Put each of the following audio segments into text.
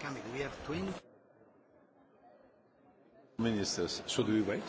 coming we have twin ministers should we wait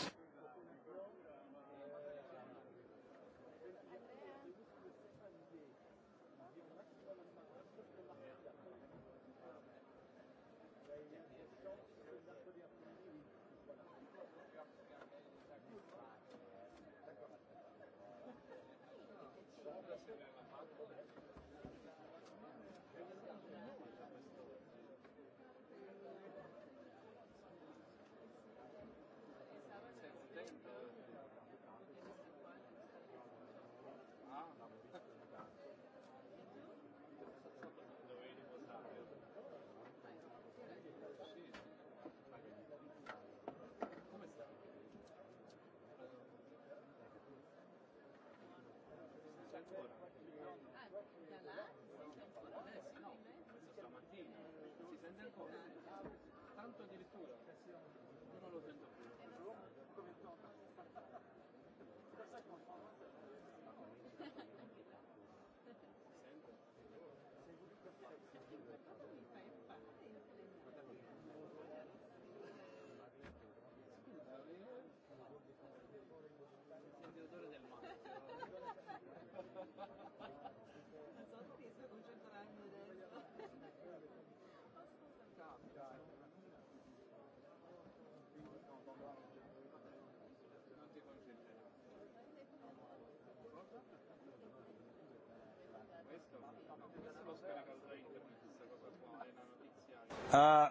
Uh,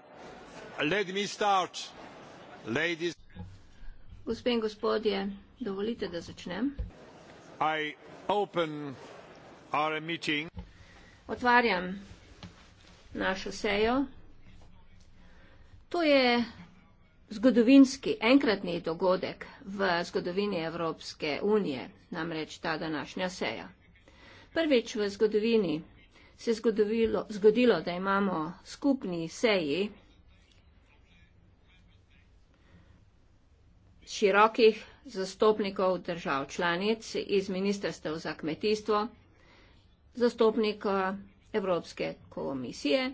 start, Gospe in gospodje, dovolite, da začnem. Otvarjam našo sejo. To je zgodovinski, enkratni dogodek v zgodovini Evropske unije, namreč ta današnja seja prvič v zgodovini se je zgodilo, da imamo skupni seji širokih zastopnikov držav članic iz Ministrstev za kmetijstvo, zastopnika Evropske komisije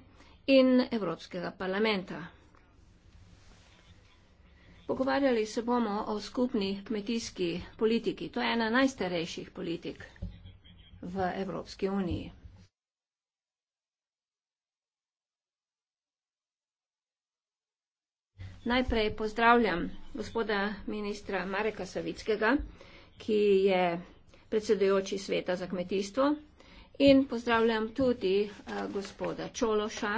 in Evropskega parlamenta. Pogovarjali se bomo o skupni kmetijski politiki. To je ena najstarejših politik v Evropski uniji. Najprej pozdravljam gospoda ministra Mareka Savickega, ki je predsedujoči sveta za kmetijstvo in pozdravljam tudi eh, gospoda Čološa,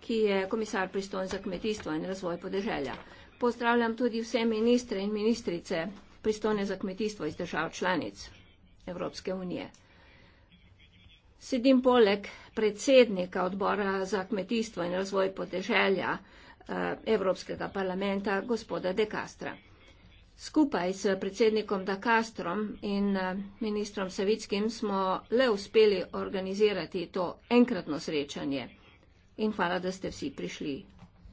ki je komisar pristojen za kmetijstvo in razvoj podeželja. Pozdravljam tudi vse ministre in ministrice pristojne za kmetijstvo iz držav članic Evropske unije. Sedim poleg predsednika odbora za kmetijstvo in razvoj podeželja eh, Evropskega parlamenta, gospoda De Castra. Skupaj s predsednikom De Castrom in eh, ministrom Savickim smo le uspeli organizirati to enkratno srečanje in hvala, da ste vsi prišli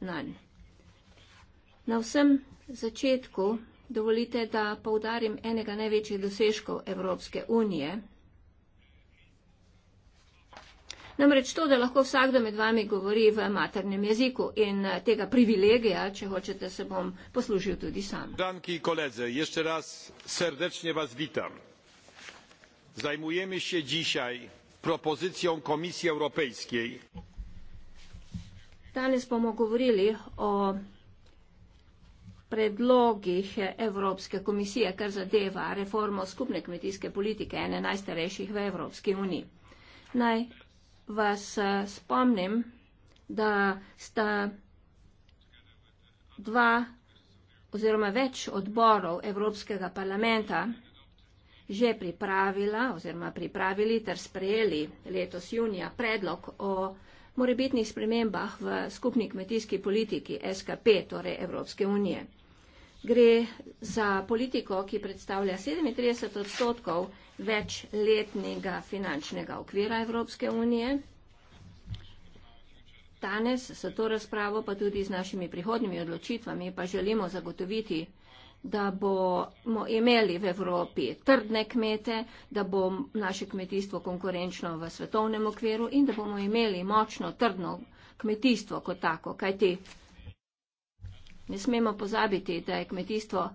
na nj. Na vsem začetku dovolite, da povdarim enega največjih dosežkov Evropske unije, Namreč to, da lahko vsakdo med vami govori v maternem jeziku in eh, tega privilegija, če hočete, se bom poslužil tudi sam. Danki koledze, ešte raz srdečne vas vitam. Zajmujeme se dzisiaj propozicijo Komisije Europejskej. Danes bomo govorili o predlogih eh, Evropske komisije, kar zadeva reformo skupne kmetijske politike, ene najstarejših v Evropski uniji. Naj vas eh, spomnim, da sta dva oziroma več odborov Evropskega parlamenta že pripravila oziroma pripravili ter sprejeli letos junija predlog o morebitnih spremembah v skupni kmetijski politiki SKP, torej Evropske unije. Gre za politiko, ki predstavlja 37 odstotkov večletnega finančnega okvira Evropske unije. Danes s to razpravo, pa tudi z našimi prihodnjimi odločitvami, pa želimo zagotoviti, da bomo imeli v Evropi trdne kmete, da bo naše kmetijstvo konkurenčno v svetovnem okviru in da bomo imeli močno, trdno kmetijstvo kot tako. Kajti ne smemo pozabiti, da je kmetijstvo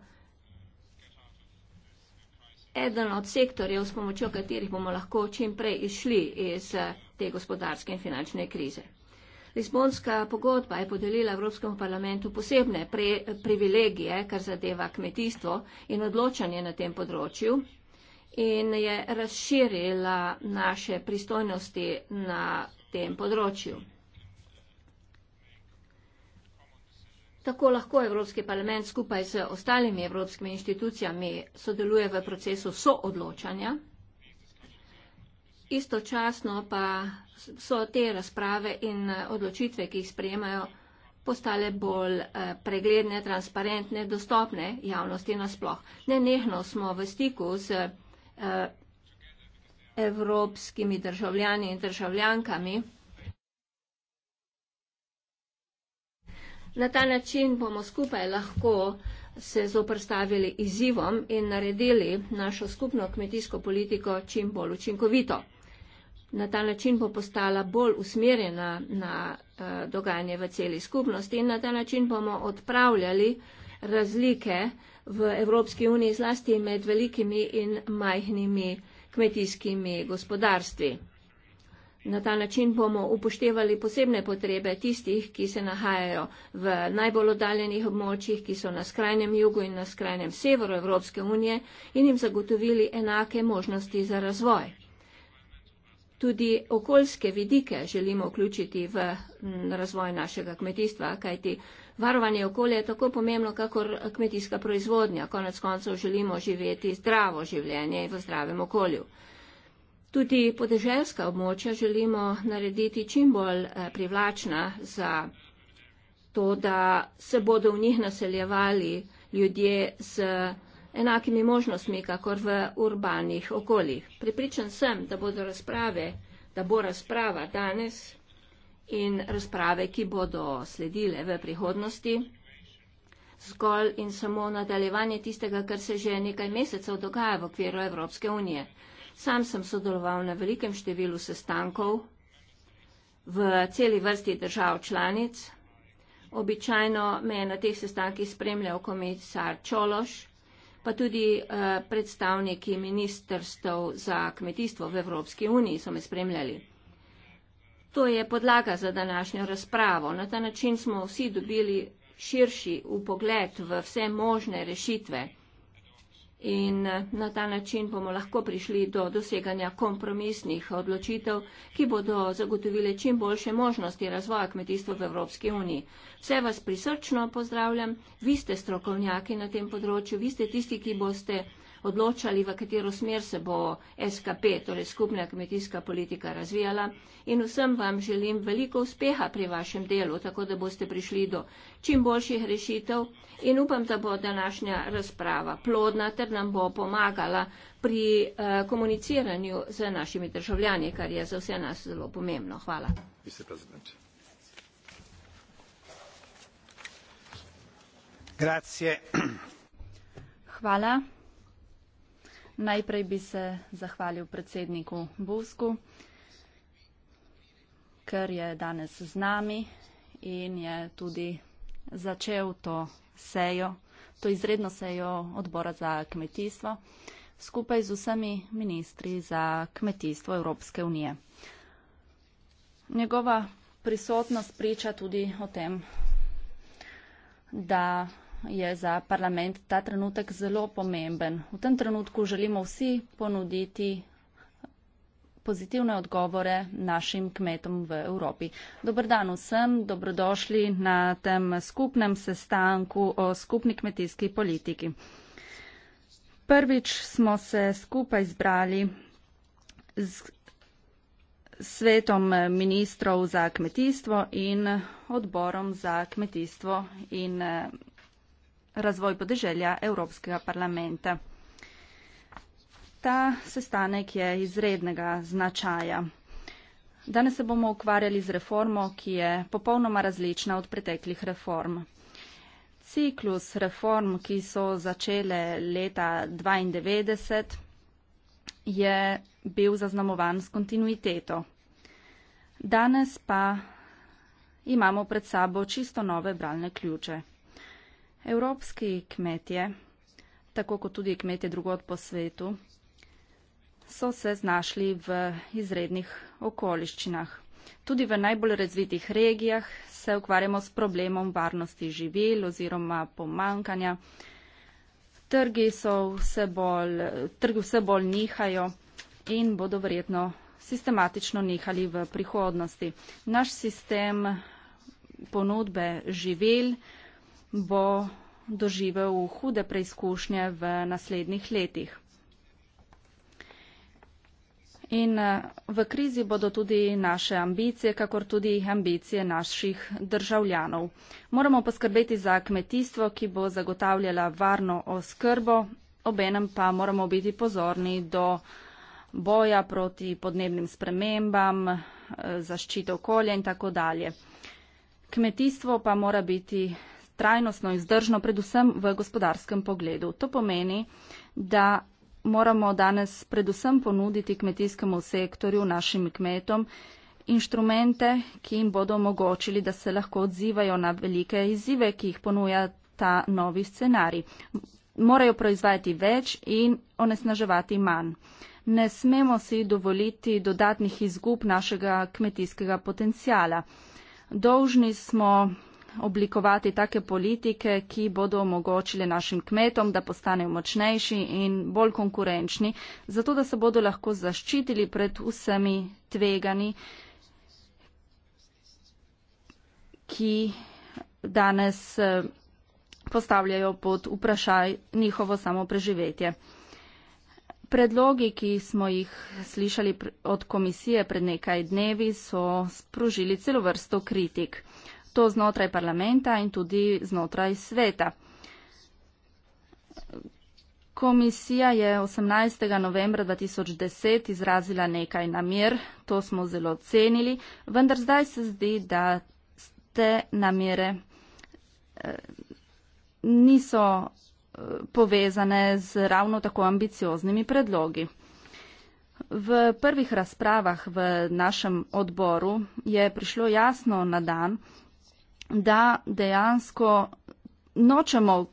eden od sektorjev, s pomočjo katerih bomo lahko čim prej izšli iz te gospodarske in finančne krize. Lizbonska pogodba je podelila Evropskemu parlamentu posebne pre, privilegije, kar zadeva kmetijstvo in odločanje na tem področju in je razširila naše pristojnosti na tem področju. Tako lahko Evropski parlament skupaj z ostalimi evropskimi inštitucijami sodeluje v procesu soodločanja. Istočasno pa so te razprave in eh, odločitve, ki jih sprejemajo, postale bolj eh, pregledne, transparentne, dostopne javnosti nasploh. Nenehno smo v stiku z eh, evropskimi državljani in državljankami Na ta način bomo skupaj lahko se zoprstavili izzivom in naredili našo skupno kmetijsko politiko čim bolj učinkovito. Na ta način bo postala bolj usmerjena na eh, dogajanje v celi skupnosti in na ta način bomo odpravljali razlike v Evropski uniji zlasti med velikimi in majhnimi kmetijskimi gospodarstvi. Na ta način bomo upoštevali posebne potrebe tistih, ki se nahajajo v najbolj oddaljenih območjih, ki so na skrajnem jugu in na skrajnem severu Evropske unije in jim zagotovili enake možnosti za razvoj. Tudi okoljske vidike želimo vključiti v razvoj našega kmetijstva, kajti varovanje okolja je tako pomembno, kakor kmetijska proizvodnja. Konec koncev želimo živeti zdravo življenje v zdravem okolju. Tudi podeželska območja želimo narediti čim bolj eh, privlačna za to, da se bodo v njih naseljevali ljudje z enakimi možnostmi, kakor v urbanih okoljih. Pripričan sem, da bodo razprave, da bo razprava danes in razprave, ki bodo sledile v prihodnosti, zgolj in samo nadaljevanje tistega, kar se že nekaj mesecev dogaja v okviru Evropske unije. Sam sem sodeloval na velikem številu sestankov v celi vrsti držav članic. Običajno me je na teh sestankih spremljal komisar Čološ, pa tudi eh, predstavniki ministrstv za kmetijstvo v Evropski uniji so me spremljali. To je podlaga za današnjo razpravo. Na ta način smo vsi dobili širši upogled v vse možne rešitve. In eh, na ta način bomo lahko prišli do doseganja kompromisnih odločitev, ki bodo zagotovile čim boljše možnosti razvoja kmetijstva v Evropski uniji. Vse vas prisrčno pozdravljam, vi ste strokovnjaki na tem področju, vi ste tisti, ki boste odločali, v katero smer se bo SKP, torej skupna kmetijska politika, razvijala. In vsem vam želim veliko uspeha pri vašem delu, tako da boste prišli do čim boljših rešitev in upam, da bo današnja razprava plodna ter nam bo pomagala pri eh, komuniciranju z našimi državljani, kar je za vse nas zelo pomembno. Hvala. Hvala. Najprej bi se zahvalil predsedniku Busku, ker je danes z nami in je tudi začel to sejo, to izredno sejo odbora za kmetijstvo, skupaj z vsemi ministri za kmetijstvo Evropske unije. Njegova prisotnost priča tudi o tem, da je za parlament ta trenutek zelo pomemben. V tem trenutku želimo vsi ponuditi pozitivne odgovore našim kmetom v Evropi. Dobar dan vsem, dobrodošli na tem skupnem sestanku o skupni kmetijski politiki. Prvič smo se skupaj zbrali z svetom ministrov za kmetijstvo in odborom za kmetijstvo in eh, razvoj podeželja Evropskega parlamenta. Ta sestanek je izrednega značaja. Danes se bomo ukvarjali z reformo, ki je popolnoma različna od preteklih reform. Ciklus reform, ki so začele leta 1992, je bil zaznamovan s kontinuiteto. Danes pa imamo pred sabo čisto nove bralne ključe. Evropski kmetje, tako kot tudi kmetje drugod po svetu, so se znašli v izrednih okoliščinah. Tudi v najbolj razvitih regijah se ukvarjamo s problemom varnosti živil oziroma pomankanja. Trgi so vse bolj, trgi vse bolj nihajo in bodo verjetno sistematično nihali v prihodnosti. Naš sistem ponudbe živil bo doživel hude preizkušnje v naslednjih letih. In eh, v krizi bodo tudi naše ambicije, kakor tudi ambicije naših državljanov. Moramo poskrbeti za kmetijstvo, ki bo zagotavljala varno oskrbo, obenem pa moramo biti pozorni do boja proti podnebnim spremembam, eh, zaščite okolja in tako dalje. Kmetijstvo pa mora biti trajnostno in zdržno, predvsem v gospodarskem pogledu. To pomeni, da moramo danes predvsem ponuditi kmetijskemu sektorju, našim kmetom, inštrumente, ki jim bodo omogočili, da se lahko odzivajo na velike izzive, ki jih ponuja ta novi scenarij. Morajo proizvajati več in onesnaževati manj. Ne smemo si dovoliti dodatnih izgub našega kmetijskega potencijala. Dolžni smo oblikovati take politike, ki bodo omogočile našim kmetom, da postanejo močnejši in bolj konkurenčni, zato da se bodo lahko zaščitili pred vsemi tvegani, ki danes eh, postavljajo pod vprašaj njihovo samo preživetje. Predlogi, ki smo jih slišali od komisije pred nekaj dnevi, so sprožili celo vrsto kritik to znotraj parlamenta in tudi znotraj sveta. Komisija je 18. novembra 2010 izrazila nekaj namir, to smo zelo cenili, vendar zdaj se zdi, da te namire eh, niso eh, povezane z ravno tako ambicioznimi predlogi. V prvih razpravah v našem odboru je prišlo jasno na dan, da dejansko nočemo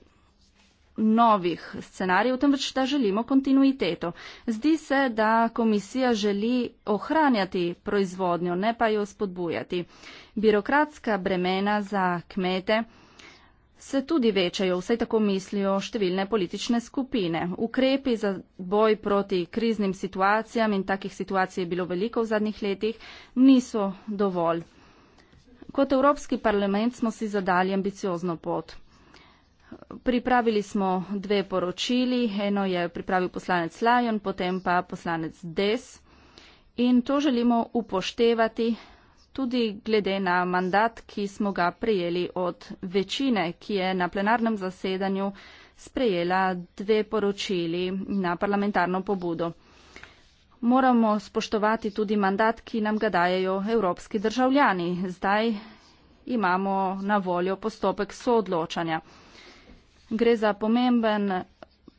novih scenarijev, temveč da želimo kontinuiteto. Zdi se, da komisija želi ohranjati proizvodnjo, ne pa jo spodbujati. Birokratska bremena za kmete se tudi večajo, vsaj tako mislijo številne politične skupine. Ukrepi za boj proti kriznim situacijam in takih situacij je bilo veliko v zadnjih letih, niso dovolj. Kot Evropski parlament smo si zadali ambiciozno pot. Pripravili smo dve poročili, eno je pripravil poslanec Lajon, potem pa poslanec Des in to želimo upoštevati tudi glede na mandat, ki smo ga prejeli od večine, ki je na plenarnem zasedanju sprejela dve poročili na parlamentarno pobudo moramo spoštovati tudi mandat, ki nam ga dajejo evropski državljani. Zdaj imamo na voljo postopek soodločanja. Gre za pomemben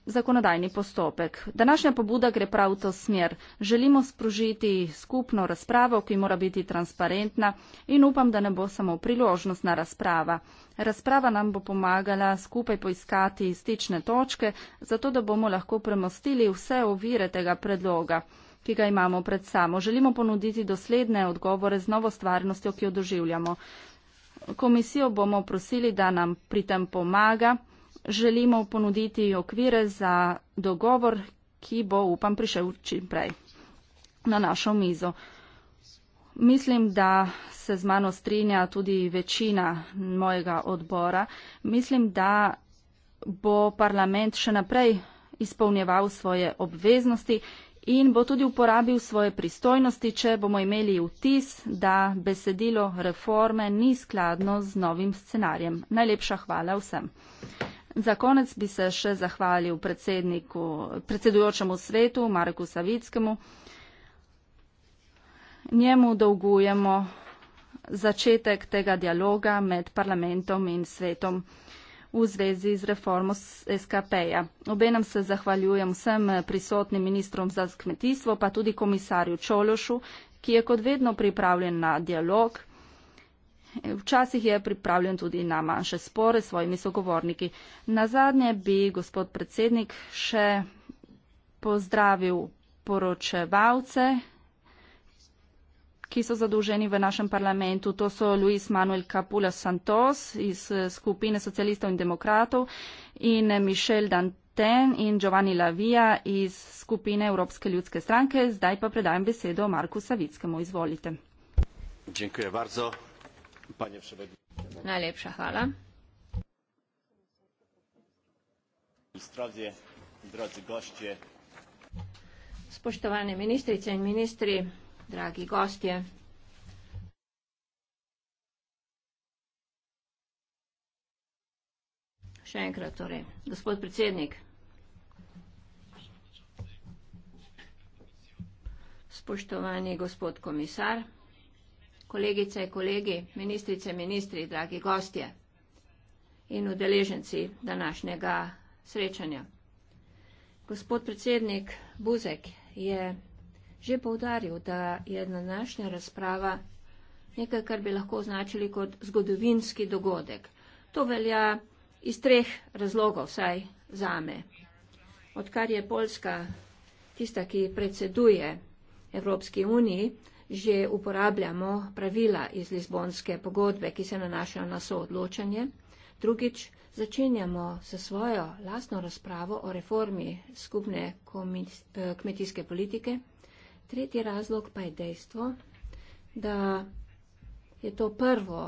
zakonodajni postopek. Današnja pobuda gre prav v to smer. Želimo sprožiti skupno razpravo, ki mora biti transparentna in upam, da ne bo samo priložnostna razprava. Razprava nam bo pomagala skupaj poiskati stične točke, zato da bomo lahko premostili vse ovire tega predloga ki ga imamo pred samo. Želimo ponuditi dosledne odgovore z novo stvarnostjo, ki jo doživljamo. Komisijo bomo prosili, da nam pri tem pomaga. Želimo ponuditi okvire za dogovor, ki bo, upam, prišel čim prej na našo mizo. Mislim, da se z mano strinja tudi večina mojega odbora. Mislim, da bo parlament še naprej izpolnjeval svoje obveznosti, in bo tudi uporabil svoje pristojnosti, če bomo imeli vtis, da besedilo reforme ni skladno z novim scenarijem. Najlepša hvala vsem. Za konec bi se še zahvalil predsedujočemu svetu Marku Savickemu. Njemu dolgujemo začetek tega dialoga med parlamentom in svetom v zvezi z reformo SKP-ja. Obenem se zahvaljujem vsem prisotnim ministrom za kmetijstvo, pa tudi komisarju Čološu, ki je kot vedno pripravljen na dialog. Včasih je pripravljen tudi na manjše spore s svojimi sogovorniki. Na zadnje bi gospod predsednik še pozdravil poročevalce, ki so zadolženi v našem parlamentu. To so Luis Manuel Capula Santos iz eh, skupine socialistov in demokratov in Michel Danten in Giovanni Lavia iz skupine Evropske ljudske stranke. Zdaj pa predajam besedo Marku Savickemu. Izvolite. Bardzo, Najlepša hvala. Zdravje, dragi gostje. Spoštovane ministrice in ministri, dragi gostje. Še enkrat torej, gospod predsednik, spoštovani gospod komisar, kolegice, kolegi, ministrice, ministri, dragi gostje in udeleženci današnjega srečanja. Gospod predsednik Buzek je že povdaril, da je današnja razprava nekaj, kar bi lahko označili kot zgodovinski dogodek. To velja iz treh razlogov, vsaj zame. Odkar je Poljska tista, ki predseduje Evropski uniji, že uporabljamo pravila iz Lizbonske pogodbe, ki se nanašajo na soodločanje. Drugič, začenjamo sa svojo lastno razpravo o reformi skupne eh, kmetijske politike. Tretji razlog pa je dejstvo, da je to prvo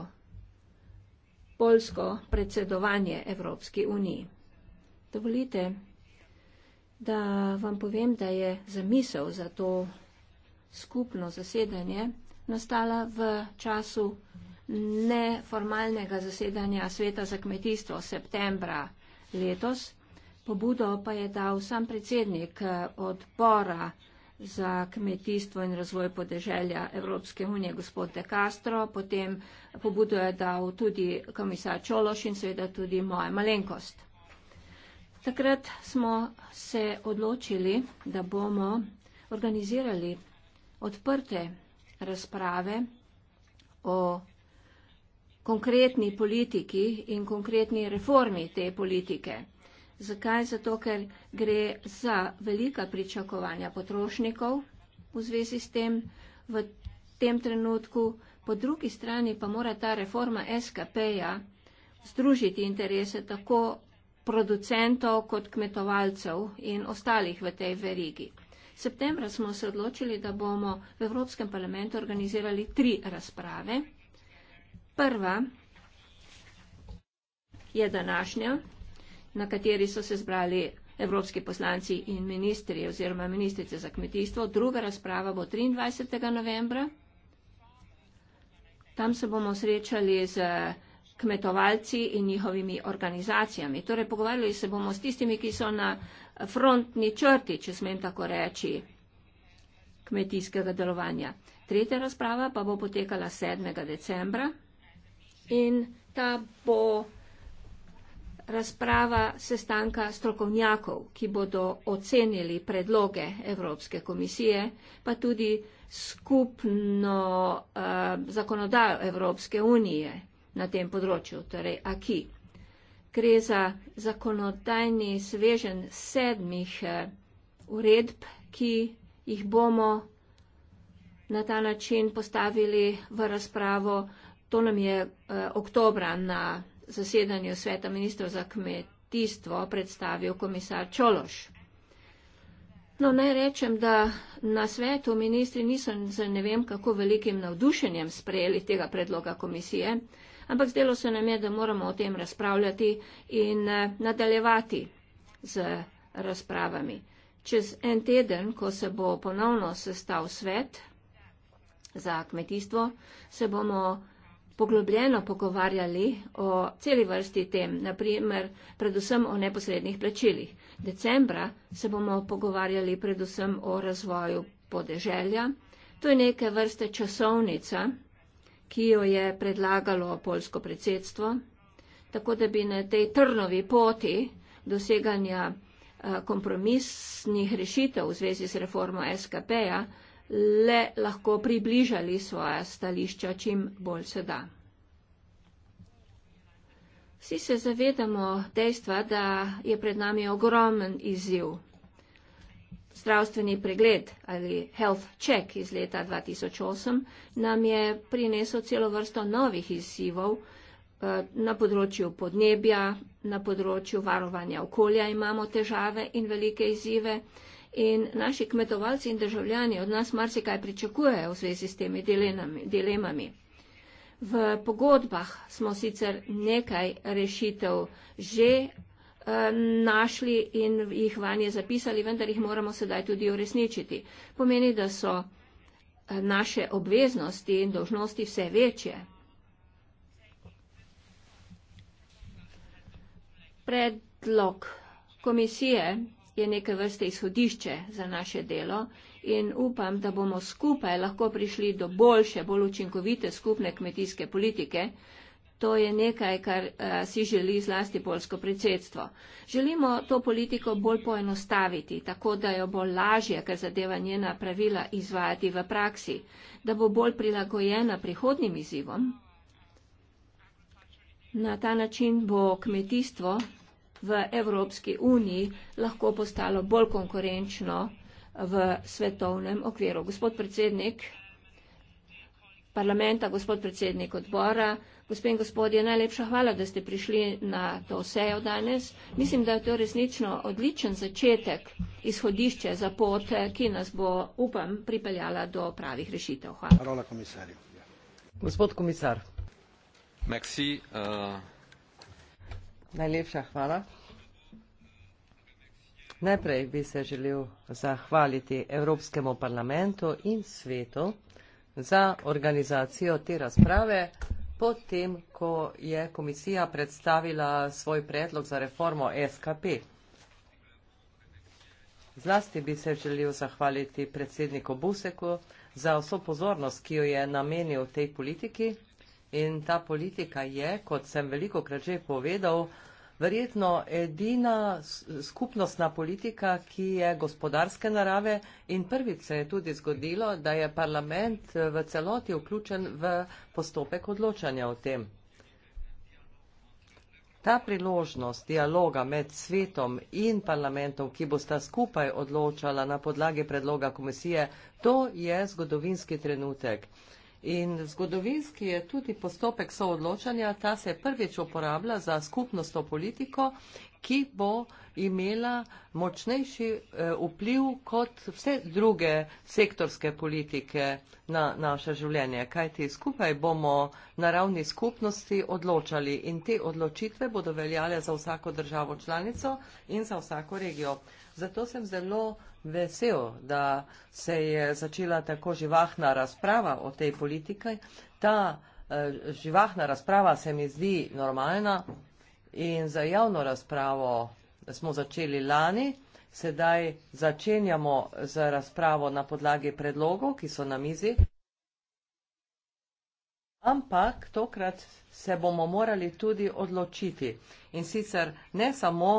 polsko predsedovanje Evropski uniji. Dovolite, da vam povem, da je zamisel za to skupno zasedanje nastala v času neformalnega zasedanja Sveta za kmetijstvo septembra letos. Pobudo pa je dal sam predsednik eh, odbora za kmetijstvo in razvoj podeželja Evropske unije, gospod De Castro, potem pobudo je dal tudi komisar Čološ in seveda tudi moja malenkost. Takrat smo se odločili, da bomo organizirali odprte razprave o konkretni politiki in konkretni reformi te politike. Zakaj? Zato, ker gre za velika pričakovanja potrošnikov v zvezi s tem v tem trenutku. Po drugi strani pa mora ta reforma SKP-ja združiti interese tako producentov kot kmetovalcev in ostalih v tej verigi. Septembra smo se odločili, da bomo v Evropskem parlamentu organizirali tri razprave. Prva je današnja, na kateri so se zbrali evropski poslanci in ministri oziroma ministrice za kmetijstvo. Druga razprava bo 23. novembra. Tam se bomo srečali z kmetovalci in njihovimi organizacijami. Torej, pogovarjali se bomo s tistimi, ki so na frontni črti, če smem tako reči, kmetijskega delovanja. Tretja razprava pa bo potekala 7. decembra in ta bo razprava sestanka strokovnjakov, ki bodo ocenili predloge Evropske komisije, pa tudi skupno uh, zakonodajo Evropske unije na tem področju, torej AKI. Gre za zakonodajni svežen sedmih uh, uredb, ki jih bomo na ta način postavili v razpravo. To nam je uh, oktobra na zasedanju sveta ministrov za kmetijstvo predstavil komisar Čološ. No, naj rečem, da na svetu ministri niso z ne vem kako velikim navdušenjem sprejeli tega predloga komisije, ampak zdelo se nam je, da moramo o tem razpravljati in eh, nadaljevati z razpravami. Čez en teden, ko se bo ponovno sestav svet za kmetijstvo, se bomo poglobljeno pogovarjali o celi vrsti tem, naprimer predvsem o neposrednih plačilih. Decembra se bomo pogovarjali predvsem o razvoju podeželja. To je neke vrste časovnica, ki jo je predlagalo polsko predsedstvo, tako da bi na tej trnovi poti doseganja eh, kompromisnih rešitev v zvezi s reformo SKP-ja le lahko približali svoja stališča čim bolj se da. Vsi se zavedamo dejstva, da je pred nami ogromen izziv. Zdravstveni pregled ali health check iz leta 2008 nam je prinesel celo vrsto novih izzivov eh, na področju podnebja, na področju varovanja okolja imamo težave in velike izzive. In naši kmetovalci in državljani od nas marsikaj pričakujejo v zvezi s temi dilemami. V pogodbah smo sicer nekaj rešitev že eh, našli in jih vanje zapisali, vendar jih moramo sedaj tudi uresničiti. Pomeni, da so eh, naše obveznosti in dožnosti vse večje. Predlog komisije je neke vrste izhodišče za naše delo in upam, da bomo skupaj lahko prišli do boljše, bolj učinkovite skupne kmetijske politike. To je nekaj, kar uh, si želi zlasti polsko predsedstvo. Želimo to politiko bolj poenostaviti, tako da jo bo lažje, kar zadeva njena pravila, izvajati v praksi, da bo bolj prilagojena prihodnim izzivom. Na ta način bo kmetijstvo v Evropski uniji lahko postalo bolj konkurenčno v svetovnem okviru. Gospod predsednik parlamenta, gospod predsednik odbora, gospod in gospodje, najlepša hvala, da ste prišli na to sejo danes. Mislim, da je to resnično odličen začetek, izhodišče za pot, ki nas bo, upam, pripeljala do pravih rešitev. Hvala. Hvala, komisar. Gospod komisar. Merci. Uh... Najlepša hvala. Najprej bi se želel zahvaliti Evropskemu parlamentu in svetu za organizacijo te razprave, potem, ko je komisija predstavila svoj predlog za reformo SKP. Zlasti bi se želel zahvaliti predsedniku Buseku za vso pozornost, ki jo je namenil tej politiki. In ta politika je, kot sem veliko krat že povedal, verjetno edina skupnostna politika, ki je gospodarske narave in prvič se je tudi zgodilo, da je parlament eh, v celoti vključen v postopek odločanja o tem. Ta priložnost dialoga med svetom in parlamentom, ki bosta skupaj odločala na podlagi predloga komisije, to je zgodovinski trenutek. In zgodovinski je tudi postopek soodločanja, ta se prvič uporablja za skupnostno politiko, ki bo imela močnejši eh, vpliv kot vse druge sektorske politike na naše življenje. Kajti skupaj bomo na ravni skupnosti odločali in te odločitve bodo veljale za vsako državo članico in za vsako regijo. Zato sem zelo vesel, da se je začela tako živahna razprava o tej politiki. Ta uh, živahna razprava se mi zdi normalna in za javno razpravo smo začeli lani. Sedaj začenjamo z razpravo na podlagi predlogov, ki so na mizi. Ampak tokrat se bomo morali tudi odločiti. In sicer ne samo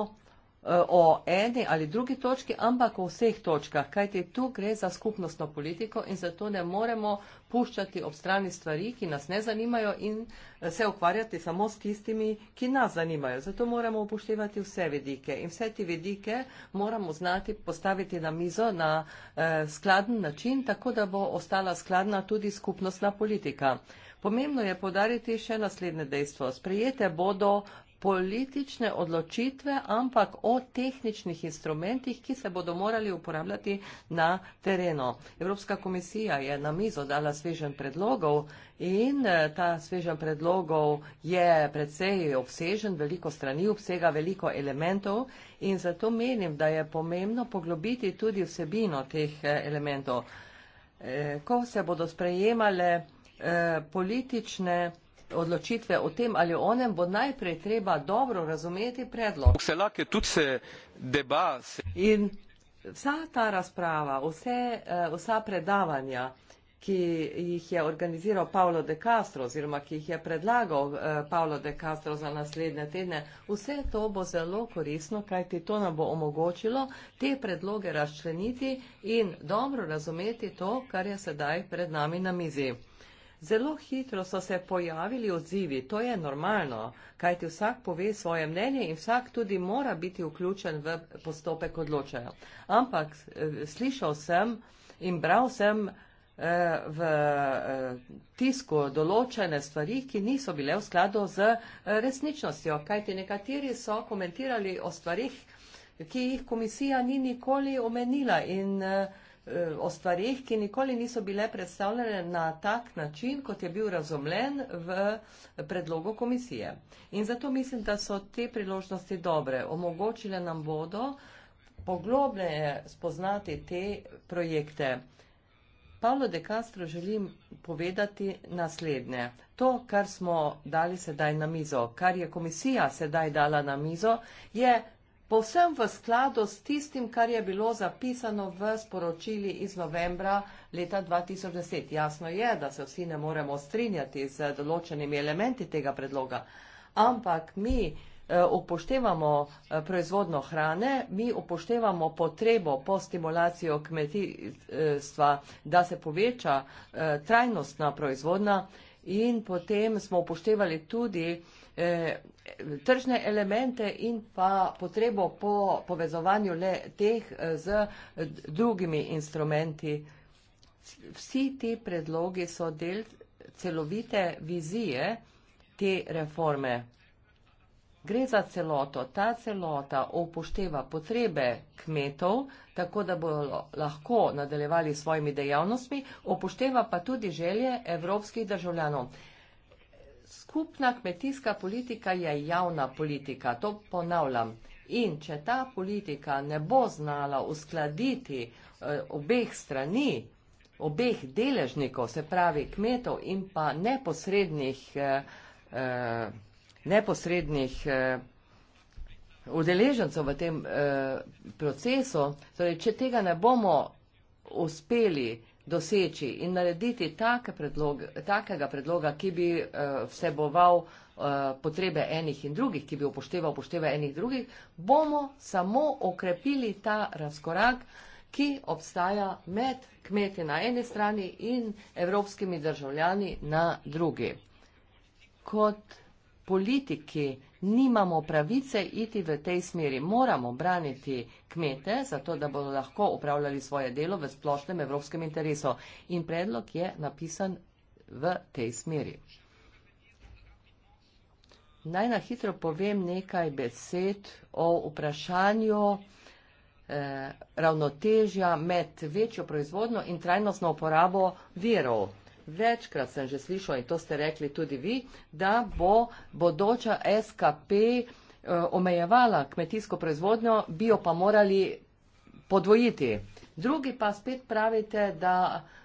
Eh, o eni ali drugi točki, ampak o vseh točkah, kajti tu gre za skupnostno politiko in zato ne moremo puščati ob strani stvari, ki nas ne zanimajo in eh, se ukvarjati samo s tistimi, ki nas zanimajo. Zato moramo upoštevati vse vedike in vse ti vedike moramo znati postaviti na mizo na eh, skladen način, tako da bo ostala skladna tudi skupnostna politika. Pomembno je podariti še naslednje dejstvo. Sprejete bodo politične odločitve, ampak o tehničnih instrumentih, ki se bodo morali uporabljati na terenu. Evropska komisija je na mizo dala svežen predlogov in eh, ta svežen predlogov je predvsej obsežen, veliko strani obsega, veliko elementov in zato menim, da je pomembno poglobiti tudi vsebino teh eh, elementov. Eh, ko se bodo sprejemale politične odločitve o tem ali onem, bo najprej treba dobro razumeti predlog. In vsa ta razprava, vse, eh, vsa predavanja, ki jih je organiziral Pavlo de Castro oziroma ki jih je predlagal eh, Pavlo de Castro za naslednje tedne, vse to bo zelo korisno, kajti to nam bo omogočilo te predloge razčleniti in dobro razumeti to, kar je sedaj pred nami na mizi. Zelo hitro so se pojavili odzivi, to je normalno, kajti vsak pove svoje mnenje in vsak tudi mora biti vključen v postopek odločanja. Ampak eh, slišal sem in bral sem eh, v eh, tisku določene stvari, ki niso bile v skladu z resničnostjo, kajti nekateri so komentirali o stvarih, ki jih komisija ni nikoli omenila in uh, Eh, o stvarih, ki nikoli niso bile predstavljene na tak način, kot je bil razumljen v predlogu komisije. In zato mislim, da so te priložnosti dobre. Omogočile nam bodo poglobneje spoznati te projekte. Pavlo de Castro želim povedati naslednje. To, kar smo dali sedaj na mizo, kar je komisija sedaj dala na mizo, je povsem v skladu s tistim, kar je bilo zapisano v sporočili iz novembra leta 2010. Jasno je, da se vsi ne moremo strinjati z določenimi elementi tega predloga, ampak mi eh, upoštevamo eh, proizvodno hrane, mi upoštevamo potrebo po stimulacijo kmetijstva, da se poveča eh, trajnostna proizvodna in potem smo upoštevali tudi eh, tržne elemente in pa potrebo po povezovanju le teh eh, z drugimi instrumenti. Vsi ti predlogi so del celovite vizije te reforme. Gre za celoto. Ta celota upošteva potrebe kmetov, tako da bodo lahko nadaljevali svojimi dejavnostmi, upošteva pa tudi želje evropskih državljanov skupna kmetijska politika je javna politika, to ponavljam. In če ta politika ne bo znala uskladiti eh, obeh strani, obeh deležnikov, se pravi kmetov in pa neposrednih, eh, eh, neposrednih udeležencev v tem procesu, torej, če tega ne bomo uspeli, doseči in narediti take predlog, takega predloga, ki bi uh, vseboval uh, potrebe enih in drugih, ki bi upošteval upošteva enih drugih, bomo samo okrepili ta razkorak, ki obstaja med kmeti na eni strani in evropskimi državljani na drugi. Kot politiki, nimamo pravice iti v tej smeri. Moramo braniti kmete, zato da bodo lahko upravljali svoje delo v splošnem evropskem interesu. In predlog je napisan v tej smeri. Naj na hitro povem nekaj besed o vprašanju eh, ravnotežja med večjo proizvodno in trajnostno uporabo verov. Večkrat sem že slišal in to ste rekli tudi vi, da bo bodoča SKP eh, omejevala kmetijsko proizvodnjo, bi jo pa morali podvojiti. Drugi pa spet pravite, da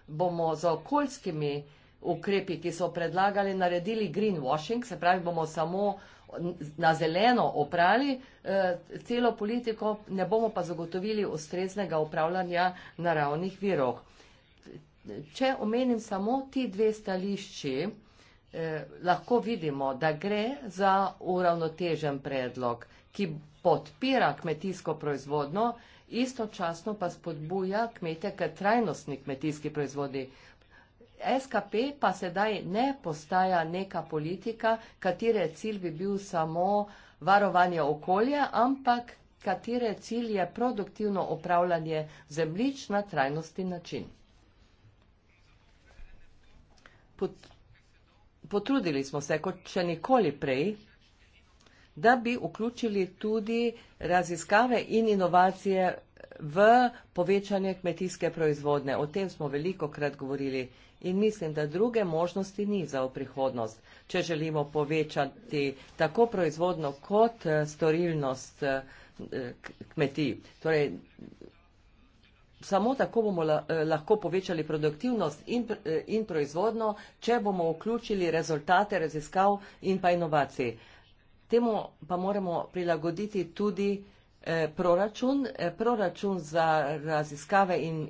bomo za okoljskimi ukrepi, ki so predlagali, naredili greenwashing, se pravi, bomo samo na zeleno oprali eh, celo politiko, ne bomo pa zagotovili ustreznega upravljanja naravnih virov če omenim samo ti dve stališči, eh, lahko vidimo, da gre za uravnotežen predlog, ki podpira kmetijsko proizvodno, istočasno pa spodbuja kmete k trajnostni kmetijski proizvodi. SKP pa sedaj ne postaja neka politika, katere cilj bi bil samo varovanje okolja, ampak katere cilj je produktivno upravljanje zemlič na trajnosti način pot, potrudili smo se, kot še nikoli prej, da bi vključili tudi raziskave in inovacije v povečanje kmetijske proizvodne. O tem smo veliko krat govorili in mislim, da druge možnosti ni za v prihodnost, če želimo povečati tako proizvodno kot eh, storilnost eh, kmetij. Torej, Samo tako bomo eh, lahko povečali produktivnost in, eh, in proizvodno, če bomo vključili rezultate raziskav in pa inovacij. Temu pa moramo prilagoditi tudi eh, proračun. Proračun za raziskave in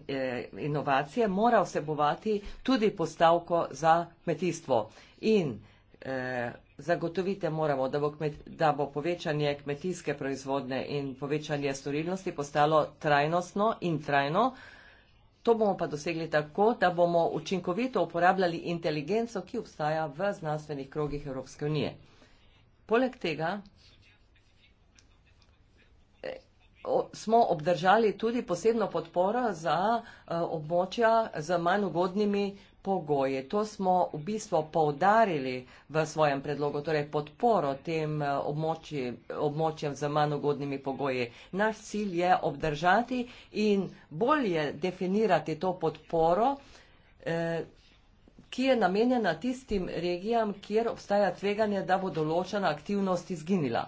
inovacije mora vsebovati tudi postavko za kmetijstvo. In Zagotoviti moramo, da bo, kmet, da bo povečanje kmetijske proizvodne in povečanje storilnosti postalo trajnostno in trajno. To bomo pa dosegli tako, da bomo učinkovito uporabljali inteligenco, ki obstaja v znanstvenih krogih Evropske unije. Poleg tega e, smo obdržali tudi posebno podporo za e, območja z manj ugodnimi pogoji. To smo v bistvu poudarili v svojem predlogu, torej podporo tem eh, območji, območjem z manj ugodnimi pogoji. Naš cilj je obdržati in bolje definirati to podporo, eh, ki je namenjena tistim regijam, kjer obstaja tveganje, da bo določena aktivnost izginila.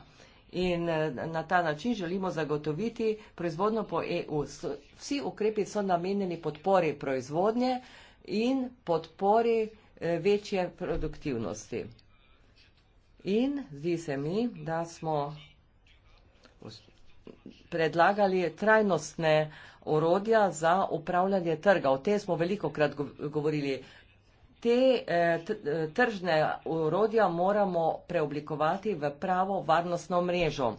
In eh, na ta način želimo zagotoviti proizvodno po EU. Vsi ukrepi so namenjeni podpori proizvodnje, in podpori eh, večje produktivnosti. In zdi se mi, da smo predlagali trajnostne orodja za upravljanje trga. O tem smo veliko krat govorili. Te eh, eh, tržne orodja moramo preoblikovati v pravo varnostno mrežo.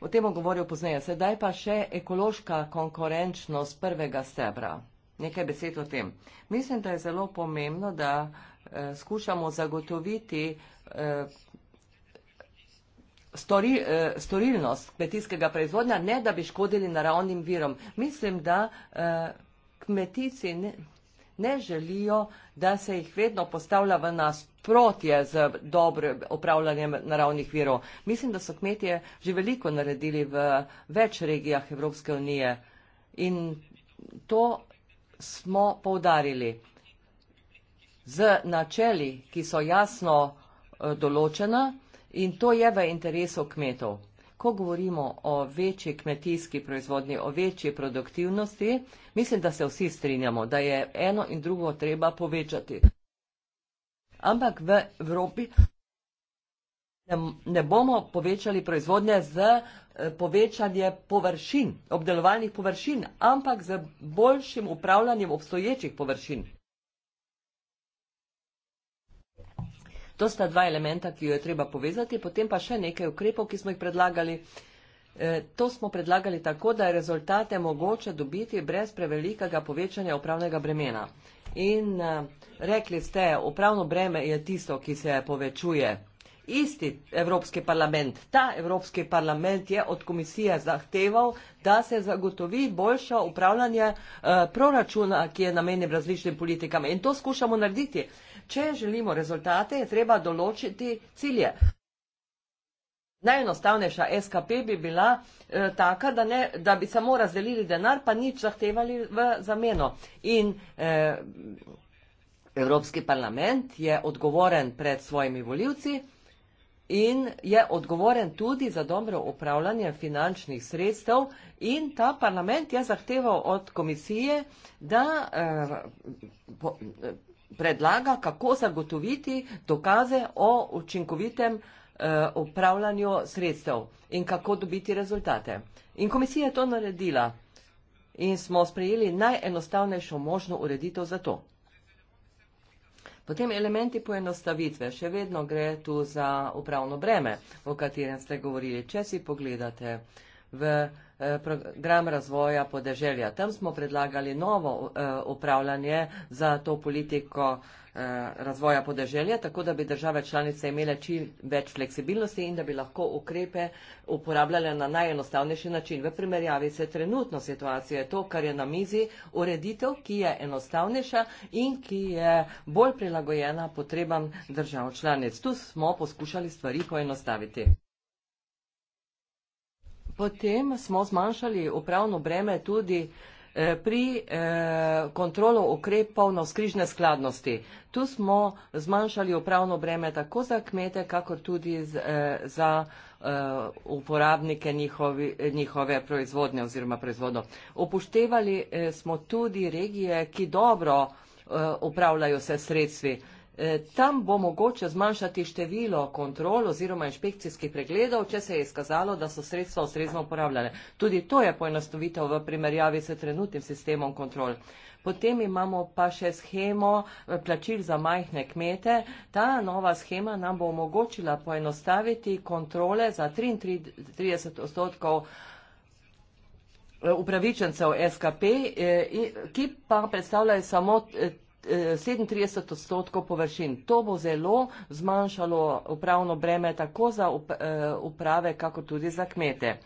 O tem bom govoril pozneje. Sedaj pa še ekološka konkurenčnost prvega stebra nekaj besed o tem. Mislim, da je zelo pomembno, da eh, skušamo zagotoviti eh, stori, eh, storilnost kmetijskega proizvodnja, ne da bi škodili naravnim virom. Mislim, da eh, kmetici. Ne, Ne želijo, da se jih vedno postavlja v nasprotje z dobrim upravljanjem naravnih virov. Mislim, da so kmetije že veliko naredili v več regijah Evropske unije in to smo povdarili. Z načeli, ki so jasno eh, določena in to je v interesu kmetov. Ko govorimo o večji kmetijski proizvodnji, o večji produktivnosti, mislim, da se vsi strinjamo, da je eno in drugo treba povečati. Ampak v Evropi ne bomo povečali proizvodnje z eh, povečanje površin, obdelovalnih površin, ampak z boljšim upravljanjem obstoječih površin. To sta dva elementa, ki jo je treba povezati, potem pa še nekaj ukrepov, ki smo jih predlagali. Eh, to smo predlagali tako, da je rezultate mogoče dobiti brez prevelikega povečanja upravnega bremena. In eh, rekli ste, upravno breme je tisto, ki se povečuje isti Evropski parlament, ta Evropski parlament je od komisije zahteval, da se zagotovi boljše upravljanje eh, proračuna, ki je namenjen različnim politikam. In to skušamo narediti. Če želimo rezultate, je treba določiti cilje. Najenostavnejša SKP bi bila e, taka, da, ne, da bi samo razdelili denar, pa nič zahtevali v zameno. In e, Evropski parlament je odgovoren pred svojimi voljivci in je odgovoren tudi za dobro upravljanje finančnih sredstev in ta parlament je zahteval od komisije, da eh, eh, predlaga, kako zagotoviti dokaze o učinkovitem eh, upravljanju sredstev in kako dobiti rezultate. In komisija je to naredila in smo sprejeli najenostavnejšo možno ureditev za to. Potem elementi poenostavitve. Še vedno gre tu za upravno breme, o katerem ste govorili. Če si pogledate v eh, program razvoja podeželja, tam smo predlagali novo eh, upravljanje za to politiko. Eh, razvoja podeželja, tako da bi države članice imele čim več fleksibilnosti in da bi lahko ukrepe uporabljale na najenostavnejši način. V primerjavi se trenutno situacijo je to, kar je na mizi, ureditev, ki je enostavnejša in ki je bolj prilagojena potrebam držav članic. Tu smo poskušali stvari poenostaviti. Potem smo zmanjšali upravno breme tudi Eh, pri eh, kontrolu ukrepov na skrižne skladnosti. Tu smo zmanjšali upravno breme tako za kmete, kakor tudi z, eh, za eh, uporabnike njihovi, njihove proizvodnje oziroma proizvodno. Upoštevali eh, smo tudi regije, ki dobro eh, upravljajo se sredstvi. Eh, E, tam bo mogoče zmanjšati število kontrol oziroma inšpekcijskih pregledov, če se je izkazalo, da so sredstva ustrezno uporabljale. Tudi to je poenostavitev v primerjavi s trenutnim sistemom kontrol. Potem imamo pa še schemo e, plačil za majhne kmete. Ta nova schema nam bo omogočila poenostaviti kontrole za 33 odstotkov e, upravičencev SKP, ki pa predstavljajo samo 37 odstotkov površin. To bo zelo zmanjšalo upravno breme tako za eh, uprave, kako tudi za kmete.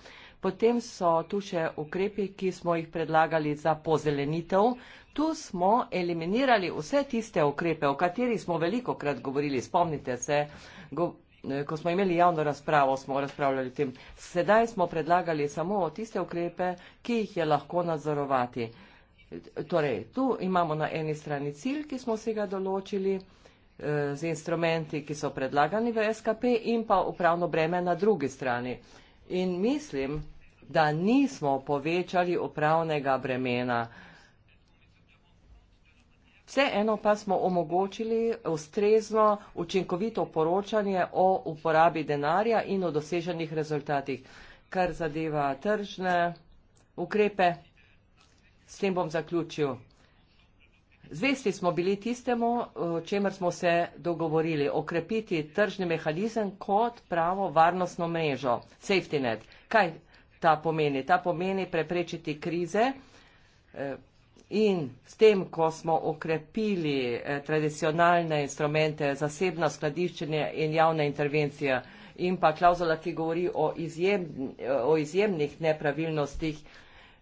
Potem so tu še ukrepi, ki smo jih predlagali za pozelenitev. Tu smo eliminirali vse tiste ukrepe, o katerih smo veliko krat govorili. Spomnite se, eh, ko smo imeli javno razpravo, smo razpravljali o tem. Sedaj smo predlagali samo tiste ukrepe, ki jih je lahko nadzorovati torej, tu imamo na eni strani cilj, ki smo si ga določili eh, z instrumenti, ki so predlagani v SKP in pa upravno breme na drugi strani. In mislim, da nismo povečali upravnega bremena. Vseeno pa smo omogočili ustrezno učinkovito poročanje o uporabi denarja in o doseženih rezultatih, kar zadeva tržne ukrepe. S tem bom zaključil. Zvesti smo bili tistemu, čemer smo se dogovorili, okrepiti tržni mehanizem kot pravo varnostno mrežo, safety net. Kaj ta pomeni? Ta pomeni preprečiti krize eh, in s tem, ko smo okrepili eh, tradicionalne instrumente, zasebno skladiščenje in javna intervencija in pa klauzula, ki govori o, izjem, o izjemnih nepravilnostih,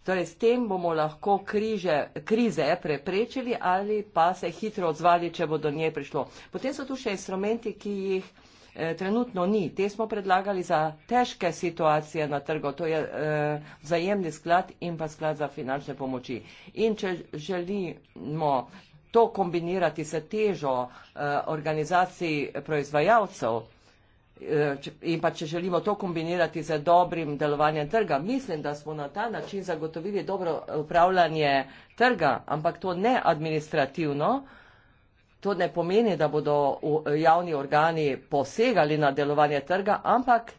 Torej, s tem bomo lahko križe, krize preprečili ali pa se hitro odzvali, če bo do nje prišlo. Potem so tu še instrumenti, ki jih e, trenutno ni. Te smo predlagali za težke situacije na trgu, to je e, vzajemni sklad in pa sklad za finančne pomoči. In če želimo to kombinirati s težo e, organizacij proizvajalcev, in pa če želimo to kombinirati z dobrim delovanjem trga. Mislim, da smo na ta način zagotovili dobro upravljanje trga, ampak to ne administrativno. To ne pomeni, da bodo javni organi posegali na delovanje trga, ampak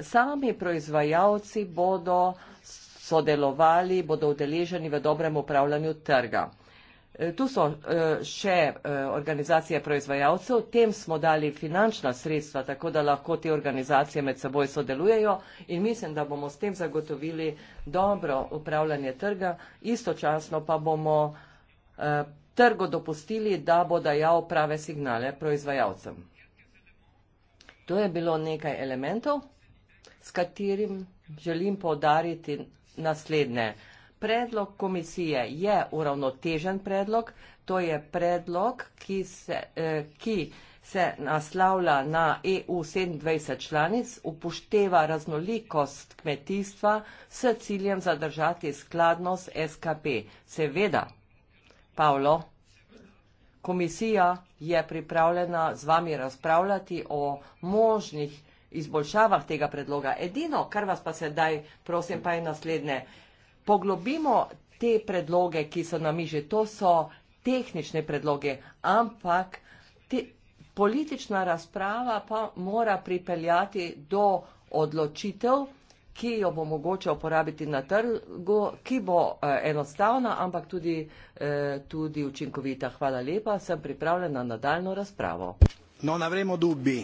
sami proizvajalci bodo sodelovali, bodo udeleženi v dobrem upravljanju trga. Eh, tu so eh, še eh, organizacije proizvajalcev, tem smo dali finančna sredstva, tako da lahko te organizacije med seboj sodelujejo in mislim, da bomo s tem zagotovili dobro upravljanje trga, istočasno pa bomo trgo dopustili, da bo dajal prave signale proizvajalcem. To je bilo nekaj elementov, s katerim želim povdariti naslednje. Predlog komisije je uravnotežen predlog, to je predlog, ki se, eh, ki se naslavlja na EU 27 članic, upošteva raznolikost kmetijstva s ciljem zadržati skladnost SKP. Seveda, Pavlo, komisija je pripravljena z vami razpravljati o možnih izboljšavah tega predloga. Edino, kar vas pa sedaj prosim, pa je naslednje poglobimo te predloge, ki so na miže. To so tehnične predloge, ampak te, politična razprava pa mora pripeljati do odločitev, ki jo bo mogoče uporabiti na trgu, ki bo eh, enostavna, ampak tudi, eh, tudi učinkovita. Hvala lepa, sem pripravljena na nadaljno razpravo. No, navremo dubi.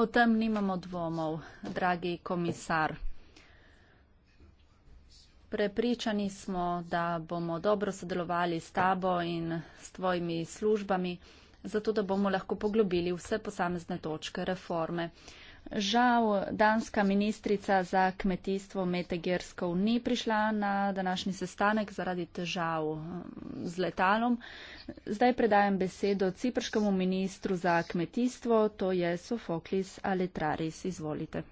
O tem nimamo dvomov, dragi komisar. Prepričani smo, da bomo dobro sodelovali s tabo in s tvojimi službami, zato da bomo lahko poglobili vse posamezne točke reforme. Žal, danska ministrica za kmetijstvo Mete Gerskov ni prišla na današnji sestanek zaradi težav mm, z letalom. Zdaj predajem besedo ciprškemu ministru za kmetijstvo, to je Sofoklis Aletraris. Izvolite.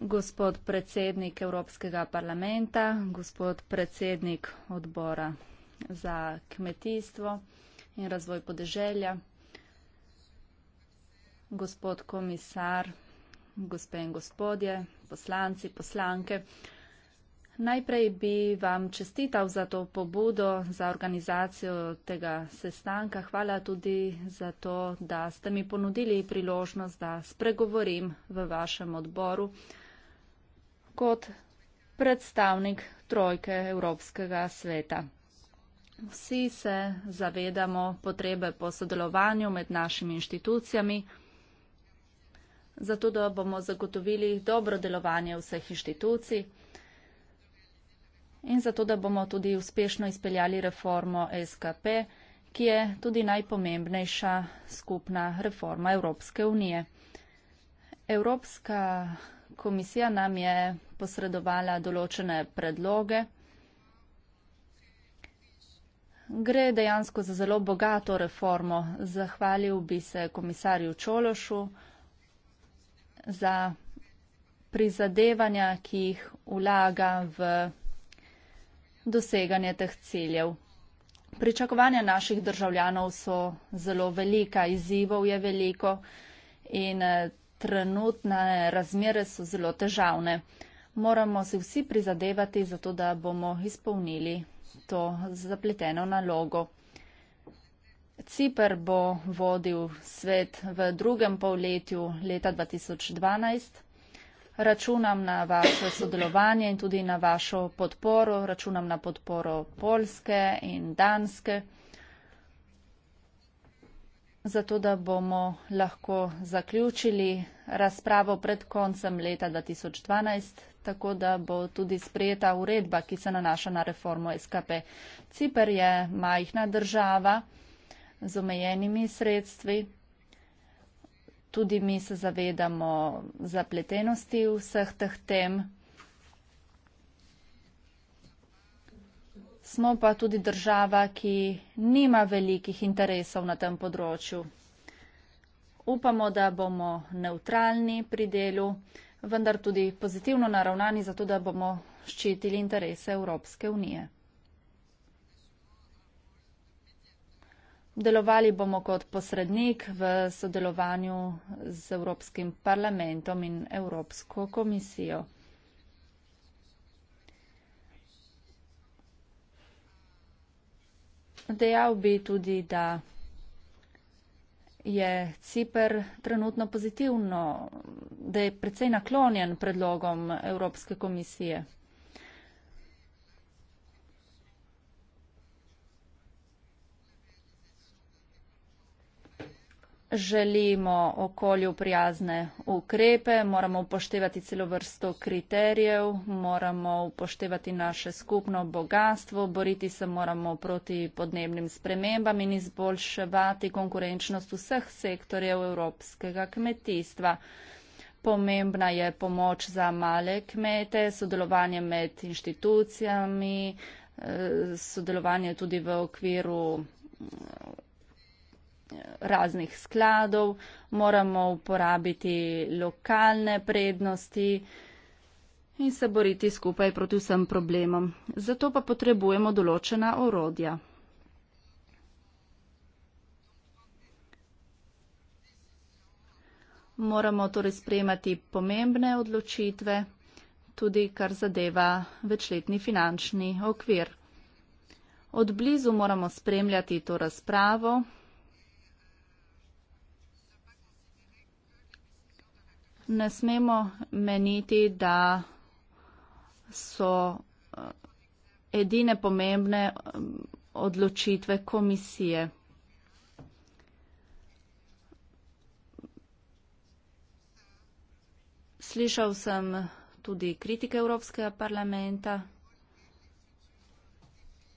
Gospod predsednik Evropskega parlamenta, gospod predsednik odbora za kmetijstvo in razvoj podeželja, gospod komisar, gospe in gospodje, poslanci, poslanke. Najprej bi vam čestital za to pobudo, za organizacijo tega sestanka. Hvala tudi za to, da ste mi ponudili priložnost, da spregovorim v vašem odboru kot predstavnik Trojke Evropskega sveta. Vsi se zavedamo potrebe po sodelovanju med našimi inštitucijami, zato da bomo zagotovili dobro delovanje vseh inštitucij in zato, da bomo tudi uspešno izpeljali reformo SKP, ki je tudi najpomembnejša skupna reforma Evropske unije. Evropska komisija nam je posredovala določene predloge. Gre dejansko za zelo bogato reformo. Zahvalil bi se komisarju Čološu za prizadevanja, ki jih vlaga v doseganje teh ciljev. Pričakovanja naših državljanov so zelo velika, izzivov je veliko in eh, trenutne razmere so zelo težavne. Moramo se vsi prizadevati za to, da bomo izpolnili to zapleteno nalogo. Cipr bo vodil svet v drugem polletju leta 2012 računam na vaše sodelovanje in tudi na vašo podporo, računam na podporo Polske in Danske, zato da bomo lahko zaključili razpravo pred koncem leta 2012, tako da bo tudi sprejeta uredba, ki se nanaša na reformo SKP. Cipr je majhna država z omejenimi sredstvi tudi mi se zavedamo zapletenosti vseh teh tem. Smo pa tudi država, ki nima velikih interesov na tem področju. Upamo, da bomo neutralni pri delu, vendar tudi pozitivno naravnani, zato da bomo ščitili interese Evropske unije. Delovali bomo kot posrednik v sodelovanju z Evropskim parlamentom in Evropsko komisijo. Dejal bi tudi, da je Cipr trenutno pozitivno, da je precej naklonjen predlogom Evropske komisije. želimo okolju prijazne ukrepe, moramo upoštevati celo vrsto kriterijev, moramo upoštevati naše skupno bogatstvo, boriti se moramo proti podnebnim spremembam in izboljševati konkurenčnost vseh sektorjev evropskega kmetijstva. Pomembna je pomoč za male kmete, sodelovanje med inštitucijami, eh, sodelovanje tudi v okviru raznih skladov, moramo uporabiti lokalne prednosti in se boriti skupaj proti vsem problemom. Zato pa potrebujemo določena orodja. Moramo torej sprejemati pomembne odločitve, tudi kar zadeva večletni finančni okvir. Odblizu moramo spremljati to razpravo, ne smemo meniti, da so eh, edine pomembne eh, odločitve komisije. Slišal sem tudi kritike Evropskega parlamenta,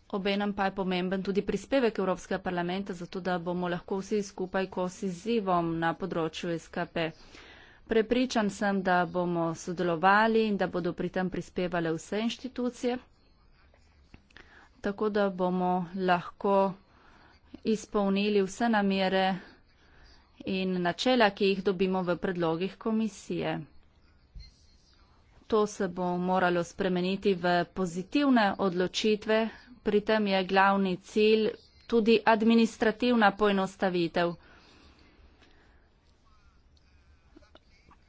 obenem pa je pomemben tudi prispevek Evropskega parlamenta, zato da bomo lahko vsi skupaj kosi z izzivom na področju SKP. Prepričan sem, da bomo sodelovali in da bodo pri tem prispevale vse inštitucije, tako da bomo lahko izpolnili vse namere in načela, ki jih dobimo v predlogih komisije. To se bo moralo spremeniti v pozitivne odločitve, pri tem je glavni cilj tudi administrativna poenostavitev.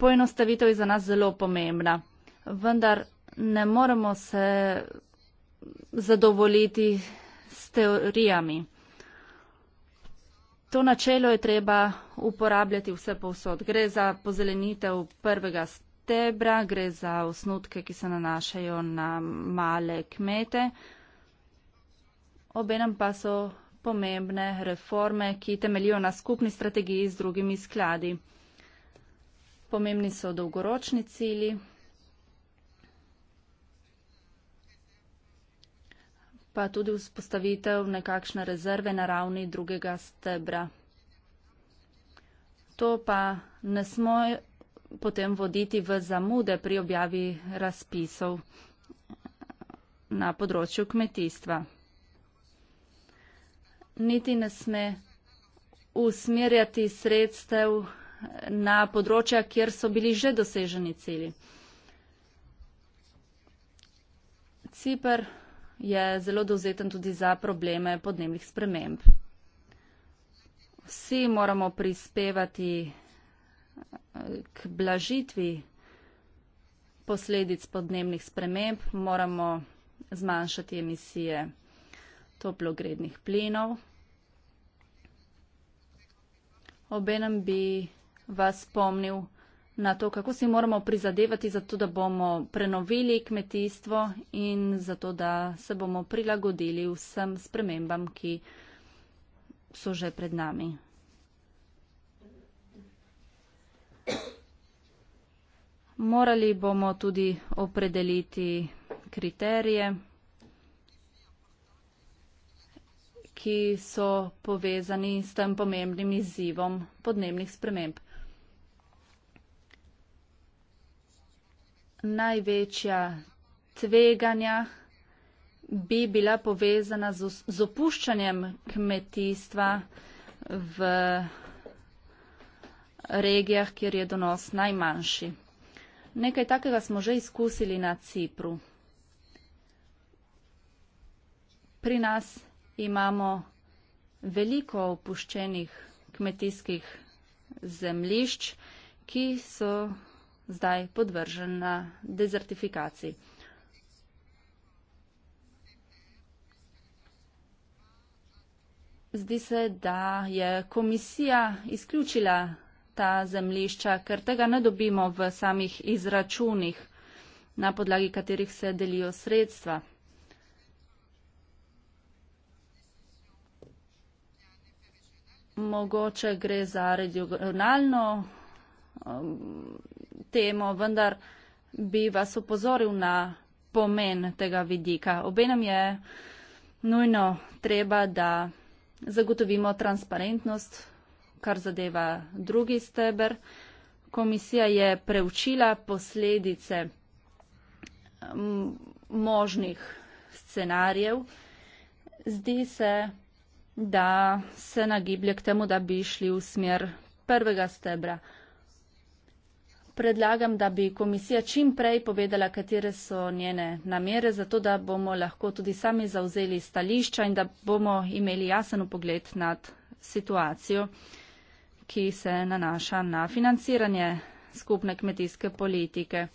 poenostavitev je za nas zelo pomembna. Vendar ne moremo se zadovoljiti s teorijami. To načelo je treba uporabljati vse povsod. Gre za pozelenitev prvega stebra, gre za osnutke, ki se nanašajo na male kmete. Obenem pa so pomembne reforme, ki temeljijo na skupni strategiji z drugimi skladi pomembni so dolgoročni cilji, pa tudi vzpostavitev nekakšne rezerve na ravni drugega stebra. To pa ne smo potem voditi v zamude pri objavi razpisov na področju kmetijstva. Niti ne sme usmerjati sredstev na področja, kjer so bili že doseženi cilji. Cipr je zelo dozeten tudi za probleme podnebnih sprememb. Vsi moramo prispevati eh, k blažitvi posledic podnebnih sprememb, moramo zmanjšati emisije toplogrednih plinov. Obenem bi vas spomnil na to, kako si moramo prizadevati za to, da bomo prenovili kmetijstvo in za to, da se bomo prilagodili vsem spremembam, ki so že pred nami. Morali bomo tudi opredeliti kriterije, ki so povezani s tem pomembnim izzivom podnebnih sprememb. največja tveganja bi bila povezana z, z opuščanjem kmetijstva v regijah, kjer je donos najmanjši. Nekaj takega smo že izkusili na Cipru. Pri nas imamo veliko opuščenih kmetijskih zemljišč, ki so zdaj podvržena dezertifikaciji. Zdi se, da je komisija izključila ta zemlišča, ker tega ne dobimo v samih izračunih, na podlagi katerih se delijo sredstva. Mogoče gre za regionalno um, temo, vendar bi vas upozoril na pomen tega vidika. Obenem je nujno treba, da zagotovimo transparentnost, kar zadeva drugi steber. Komisija je preučila posledice možnih scenarijev. Zdi se, da se nagiblje k temu, da bi šli v smer prvega stebra predlagam, da bi komisija čim prej povedala, katere so njene namere, zato da bomo lahko tudi sami zauzeli stališča in da bomo imeli jasen pogled nad situacijo, ki se nanaša na financiranje skupne kmetijske politike.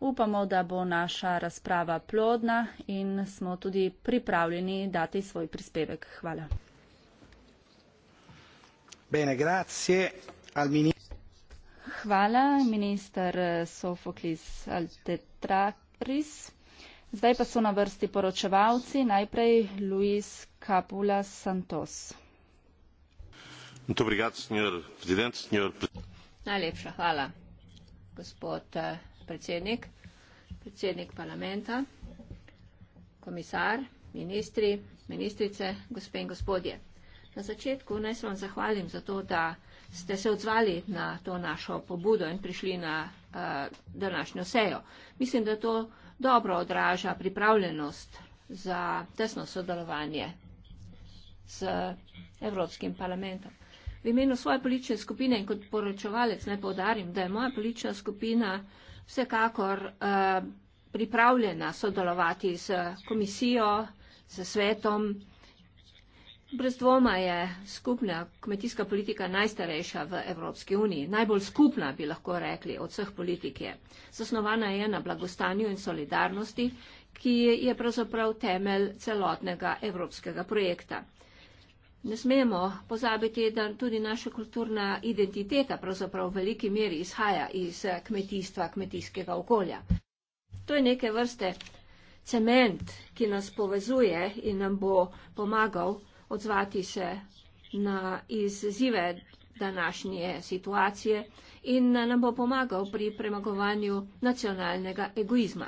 Upamo, da bo naša razprava plodna in smo tudi pripravljeni dati svoj prispevek. Hvala. Bene, grazie al ministro hvala, minister eh, Sofoklis Altetraris. Zdaj pa so na vrsti poročevalci, najprej Luis Capula Santos. Najlepša hvala, gospod eh, predsednik, predsednik parlamenta, komisar, ministri, ministrice, gospe in gospodje. Na začetku naj se vam zahvalim za to, da ste se odzvali na to našo pobudo in prišli na uh, današnjo sejo. Mislim, da to dobro odraža pripravljenost za tesno sodelovanje z Evropskim parlamentom. V imenu svoje politične skupine in kot poročevalec naj povdarim, da je moja politična skupina vsekakor uh, pripravljena sodelovati z komisijo, z svetom, Brez dvoma je skupna kmetijska politika najstarejša v Evropski uniji, najbolj skupna bi lahko rekli od vseh politik je. Zasnovana je na blagostanju in solidarnosti, ki je pravzaprav temelj celotnega evropskega projekta. Ne smemo pozabiti, da tudi naša kulturna identiteta pravzaprav v veliki meri izhaja iz kmetijstva, kmetijskega okolja. To je neke vrste cement, ki nas povezuje in nam bo pomagal, odzvati se na izzive današnje situacije in nam bo pomagal pri premagovanju nacionalnega egoizma.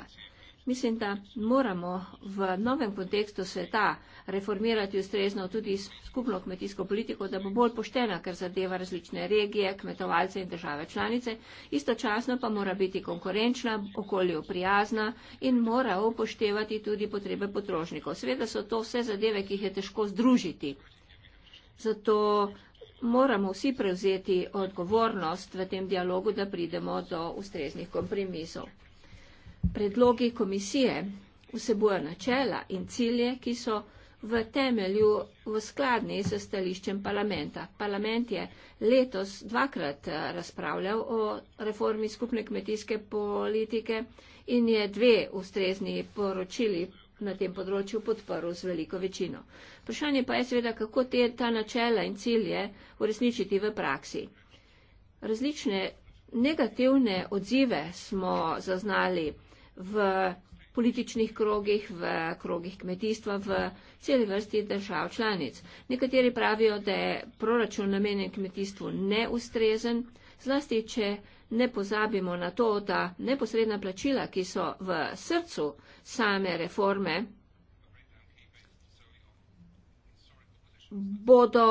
Mislim, da moramo v novem kontekstu sveta reformirati ustrezno tudi skupno kmetijsko politiko, da bo bolj poštena, ker zadeva različne regije, kmetovalce in države članice. Istočasno pa mora biti konkurenčna, okolju prijazna in mora upoštevati tudi potrebe potrošnikov. Sveda so to vse zadeve, ki jih je težko združiti. Zato moramo vsi prevzeti odgovornost v tem dialogu, da pridemo do ustreznih kompromisov. Predlogi komisije vsebujejo načela in cilje, ki so v temelju v skladni s stališčem parlamenta. Parlament je letos dvakrat eh, razpravljal o reformi skupne kmetijske politike in je dve ustrezni poročili na tem področju podporil z veliko večino. Vprašanje pa je seveda, kako te ta načela in cilje uresničiti v praksi. Različne negativne odzive smo zaznali v političnih krogih, v krogih kmetijstva, v celi vrsti držav članic. Nekateri pravijo, da je proračun namenjen kmetijstvu neustrezen, zlasti če ne pozabimo na to, da neposredna plačila, ki so v srcu same reforme, bodo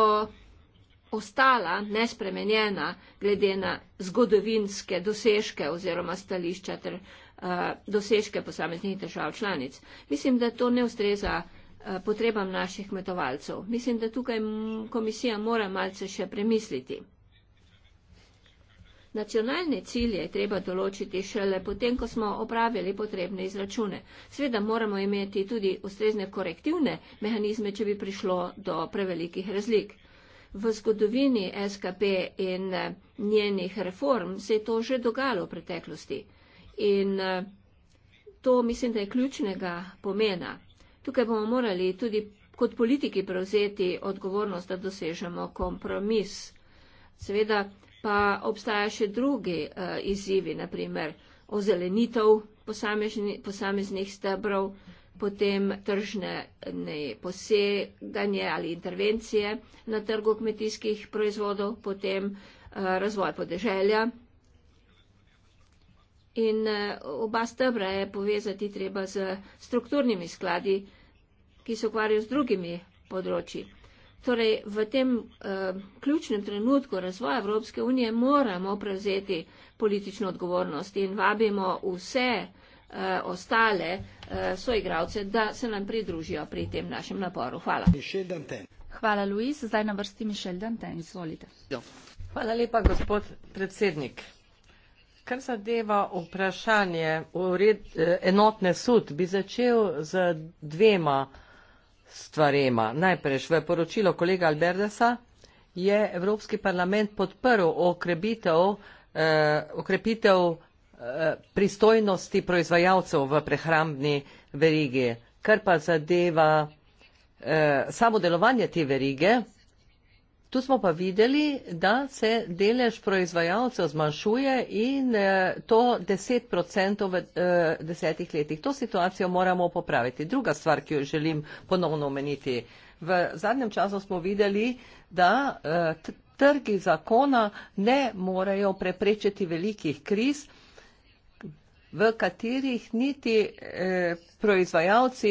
ostala nespremenjena glede na zgodovinske dosežke oziroma stališča ter Eh, dosežke posameznih držav članic. Mislim, da to ne ustreza eh, potrebam naših kmetovalcev. Mislim, da tukaj komisija mora malce še premisliti. Nacionalne cilje je treba določiti šele potem, ko smo opravili potrebne izračune. Sveda moramo imeti tudi ustrezne korektivne mehanizme, če bi prišlo do prevelikih razlik. V zgodovini SKP in eh, njenih reform se je to že dogajalo v preteklosti. In eh, to mislim, da je ključnega pomena. Tukaj bomo morali tudi kot politiki prevzeti odgovornost, da dosežemo kompromis. Seveda pa obstaja še drugi eh, izzivi, naprimer ozelenitev posameznih stebrov, potem tržne poseganje ali intervencije na trgu kmetijskih proizvodov, potem eh, razvoj podeželja In eh, oba stebra je povezati treba z strukturnimi skladi, ki se ukvarjajo z drugimi področji. Torej, v tem uh, ključnem trenutku razvoja Evropske unije moramo prevzeti politično odgovornost in vabimo vse uh, ostale uh, soigravce, da se nam pridružijo pri tem našem naporu. Hvala. Hvala, Luis. Zdaj na vrsti Mišel Danten. Izvolite. Ja. Hvala lepa, gospod predsednik. Kar zadeva vprašanje ured, enotne sud, bi začel z dvema stvarema. Najprej, v poročilo kolega Alberdesa je Evropski parlament podprl okrepitev, eh, okrepitev eh, pristojnosti proizvajalcev v prehrambni verigi. Kar pa zadeva eh, samo delovanje te verige, Tu smo pa videli, da se delež proizvajalcev zmanjšuje in eh, to 10 odstotkov v eh, desetih letih. To situacijo moramo popraviti. Druga stvar, ki jo želim ponovno omeniti. V zadnjem času smo videli, da eh, trgi zakona ne morejo preprečiti velikih kriz, v katerih niti proizvajalci,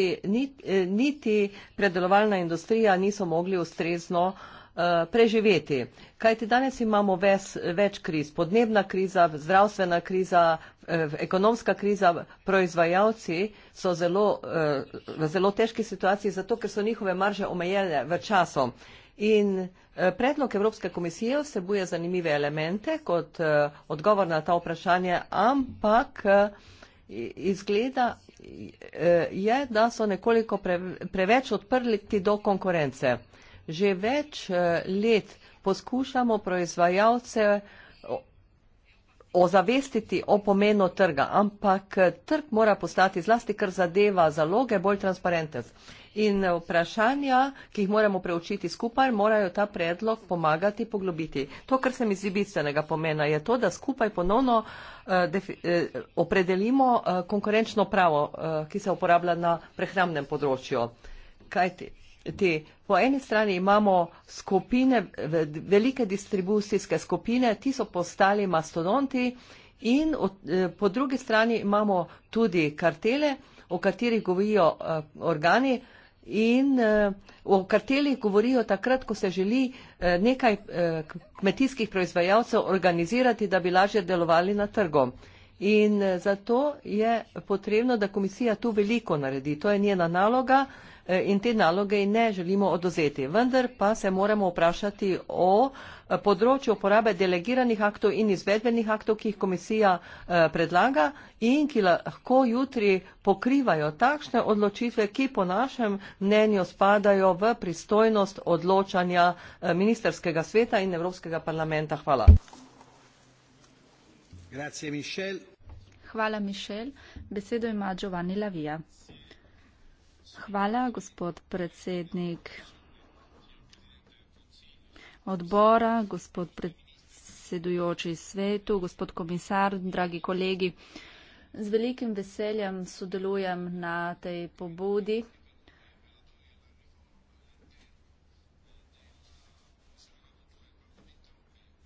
niti predelovalna industrija niso mogli ustrezno Eh, preživeti. Kajti danes imamo ves, več kriz, podnebna kriza, zdravstvena kriza, eh, ekonomska kriza, proizvajalci so zelo, eh, v zelo težki situaciji, zato ker so njihove marže omejene v času. In predlog Evropske komisije vsebuje zanimive elemente kot odgovor na ta vprašanje, ampak izgleda je, da so nekoliko preveč odprli ti do konkurence že več eh, let poskušamo proizvajalce ozavestiti o pomenu trga, ampak eh, trg mora postati zlasti, ker zadeva zaloge bolj transparentnost. In eh, vprašanja, ki jih moramo preučiti skupaj, morajo ta predlog pomagati poglobiti. To, kar se mi zdi bistvenega pomena, je to, da skupaj ponovno uh, uh, opredelimo uh, konkurenčno pravo, uh, ki se uporablja na prehramnem področju. Kaj ti? te. Po eni strani imamo skupine, velike distribucijske skupine, ti so postali mastodonti in e, po drugi strani imamo tudi kartele, o katerih govorijo e, organi in e, o kartelih govorijo takrat, ko se želi nekaj kmetijskih proizvajalcev organizirati, da bi lažje delovali na trgu. In zato je potrebno, da komisija tu veliko naredi. To je njena naloga. Eh, in te naloge ji ne želimo oduzeti. Vendar pa se moramo vprašati o eh, področju uporabe delegiranih aktov in izvedbenih aktov, ki jih komisija eh, predlaga in ki lahko jutri pokrivajo takšne odločitve, ki po našem mnenju spadajo v pristojnost odločanja ministerskega sveta in Evropskega parlamenta. Hvala. Hvala, Mišel. Besedo ima Giovanni Lavija. Hvala, gospod predsednik odbora, gospod predsedujoči svetu, gospod komisar, dragi kolegi. Z velikim veseljem sodelujem na tej pobudi.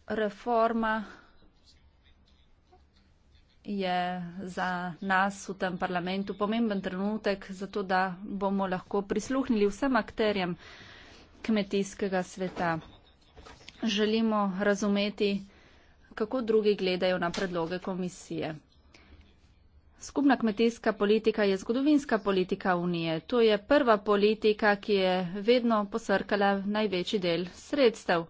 Reforma je za nas v tem parlamentu pomemben trenutek, zato da bomo lahko prisluhnili vsem akterjem kmetijskega sveta. Želimo razumeti, kako drugi gledajo na predloge komisije. Skupna kmetijska politika je zgodovinska politika Unije. To je prva politika, ki je vedno posrkala največji del sredstev.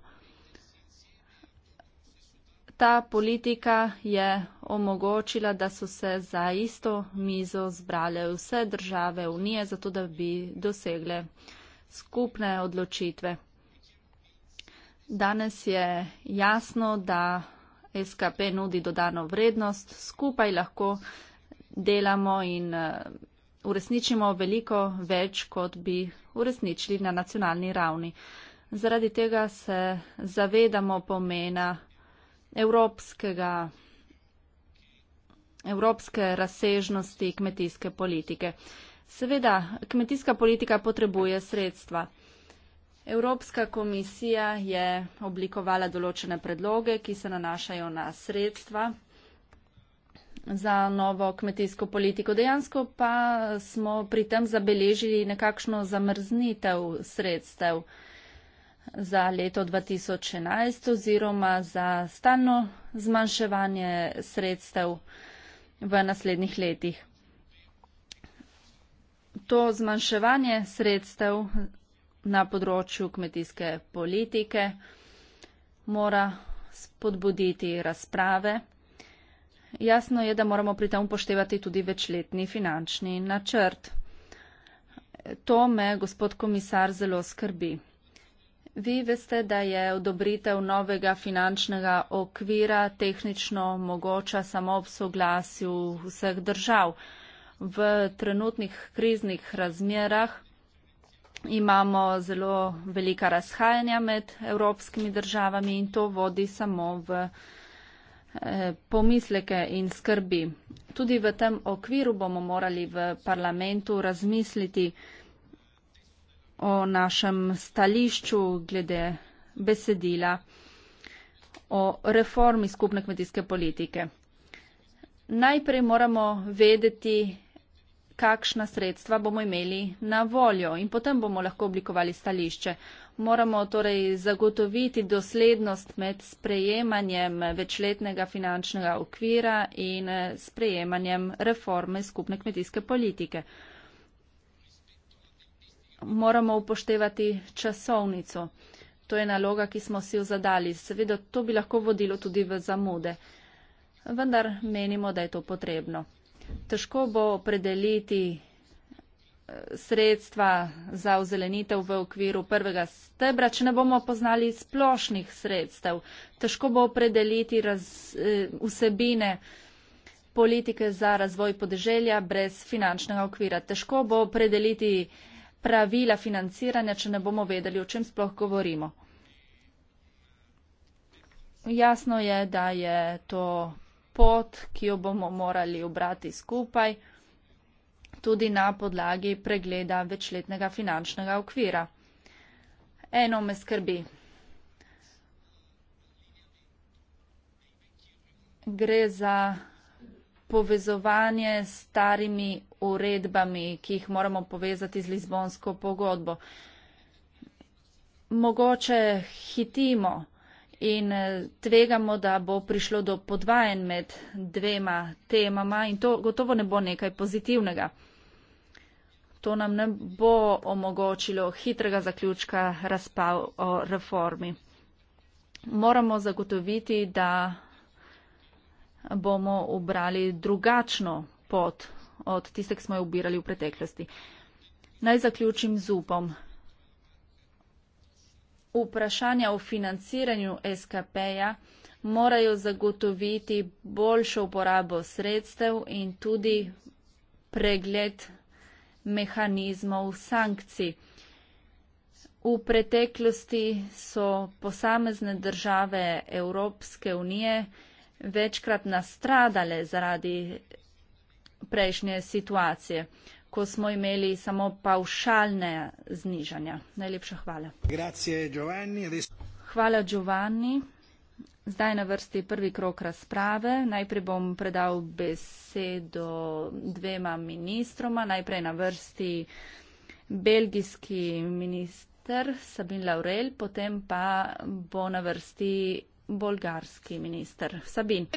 Ta politika je omogočila, da so se za isto mizo zbrale vse države unije, zato da bi dosegle skupne odločitve. Danes je jasno, da SKP nudi dodano vrednost, skupaj lahko delamo in eh, uresničimo veliko več, kot bi uresničili na nacionalni ravni. Zaradi tega se zavedamo pomena evropskega evropske razsežnosti kmetijske politike. Seveda, kmetijska politika potrebuje sredstva. Evropska komisija je oblikovala določene predloge, ki se nanašajo na sredstva za novo kmetijsko politiko. Dejansko pa smo pri tem zabeležili nekakšno zamrznitev sredstev za leto 2011 oziroma za stalno zmanjševanje sredstev v naslednjih letih. To zmanjševanje sredstev na področju kmetijske politike mora spodbuditi razprave. Jasno je, da moramo pri tem upoštevati tudi večletni finančni načrt. To me, gospod komisar, zelo skrbi. Vi veste, da je odobritev novega finančnega okvira tehnično mogoča samo ob soglasju vseh držav. V trenutnih kriznih razmerah imamo zelo velika razhajanja med evropskimi državami in to vodi samo v eh, pomisleke in skrbi. Tudi v tem okviru bomo morali v parlamentu razmisliti, o našem stališču glede besedila o reformi skupne kmetijske politike. Najprej moramo vedeti, kakšna sredstva bomo imeli na voljo in potem bomo lahko oblikovali stališče. Moramo torej zagotoviti doslednost med sprejemanjem večletnega finančnega okvira in sprejemanjem reforme skupne kmetijske politike moramo upoštevati časovnico. To je naloga, ki smo si jo zadali. Seveda, to bi lahko vodilo tudi v zamude. Vendar menimo, da je to potrebno. Težko bo opredeliti eh, sredstva za ozelenitev v okviru prvega stebra, če ne bomo poznali splošnih sredstev. Težko bo opredeliti raz, eh, vsebine politike za razvoj podeželja brez finančnega okvira. Težko bo opredeliti pravila financiranja, če ne bomo vedeli, o čem sploh govorimo. Jasno je, da je to pot, ki jo bomo morali obrati skupaj, tudi na podlagi pregleda večletnega finančnega okvira. Eno me skrbi. Gre za povezovanje s starimi uredbami, ki jih moramo povezati z Lizbonsko pogodbo. Mogoče hitimo in eh, tvegamo, da bo prišlo do podvajen med dvema temama in to gotovo ne bo nekaj pozitivnega. To nam ne bo omogočilo hitrega zaključka razpav o reformi. Moramo zagotoviti, da bomo obrali drugačno pot od tiste, ki smo jo obirali v preteklosti. Naj zaključim z upom. Vprašanja o financiranju SKP-ja morajo zagotoviti boljšo uporabo sredstev in tudi pregled mehanizmov sankcij. V preteklosti so posamezne države Evropske unije večkrat nastradale zaradi prejšnje situacije, ko smo imeli samo paušalne znižanja. Najlepša hvala. Grazie, Giovanni. Hvala, Giovanni. Zdaj na vrsti prvi krok razprave. Najprej bom predal besedo dvema ministroma. Najprej na vrsti belgijski minister Sabin Laurel, potem pa bo na vrsti bolgarski minister. Sabin.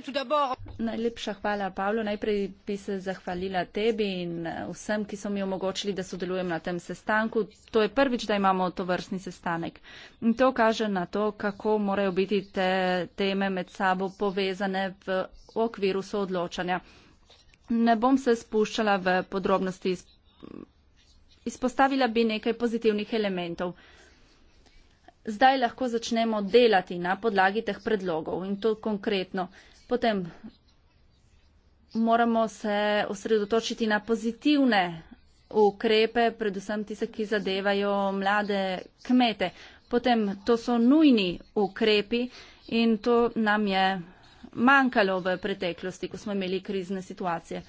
Najlepša hvala, Pavlo. Najprej bi se zahvalila tebi in vsem, ki so mi omogočili, da sodelujem na tem sestanku. To je prvič, da imamo to vrstni sestanek. In to kaže na to, kako morajo biti te teme med sabo povezane v okviru soodločanja. Ne bom se spuščala v podrobnosti. Izpostavila bi nekaj pozitivnih elementov zdaj lahko začnemo delati na podlagi teh predlogov in to konkretno. Potem moramo se osredotočiti na pozitivne ukrepe, predvsem tiste, ki zadevajo mlade kmete. Potem to so nujni ukrepi in to nam je manjkalo v preteklosti, ko smo imeli krizne situacije.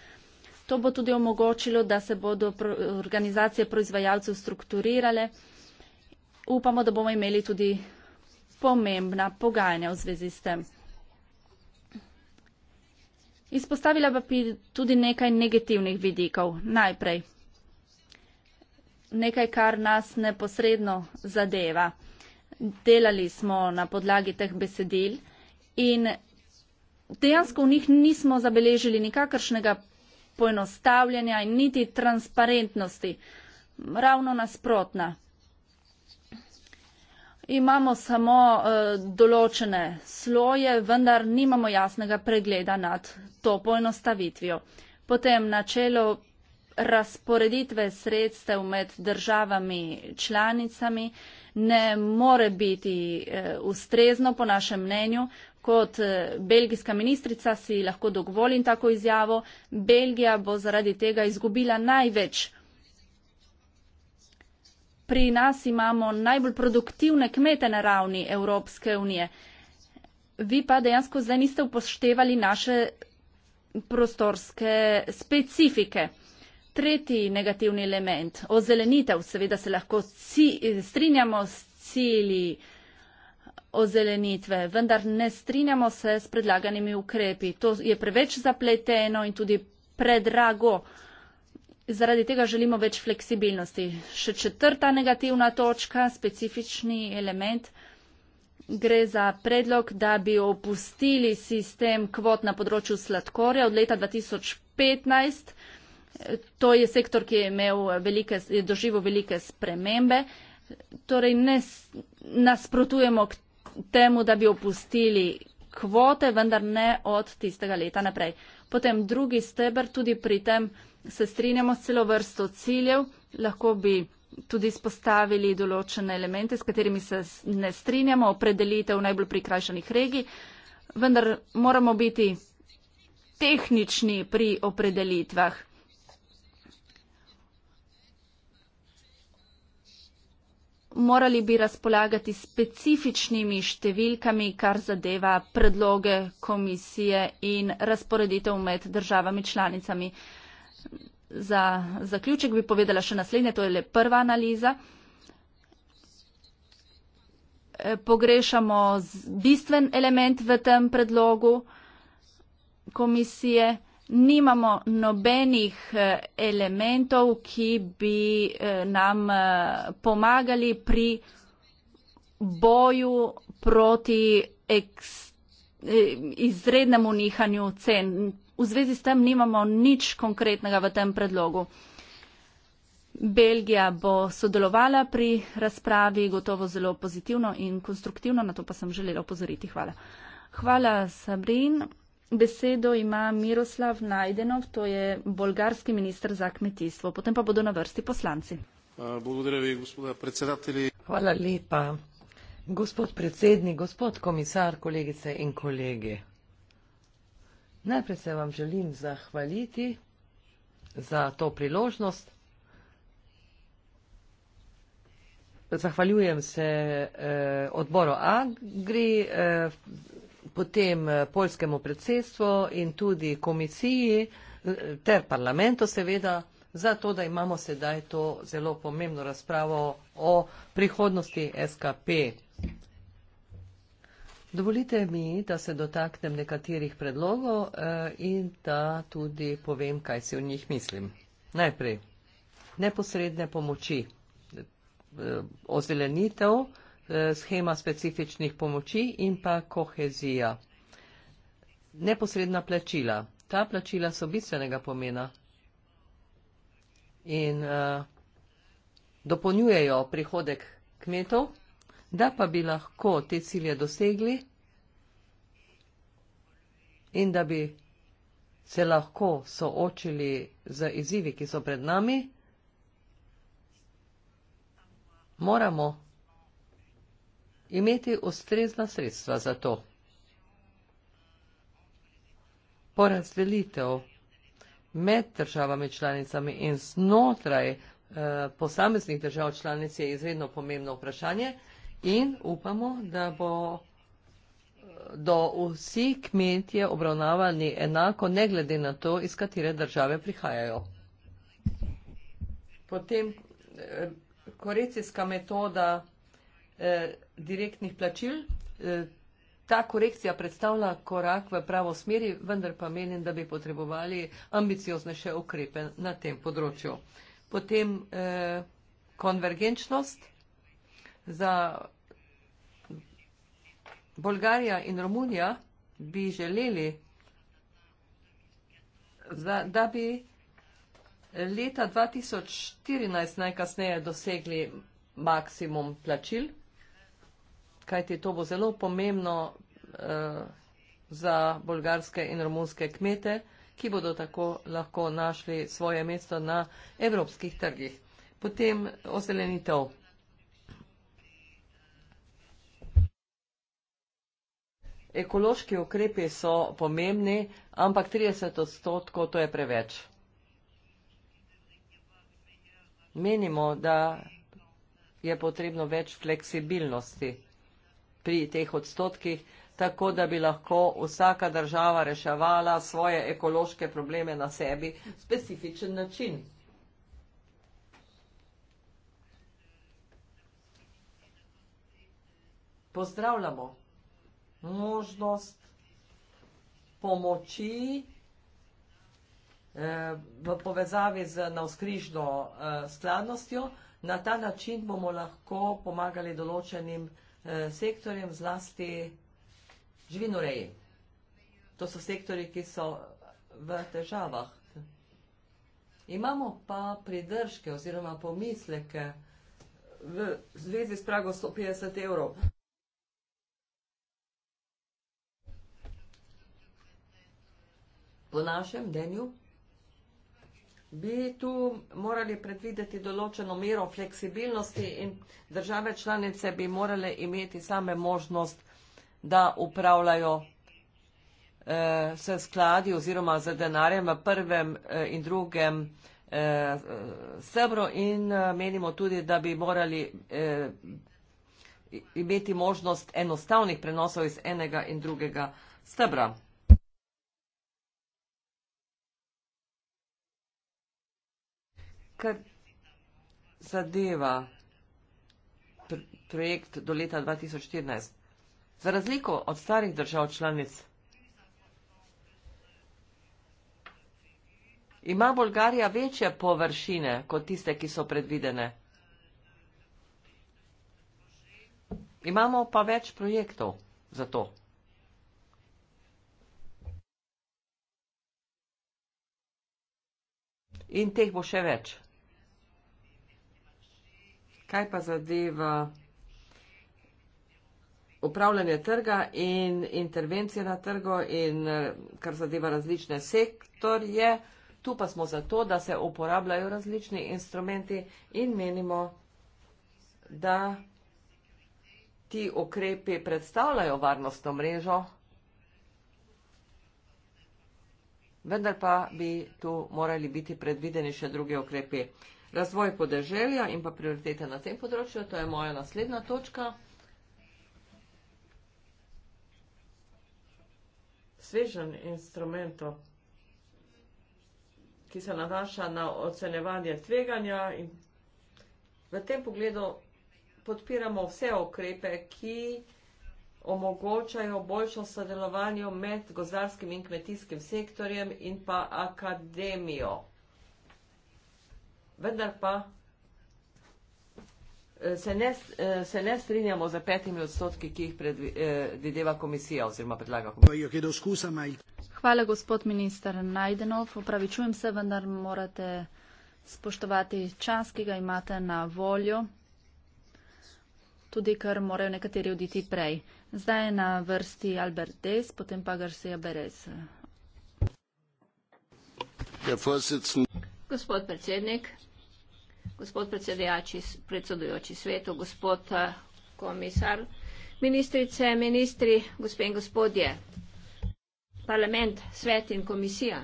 To bo tudi omogočilo, da se bodo organizacije proizvajalcev strukturirale upamo, da bomo imeli tudi pomembna pogajanja v zvezi s tem. Izpostavila pa bi tudi nekaj negativnih vidikov. Najprej nekaj, kar nas neposredno zadeva. Delali smo na podlagi teh besedil in dejansko v njih nismo zabeležili nikakršnega poenostavljanja in niti transparentnosti. Ravno nasprotna. Imamo samo uh, določene sloje, vendar nimamo jasnega pregleda nad to poenostavitvijo. Potem načelo razporeditve sredstev med državami članicami ne more biti uh, ustrezno, po našem mnenju. Kot eh, belgijska ministrica si lahko dovolim tako izjavo, Belgija bo zaradi tega izgubila največ Pri nas imamo najbolj produktivne kmete na ravni Evropske unije. Vi pa dejansko zdaj niste upoštevali naše prostorske specifike. Tretji negativni element, ozelenitev. Seveda se lahko strinjamo s cilji ozelenitve, vendar ne strinjamo se s predlaganimi ukrepi. To je preveč zapleteno in tudi predrago. Uh, Zaradi tega želimo več fleksibilnosti. Še četrta negativna točka, specifični element, gre za predlog, da bi opustili sistem kvot na področju sladkorja od leta 2015. To je sektor, ki je, imel velike, je doživel velike spremembe. Torej ne nasprotujemo temu, da bi opustili kvote, vendar ne od tistega leta naprej. Potem drugi steber tudi pri tem, se strinjamo s celo vrsto ciljev, lahko bi tudi spostavili določene elemente, s katerimi se ne strinjamo, opredelitev najbolj prikrajšanih regij, vendar moramo biti tehnični pri opredelitvah. Morali bi razpolagati specifičnimi številkami, kar zadeva predloge komisije in razporeditev med državami članicami. Za zaključek bi povedala še naslednje, to je le prva analiza. E, pogrešamo bistven element v tem predlogu komisije. Nimamo nobenih e, elementov, ki bi e, nam pomagali pri boju proti ekstremnosti izrednemu nihanju cen v zvezi s tem nimamo nič konkretnega v tem predlogu. Belgija bo sodelovala pri razpravi, gotovo zelo pozitivno in konstruktivno, na to pa sem želela opozoriti. Hvala. Hvala, Sabrin. Besedo ima Miroslav Najdenov, to je bolgarski minister za kmetijstvo. Potem pa bodo na vrsti poslanci. Hvala lepa, gospod predsednik, gospod komisar, kolegice in kolegi. Najprej se vam želim zahvaliti za to priložnost. Zahvaljujem se eh, odboru Agri, eh, potem eh, polskemu predsedstvu in tudi komisiji eh, ter parlamentu seveda, zato da imamo sedaj to zelo pomembno razpravo o prihodnosti SKP. Dovolite mi, da se dotaknem nekaterih predlogov eh, in da tudi povem, kaj si v njih mislim. Najprej, neposredne pomoči, eh, ozelenitev, eh, schema specifičnih pomoči in pa kohezija. Neposredna plačila. Ta plačila so bistvenega pomena in dopolnjujejo prihodek kmetov, Da pa bi lahko te cilje dosegli in da bi se lahko soočili z izzivi, ki so pred nami, moramo imeti ustrezna sredstva za to. Porazdelitev med državami članicami in znotraj eh, posameznih držav članic je izredno pomembno vprašanje in upamo, da bo eh, do vsi kmetje obravnavani enako, ne glede na to, iz katere države prihajajo. Potem eh, korekcijska metoda eh, direktnih plačil. Eh, ta korekcija predstavlja korak v pravo smeri, vendar pa menim, da bi potrebovali ambicioznejše ukrepe na tem področju. Potem eh, konvergenčnost za Bolgarija in Romunija bi želeli, da, da bi leta 2014 najkasneje dosegli maksimum plačil, kajti to bo zelo pomembno eh, za bolgarske in romunske kmete, ki bodo tako lahko našli svoje mesto na evropskih trgih. Potem ozelenitev. ekološki ukrepi so pomembni, ampak 30 odstotkov to je preveč. Menimo, da je potrebno več fleksibilnosti pri teh odstotkih, tako da bi lahko vsaka država reševala svoje ekološke probleme na sebi v specifičen način. Pozdravljamo možnost pomoči eh, v povezavi z navskrižno eh, skladnostjo. Na ta način bomo lahko pomagali določenim eh, sektorjem zlasti živinoreji. To so sektori, ki so v težavah. Imamo pa pridržke oziroma pomisleke v zvezi s prago 150 evrov. po našem mnenju, bi tu morali predvideti določeno mero fleksibilnosti in države članice bi morale imeti same možnost, da upravljajo eh, se skladi oziroma z denarjem v prvem eh, in drugem eh, sebro in menimo tudi, da bi morali imeti možnost enostavnih prenosov iz enega in drugega sebra. kar zadeva pr projekt do leta 2014. Za razliko od starih držav članic ima Bolgarija večje površine kot tiste, ki so predvidene. Imamo pa več projektov za to. In teh bo še več kaj pa zadeva upravljanje trga in intervencije na trgo in eh, kar zadeva različne sektorje. Tu pa smo zato, da se uporabljajo različni instrumenti in menimo, da ti ukrepi predstavljajo varnostno mrežo, vendar pa bi tu morali biti predvideni še drugi ukrepi razvoj podeželja in pa prioritete na tem področju. To je moja naslednja točka. Svežen instrumentov, ki se nanaša na ocenevanje tveganja in v tem pogledu podpiramo vse okrepe, ki omogočajo boljšo sodelovanje med gozdarskim in kmetijskim sektorjem in pa akademijo vendar pa eh, se ne, eh, se ne strinjamo za petimi odstotki, ki jih eh, predvideva komisija oziroma predlaga komisija. No, Hvala, gospod minister Najdenov. Opravičujem se, vendar morate spoštovati čas, ki ga imate na voljo, tudi ker morajo nekateri oditi prej. Zdaj je na vrsti Albert Des, potem pa Garcia Berez. Ja, gospod predsednik, gospod predsedujoči svetu, gospod eh, komisar, ministrice, ministri, gospe in gospodje, parlament, svet in komisija.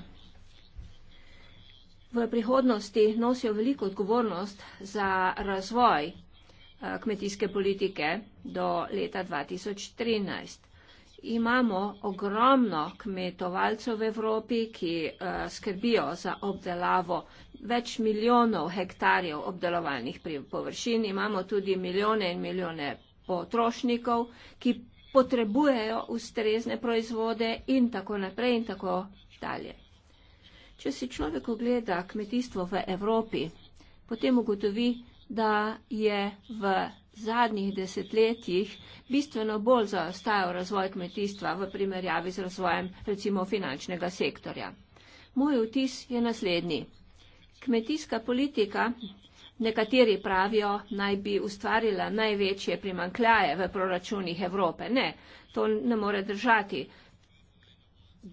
V prihodnosti nosijo veliko odgovornost za razvoj eh, kmetijske politike do leta 2013 imamo ogromno kmetovalcev v Evropi, ki uh, skrbijo za obdelavo več milijonov hektarjev obdelovalnih površin, imamo tudi milijone in milijone potrošnikov, ki potrebujejo ustrezne proizvode in tako naprej in tako dalje. Če si človek ogleda kmetijstvo v Evropi, potem ugotovi, da je v zadnjih desetletjih bistveno bolj zaostajal razvoj kmetijstva v primerjavi z razvojem recimo finančnega sektorja. Moj vtis je naslednji. Kmetijska politika, nekateri pravijo, naj bi ustvarila največje primankljaje v proračunih Evrope. Ne, to ne more držati.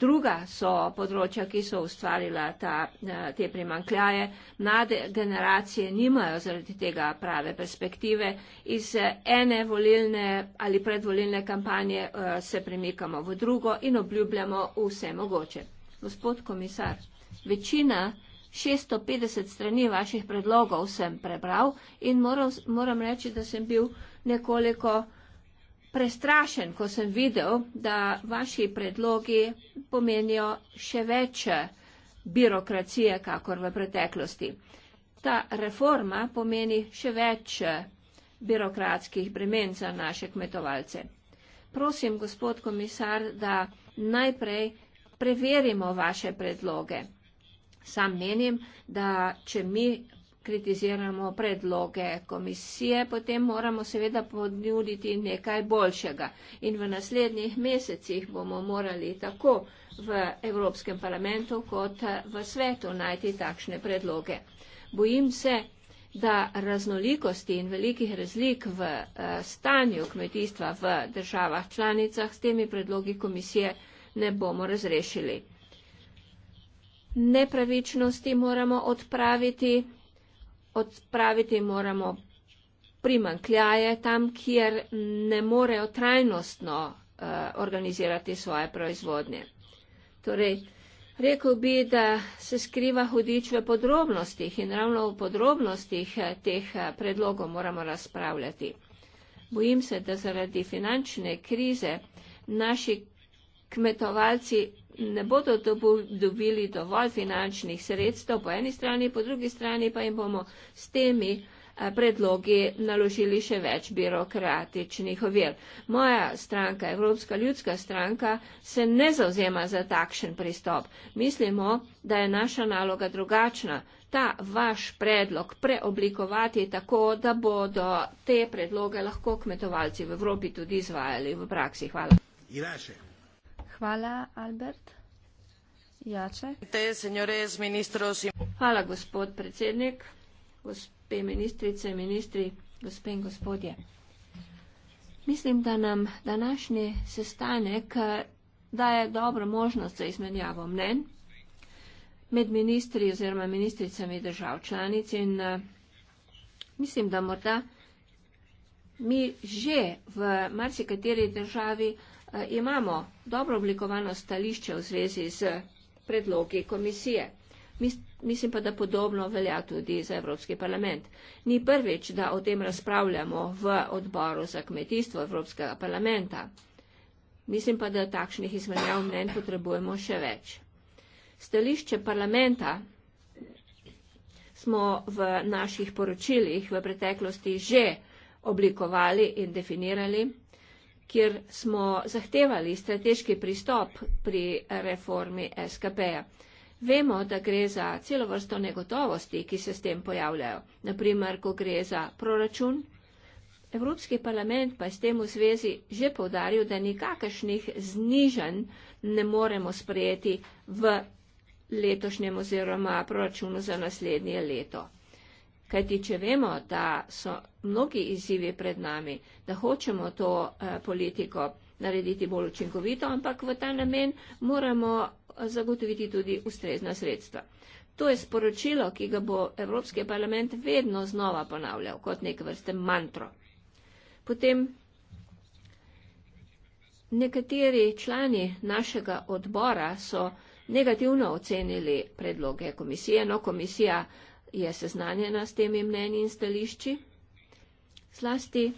Druga so področja, ki so ustvarila ta, eh, te primankljaje. Mlade generacije nimajo zaradi tega prave perspektive. Iz eh, ene volilne ali predvolilne kampanje eh, se premikamo v drugo in obljubljamo vse mogoče. Gospod komisar, večina 650 strani vaših predlogov sem prebral in moram reči, da sem bil nekoliko prestrašen, ko sem videl, da vaši predlogi pomenijo še več birokracije, kakor v preteklosti. Ta reforma pomeni še več birokratskih bremen za naše kmetovalce. Prosim, gospod komisar, da najprej preverimo vaše predloge. Sam menim, da če mi kritiziramo predloge komisije, potem moramo seveda podnuditi nekaj boljšega. In v naslednjih mesecih bomo morali tako v Evropskem parlamentu kot v svetu najti takšne predloge. Bojim se, da raznolikosti in velikih razlik v eh, stanju kmetijstva v državah članicah s temi predlogi komisije ne bomo razrešili. Nepravičnosti moramo odpraviti, odpraviti moramo primankljaje tam, kjer ne morejo trajnostno uh, organizirati svoje proizvodnje. Torej, rekel bi, da se skriva hudič v podrobnostih in ravno v podrobnostih eh, teh eh, predlogov moramo razpravljati. Bojim se, da zaradi finančne krize naši kmetovalci ne bodo dobu, dobili dovolj finančnih sredstev po eni strani, po drugi strani pa jim bomo s temi eh, predlogi naložili še več birokratičnih ovir. Moja stranka, Evropska ljudska stranka, se ne zauzema za takšen pristop. Mislimo, da je naša naloga drugačna. Ta vaš predlog preoblikovati tako, da bodo te predloge lahko kmetovalci v Evropi tudi izvajali v praksi. Hvala. Ilaše. Hvala, Albert. Jače. Hvala, gospod predsednik, gospe ministrice, ministri, gospe in gospodje. Mislim, da nam današnji sestanek eh, daje dobro možnost za izmenjavo mnen med ministri oziroma ministricami držav članic in eh, mislim, da morda mi že v marsikateri državi Eh, imamo dobro oblikovano stališče v zvezi z predlogi komisije. Mislim pa, da podobno velja tudi za Evropski parlament. Ni prvič, da o tem razpravljamo v odboru za kmetijstvo Evropskega parlamenta. Mislim pa, da takšnih izmenjav mnen potrebujemo še več. Stališče parlamenta smo v naših poročilih v preteklosti že oblikovali in definirali kjer smo zahtevali strateški pristop pri reformi SKP-ja. Vemo, da gre za celo vrsto negotovosti, ki se s tem pojavljajo. Naprimer, ko gre za proračun, Evropski parlament pa je s tem v zvezi že povdaril, da nikakršnih znižanj ne moremo sprejeti v letošnjem oziroma proračunu za naslednje leto. Kajti, če vemo, da so mnogi izzivi pred nami, da hočemo to eh, politiko narediti bolj učinkovito, ampak v ta namen moramo eh, zagotoviti tudi ustrezna sredstva. To je sporočilo, ki ga bo Evropski parlament vedno znova ponavljal kot nek vrste mantro. Potem nekateri člani našega odbora so negativno ocenili predloge komisije. No, komisija uh, je seznanjena s temi mnenji in stališči. Slasti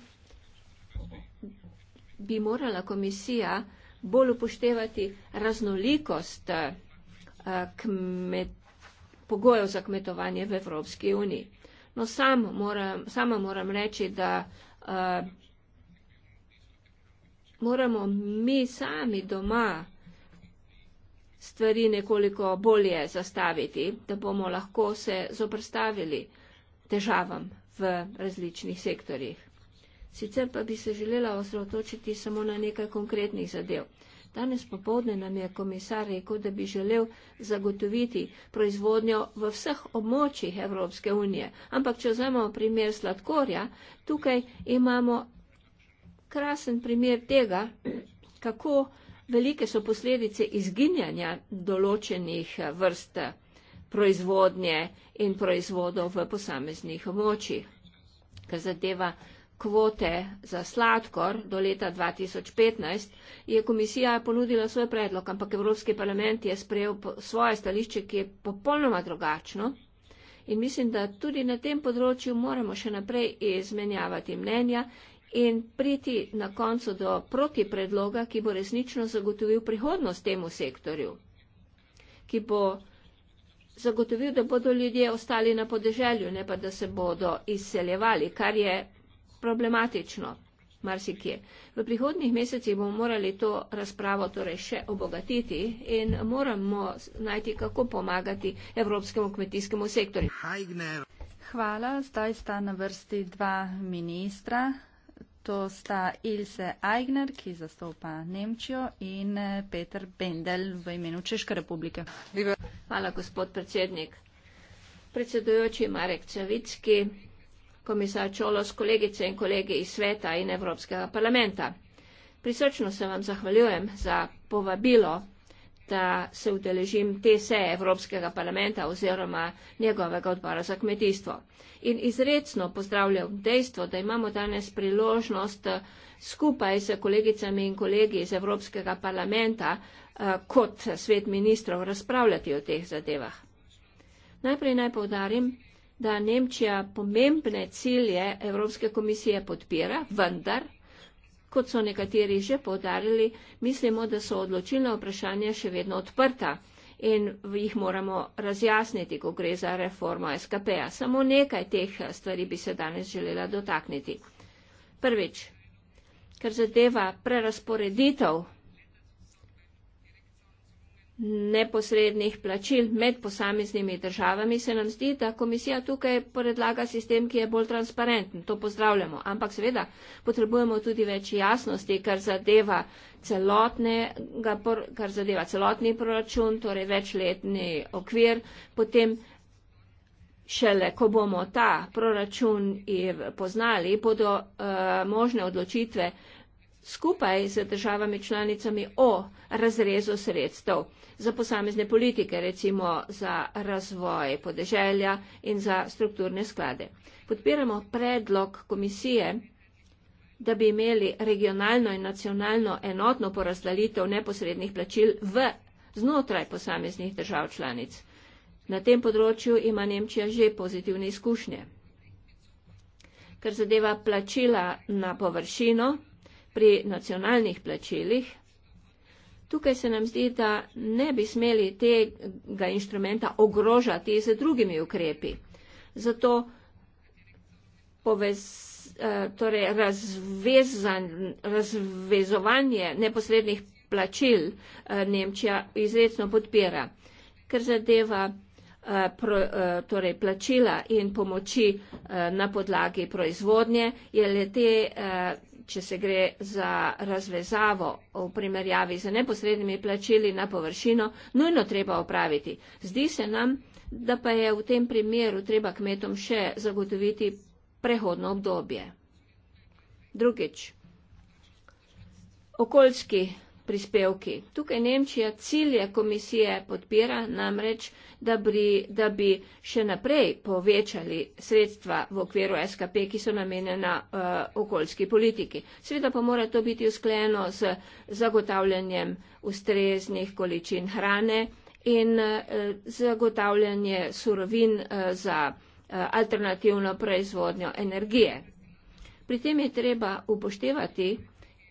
bi morala komisija bolj upoštevati raznolikost eh, kmet, pogojev za kmetovanje v Evropski uniji. No, sam moram, sama moram reči, da uh, moramo mi sami doma stvari nekoliko bolje zastaviti, da bomo lahko se zoprstavili težavam v različnih sektorjih. Sicer pa bi se želela osredotočiti samo na nekaj konkretnih zadev. Danes popovdne nam je komisar rekel, da bi želel zagotoviti proizvodnjo v vseh območjih Evropske unije. Ampak, če vzamemo primer sladkorja, tukaj imamo krasen primer tega, kako Velike so posledice izginjanja določenih vrst proizvodnje in proizvodov v posameznih območjih. Kar zadeva kvote za sladkor do leta 2015, je komisija ponudila svoj predlog, ampak Evropski parlament je sprejel svoje stališče, ki je popolnoma drugačno. In mislim, da tudi na tem področju moramo še naprej izmenjavati mnenja in priti na koncu do protipredloga, ki bo resnično zagotovil prihodnost temu sektorju, ki bo zagotovil, da bodo ljudje ostali na podeželju, ne pa da se bodo izseljevali, kar je problematično marsikje. V prihodnih mesecih bomo morali to razpravo torej še obogatiti in moramo najti, kako pomagati evropskemu kmetijskemu sektorju. Hvala, zdaj sta na vrsti dva ministra. To sta Ilse Eigner, ki zastopa Nemčijo, in eh, Peter Bendel v imenu Češke republike. Hvala, gospod predsednik. Predsedujoči Marek Cevicki, komisar Čolos, kolegice in kolege iz sveta in Evropskega parlamenta. Prisrčno se vam zahvaljujem za povabilo da se udeležim te seje Evropskega parlamenta oziroma njegovega odbora za kmetijstvo. In izredno pozdravljam dejstvo, da imamo danes priložnost eh, skupaj s kolegicami in kolegi iz Evropskega parlamenta eh, kot svet ministrov razpravljati o teh zadevah. Najprej naj povdarim, da Nemčija pomembne cilje Evropske komisije podpira, vendar kot so nekateri že povdarjali, mislimo, da so odločilna vprašanja še vedno odprta in jih moramo razjasniti, ko gre za reformo SKP-ja. Samo nekaj teh eh, stvari bi se danes želela dotakniti. Prvič, ker zadeva prerasporeditev neposrednih plačil med posameznimi državami, se nam zdi, da komisija tukaj predlaga sistem, ki je bolj transparenten. To pozdravljamo. Ampak seveda potrebujemo tudi več jasnosti, kar zadeva, kar zadeva celotni proračun, torej večletni okvir. Potem šele, ko bomo ta proračun poznali, bodo uh, možne odločitve uh, skupaj z državami članicami o razrezu sredstev za posamezne politike, recimo za razvoj podeželja in za strukturne sklade. Podpiramo predlog komisije, da bi imeli regionalno in nacionalno enotno porazdalitev neposrednih plačil v znotraj posameznih držav članic. Na tem področju ima Nemčija že pozitivne izkušnje. Kar zadeva plačila na površino, pri nacionalnih plačilih. Tukaj se nam zdi, da ne bi smeli tega inštrumenta ogrožati z drugimi ukrepi. Zato povez, eh, torej razvezan, razvezovanje neposrednih plačil eh, Nemčija izredno podpira, ker zadeva eh, Pro, torej plačila in pomoči na podlagi proizvodnje, je le te če se gre za razvezavo v primerjavi z neposrednimi plačili na površino, nujno treba opraviti. Zdi se nam, da pa je v tem primeru treba kmetom še zagotoviti prehodno obdobje. Drugič, okoljski prispevki. Tukaj Nemčija cilje komisije podpira namreč, da bi, da bi še naprej povečali sredstva v okviru SKP, ki so namenjena uh, okoljski politiki. Sveda pa mora to biti uskleno z zagotavljanjem ustreznih količin hrane in uh, zagotavljanje surovin uh, za uh, alternativno proizvodnjo energije. Pri tem je treba upoštevati,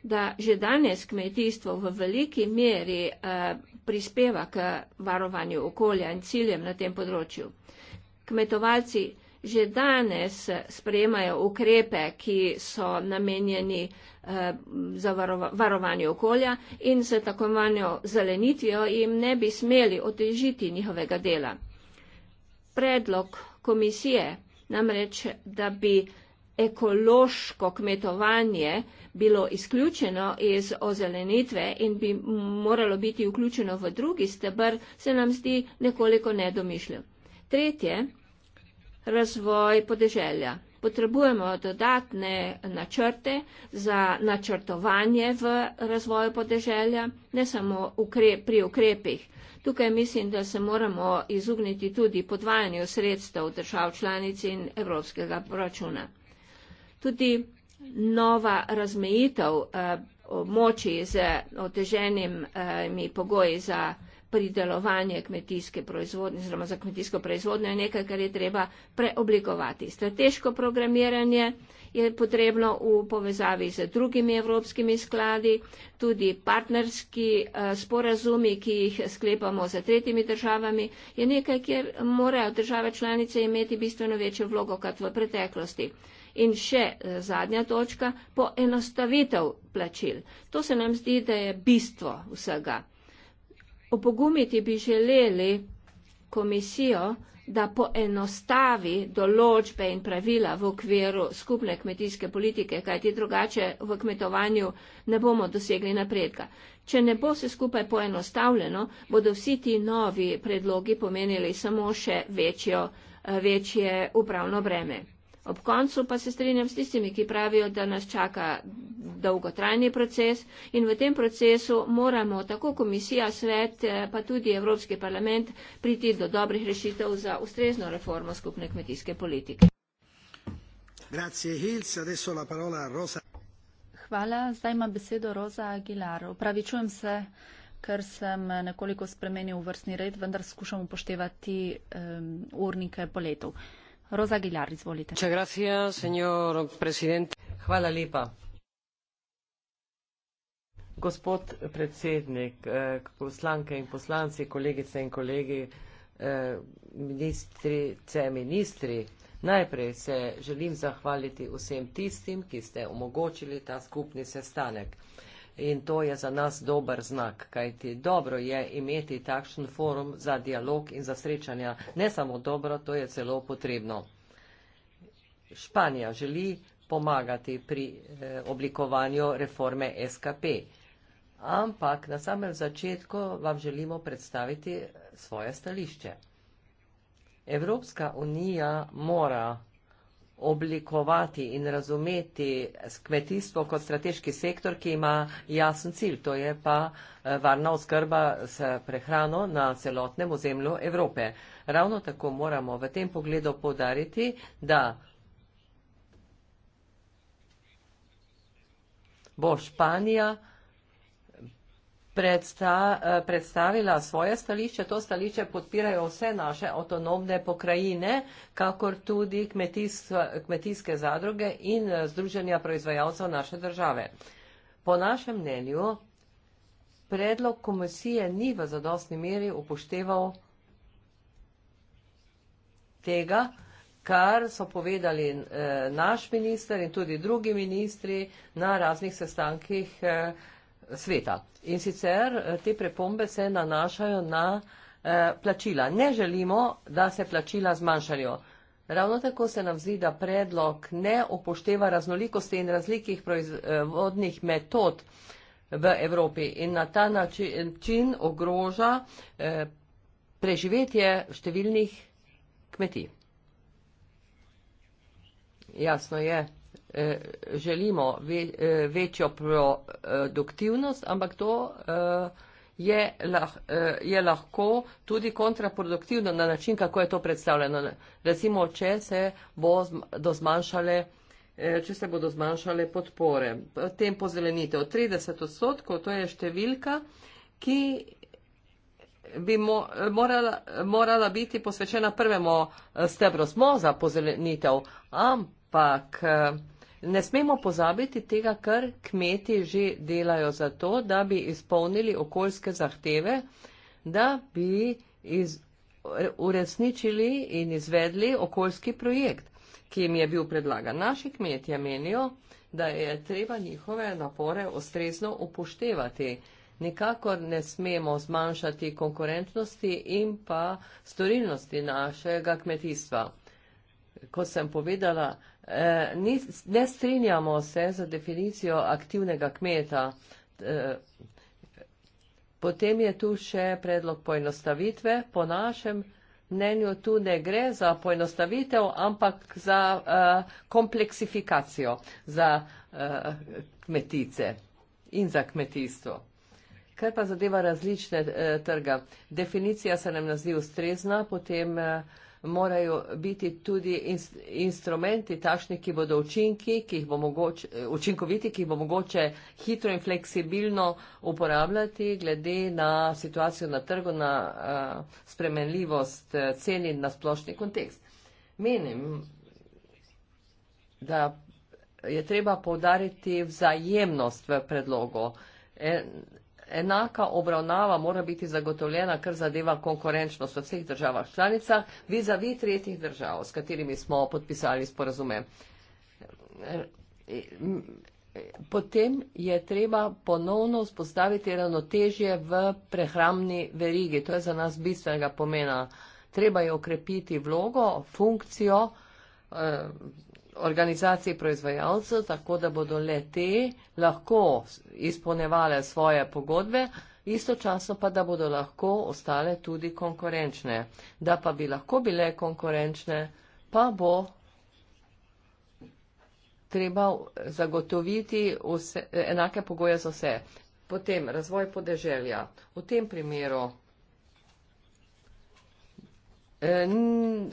da že danes kmetijstvo v veliki meri eh, prispeva k varovanju okolja in ciljem na tem področju. Kmetovalci že danes eh, sprejemajo ukrepe, ki so namenjeni eh, za varovanje okolja in se tako manjo zelenitvijo jim ne bi smeli otežiti njihovega dela. Predlog komisije namreč, da bi ekološko kmetovanje bilo izključeno iz ozelenitve in bi moralo biti vključeno v drugi stebr, se nam zdi nekoliko nedomišljiv. Tretje, razvoj podeželja. Potrebujemo dodatne načrte za načrtovanje v razvoju podeželja, ne samo ukrep, pri ukrepih. Tukaj mislim, da se moramo izogniti tudi podvajanju sredstev držav članic in evropskega proračuna tudi nova razmejitev eh, območij z oteženimi pogoji za pridelovanje kmetijske proizvodnje oziroma za kmetijsko proizvodnjo je nekaj, kar je treba preoblikovati. Strateško programiranje je potrebno v povezavi z drugimi evropskimi skladi, tudi partnerski eh, sporazumi, ki jih sklepamo z tretjimi državami, je nekaj, kjer morajo države članice imeti bistveno večjo vlogo kot v preteklosti. In še eh, zadnja točka, poenostavitev plačil. To se nam zdi, da je bistvo vsega. Opogumiti bi želeli komisijo, da poenostavi določbe in pravila v okviru skupne kmetijske politike, kajti drugače v kmetovanju ne bomo dosegli napredka. Če ne bo vse skupaj poenostavljeno, bodo vsi ti novi predlogi pomenili samo še večjo, eh, večje upravno breme. Ob koncu pa se strinjam s tistimi, ki pravijo, da nas čaka dolgotrajni proces in v tem procesu moramo tako komisija, svet, eh, pa tudi Evropski parlament priti do dobrih rešitev za ustrezno reformo skupne kmetijske politike. Hvala, zdaj ima besedo Roza Aguilar. Upravičujem se, ker sem nekoliko spremenil vrstni red, vendar skušam upoštevati um, urnike poletov. Hvala lepa. Gospod predsednik, eh, poslanke in poslanci, kolegice in kolegi, eh, ministrice, ministri, najprej se želim zahvaliti vsem tistim, ki ste omogočili ta skupni sestanek in to je za nas dober znak, kajti dobro je imeti takšen forum za dialog in za srečanja. Ne samo dobro, to je celo potrebno. Španija želi pomagati pri eh, oblikovanju reforme SKP, ampak na samem začetku vam želimo predstaviti eh, svoje stališče. Evropska unija mora oblikovati in razumeti kmetijstvo kot strateški sektor, ki ima jasen cilj, to je pa eh, varna oskrba s prehrano na celotnem ozemlju Evrope. Ravno tako moramo v tem pogledu podariti, da bo Španija predsta, eh, predstavila svoje stališče. To stališče podpirajo vse naše avtonomne pokrajine, kakor tudi kmetijske zadruge in eh, združenja proizvajalcev naše države. Po našem mnenju, predlog komisije ni v zadostni meri upošteval tega, kar so povedali eh, naš minister in tudi drugi ministri na raznih sestankih sveta. In sicer eh, te prepombe se nanašajo na eh, plačila. Ne želimo, da se plačila zmanjšajo. Ravno tako se nam zdi, da predlog ne upošteva raznolikosti in razlikih proizvodnih metod v Evropi in na ta način ogroža eh, preživetje številnih kmetij. Jasno je. Eh, želimo eh, večjo produktivnost, ampak to eh, je, je lahko tudi kontraproduktivno na način, kako je to predstavljeno. Recimo, če se, bo če se bodo zmanjšale podpore, tem pozelenitev 30 odstotkov, to je številka, ki bi mo, morala, morala biti posvečena prvemu stebru smoza pozelenitev, ampak ne smemo pozabiti tega, kar kmeti že delajo za to, da bi izpolnili okoljske zahteve, da bi iz, uresničili in izvedli okoljski projekt, ki jim je bil predlagan. Naši kmetje menijo, da je treba njihove napore ustrezno upoštevati. Nikakor ne smemo zmanjšati konkurentnosti in pa storilnosti našega kmetijstva. Kot sem povedala, Eh, ni, ne strinjamo se za definicijo aktivnega kmeta. Eh, potem je tu še predlog poenostavitve. Po našem mnenju tu ne gre za poenostavitev, ampak za eh, kompleksifikacijo za kmetice in za kmetijstvo. Kar pa zadeva različne trga. Definicija se nam nazdi ustrezna, potem eh, morajo biti tudi in, instrumenti takšni, ki bodo učinki, ki jih bo mogoč, učinkoviti, ki jih bo mogoče hitro in fleksibilno uporabljati glede na situacijo na trgu, na uh, spremenljivost uh, cen in na splošni kontekst. Menim, da je treba povdariti vzajemnost v predlogu. En, enaka obravnava mora biti zagotovljena, kar zadeva konkurenčnost v vseh državah članicah, vizavi tretjih držav, s katerimi smo podpisali sporazume. Potem je treba ponovno vzpostaviti ravnotežje v prehramni verigi. To je za nas bistvenega pomena. Treba je okrepiti vlogo, funkcijo eh, organizacij proizvajalcev, tako da bodo le te lahko izpolnevale svoje pogodbe, istočasno pa, da bodo lahko ostale tudi konkurenčne. Da pa bi lahko bile konkurenčne, pa bo treba zagotoviti vse, enake pogoje za vse. Potem razvoj podeželja. V tem primeru E,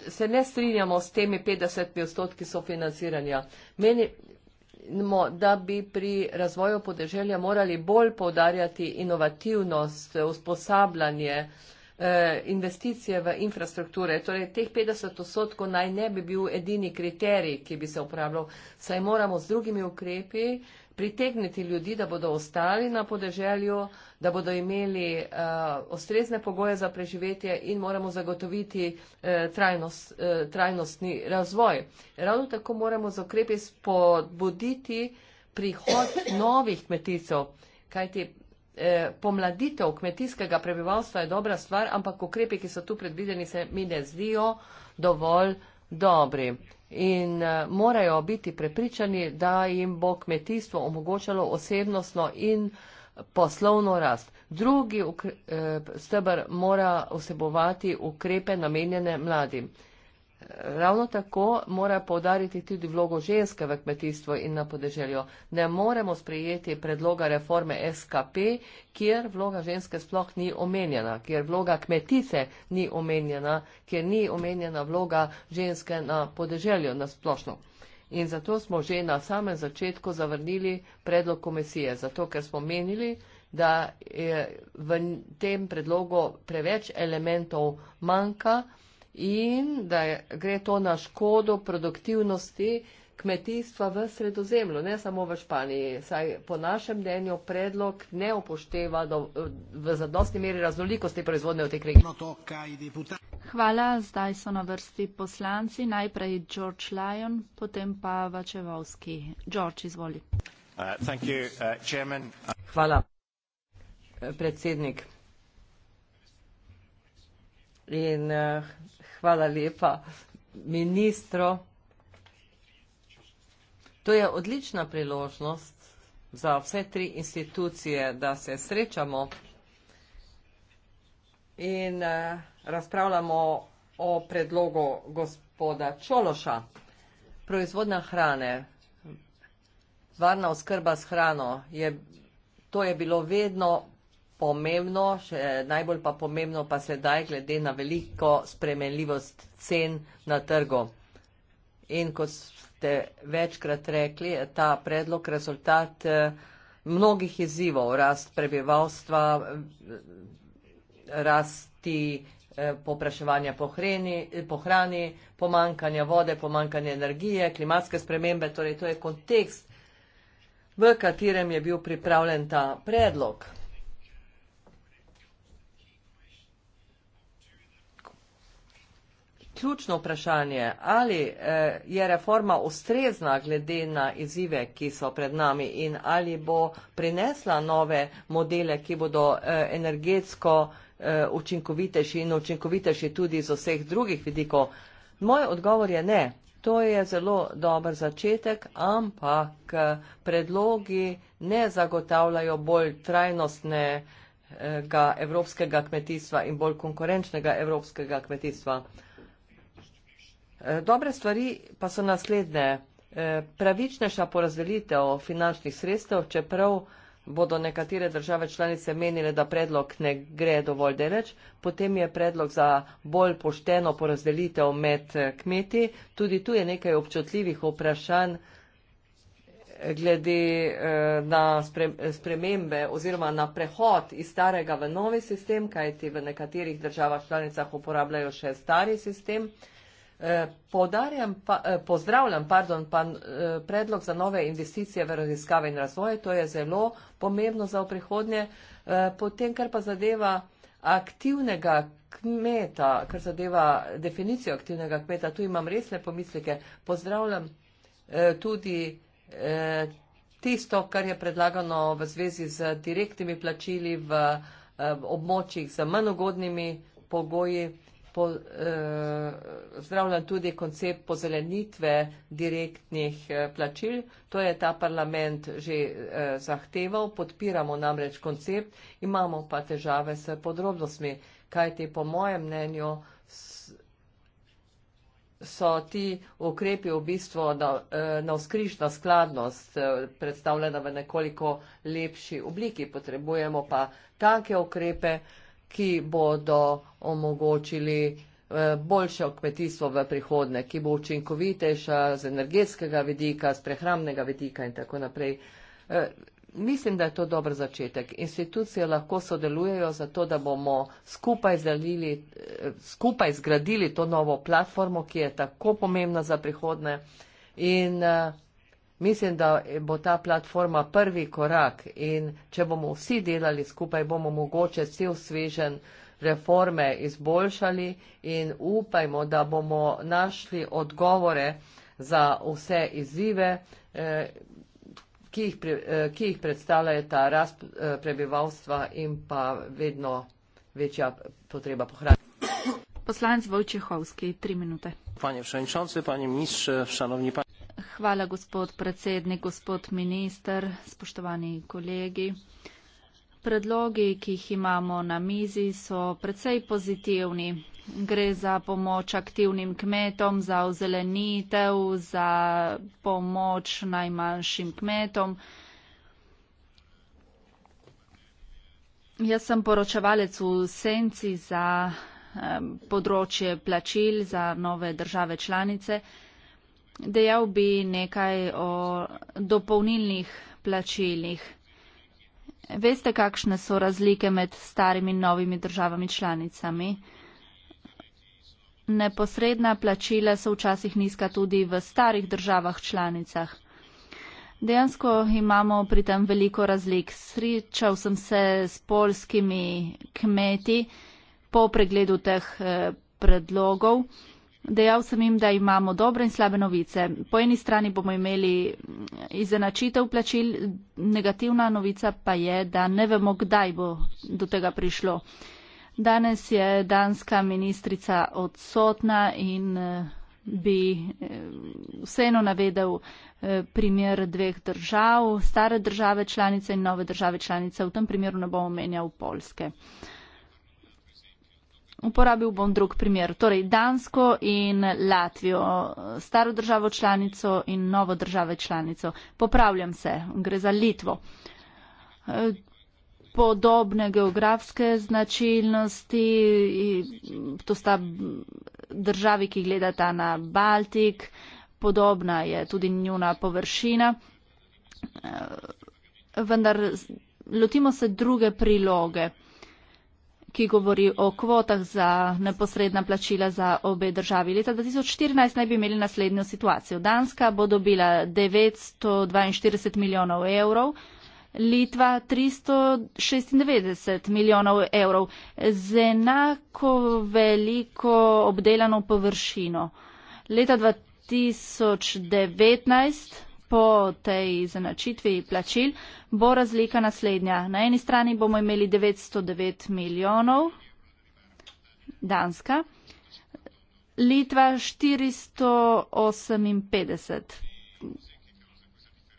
se ne strinjamo s temi 50 odstotki sofinanciranja. Menimo, da bi pri razvoju podeželja morali bolj povdarjati inovativnost, usposabljanje, e, investicije v infrastrukture. Torej, teh 50 odstotkov naj ne bi bil edini kriterij, ki bi se uporabljal, saj moramo z drugimi ukrepi pritegniti ljudi, da bodo ostali na podeželju, da bodo imeli uh, ustrezne pogoje za preživetje in moramo zagotoviti uh, trajnost, uh, trajnostni razvoj. Ravno tako moramo z okrepi spodbuditi prihod novih kmeticov, kajti eh, pomladitev kmetijskega prebivalstva je dobra stvar, ampak ukrepi, ki so tu predvideni, se mi ne zdijo dovolj dobri in eh, morajo biti prepričani, da jim bo kmetijstvo omogočalo osebnostno in poslovno rast. Drugi eh, stebr mora vsebovati ukrepe namenjene mladim. Ravno tako mora povdariti tudi vlogo ženske v kmetijstvu in na podeželju. Ne moremo sprejeti predloga reforme SKP, kjer vloga ženske sploh ni omenjena, kjer vloga kmetice ni omenjena, kjer ni omenjena vloga ženske na podeželju na splošno. In zato smo že na samem začetku zavrnili predlog komisije, zato ker smo menili, da v tem predlogu preveč elementov manjka in da je, gre to na škodo produktivnosti kmetijstva v sredozemlju, ne samo v Španiji. Saj po našem mnenju predlog ne upošteva do, v zadosti meri raznolikosti proizvodne v tej regiji. Hvala, zdaj so na vrsti poslanci, najprej George Lyon, potem pa Vačevalski. George, izvoli. Uh, you, uh, Hvala, predsednik. In uh, Hvala lepa ministru. To je odlična priložnost za vse tri institucije, da se srečamo in eh, razpravljamo o predlogu gospoda Čološa. Proizvodna hrane, varna oskrba s hrano, to je bilo vedno pomembno, še najbolj pa pomembno pa sedaj, glede na veliko spremenljivost cen na trgu. In kot ste večkrat rekli, je ta predlog rezultat eh, mnogih izzivov, rast prebivalstva, rasti eh, popraševanja po, hreni, po hrani, pomankanja vode, pomankanja energije, klimatske spremembe, torej to je kontekst, v katerem je bil pripravljen ta predlog. ključno vprašanje, ali eh, je reforma ustrezna glede na izzive, ki so pred nami in ali bo prinesla nove modele, ki bodo eh, energetsko eh, učinkovitejši in učinkovitejši tudi z vseh drugih vidikov. Moj odgovor je ne. To je zelo dober začetek, ampak predlogi ne zagotavljajo bolj trajnostnega evropskega kmetijstva in bolj konkurenčnega evropskega kmetijstva. E, dobre stvari pa so naslednje. E, pravičnejša porazdelitev finančnih sredstev, čeprav bodo nekatere države članice menile, da predlog ne gre dovolj deleč, potem je predlog za bolj pošteno porazdelitev med e, kmeti. Tudi tu je nekaj občutljivih vprašanj glede na spremembe oziroma na prehod iz starega v novi sistem, kajti v nekaterih državah članicah uporabljajo še stari sistem. Eh, Podarjam pa, eh, pozdravljam pardon, pa eh, predlog za nove investicije v raziskave in razvoje, to je zelo pomembno za prihodnje. Potem, kar pa zadeva aktivnega kmeta, kar zadeva definicijo aktivnega kmeta, tu imam resne pomislike, pozdravljam tudi tisto, kar je predlagano v zvezi z direktnimi plačili v območjih z manj ugodnimi pogoji Eh, pozdravljam tudi koncept pozelenitve direktnih eh, plačil. To je ta parlament že eh, zahteval, podpiramo namreč koncept, imamo pa težave s podrobnostmi, kajti po mojem mnenju so ti ukrepi v bistvu na vzkrižna skladnost predstavljena v nekoliko lepši obliki. Potrebujemo pa take ukrepe, ki bodo omogočili eh, boljše kmetijstvo v prihodne, ki bo učinkovitejša z energetskega vidika, z prehramnega vidika in tako naprej. Eh, mislim, da je to dober začetek. Institucije lahko sodelujejo za to, da bomo skupaj, zdelili, eh, skupaj zgradili to novo platformo, ki je tako pomembna za prihodne. In uh, Mislim, da bo ta platforma prvi korak in če bomo vsi delali skupaj, bomo mogoče cel svežen reforme izboljšali in upajmo, da bomo našli odgovore za vse izzive, eh, ki jih, eh, ki jih predstavljajo ta rast eh, prebivalstva in pa vedno večja potreba po hrani. Poslanec Vojčehovski, tri minute. Panie przewodniczący, panie ministrze, szanowni panie. Hvala, gospod predsednik, gospod minister, spoštovani kolegi. Predlogi, ki jih imamo na mizi, so precej pozitivni. Gre za pomoč aktivnim kmetom, za ozelenitev, za pomoč najmanjšim kmetom. Jaz sem poročevalec v senci za področje plačil za nove države članice. Dejal bi nekaj o dopolnilnih plačilih. Veste, kakšne so razlike med starimi in novimi državami članicami? Neposredna plačila so včasih nizka tudi v starih državah članicah. Dejansko imamo pri tem veliko razlik. Sričal sem se s polskimi kmeti po pregledu teh eh, predlogov. Dejal sem jim, da imamo dobre in slabe novice. Po eni strani bomo imeli izenačitev plačil, negativna novica pa je, da ne vemo, kdaj bo do tega prišlo. Danes je danska ministrica odsotna in eh, bi eh, vseeno navedel eh, primer dveh držav, stare države članice in nove države članice. V tem primeru ne bom omenjal Polske. Uporabil bom drug primer, torej Dansko in Latvijo, staro državo članico in novo državo članico. Popravljam se, gre za Litvo. E, podobne geografske značilnosti, to sta državi, ki gledata na Baltik, podobna je tudi njuna površina, e, vendar lotimo se druge priloge ki govori o kvotah za neposredna plačila za obe državi. Leta 2014 naj bi imeli naslednjo situacijo. Danska bo dobila 942 milijonov evrov. Litva 396 milijonov evrov z enako veliko obdelano površino. Leta 2019 po tej zanačitvi plačil, bo razlika naslednja. Na eni strani bomo imeli 909 milijonov Danska, Litva 458,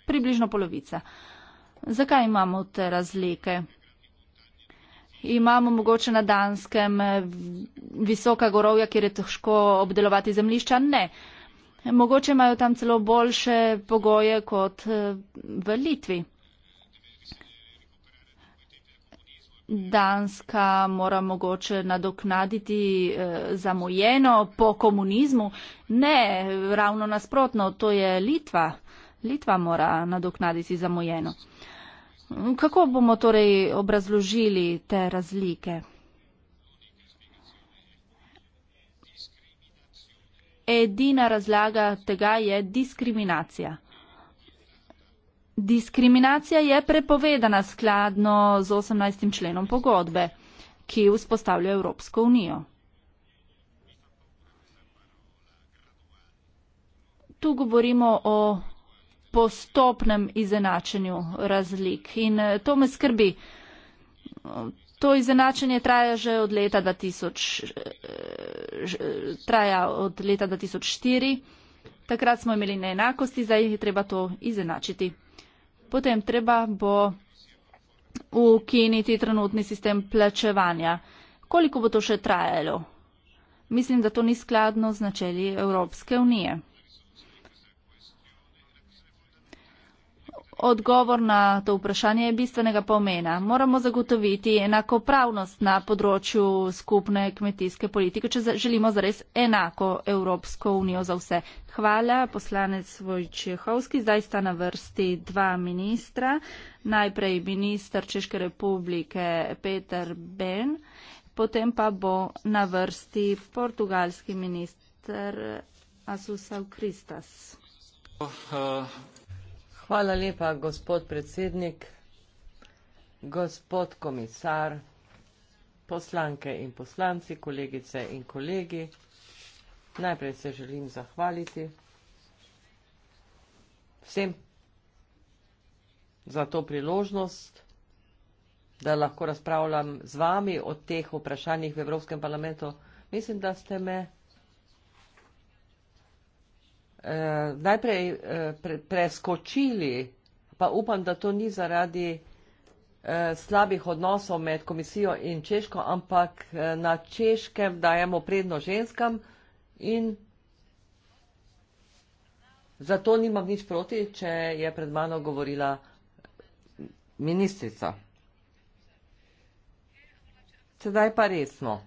približno polovica. Zakaj imamo te razlike? Imamo mogoče na Danskem visoka gorovja, kjer je težko obdelovati zemlišča? Ne. Uh, Mogoče imajo tam celo boljše pogoje kot eh, v Litvi. Danska mora mogoče nadoknaditi eh, zamujeno po komunizmu. Ne, ravno nasprotno, to je Litva. Litva mora nadoknaditi zamujeno. Kako bomo torej obrazložili te razlike? edina razlaga tega je diskriminacija. Diskriminacija je prepovedana skladno z 18. členom pogodbe, ki vzpostavlja Evropsko unijo. Tu govorimo o postopnem izenačenju razlik in to me skrbi. To izenačenje traja že od leta 2000, eh, traja od leta 2004. Takrat smo imeli neenakosti, zdaj je treba to izenačiti. Potem treba bo ukiniti trenutni sistem plačevanja. Koliko bo to še trajalo? Mislim, da to ni skladno z načeli Evropske unije. Odgovor na to vprašanje je bistvenega pomena. Moramo zagotoviti enakopravnost na področju skupne kmetijske politike, če želimo zares enako Evropsko unijo za vse. Hvala, poslanec Vojčehovski. Zdaj sta na vrsti dva ministra. Najprej minister Češke republike Peter Ben, potem pa bo na vrsti portugalski minister Asusa Kristas. Uh, Hvala lepa, gospod predsednik, gospod komisar, poslanke in poslanci, kolegice in kolegi. Najprej se želim zahvaliti vsem za to priložnost, da lahko razpravljam z vami o teh vprašanjih v Evropskem parlamentu. Mislim, da ste me vprašali eh, najprej eh, pre, preskočili, pa upam, da to ni zaradi eh, slabih odnosov med komisijo in Češko, ampak eh, na Češkem dajemo prednost ženskam in zato nimam nič proti, če je pred mano govorila ministrica. Sedaj pa resno.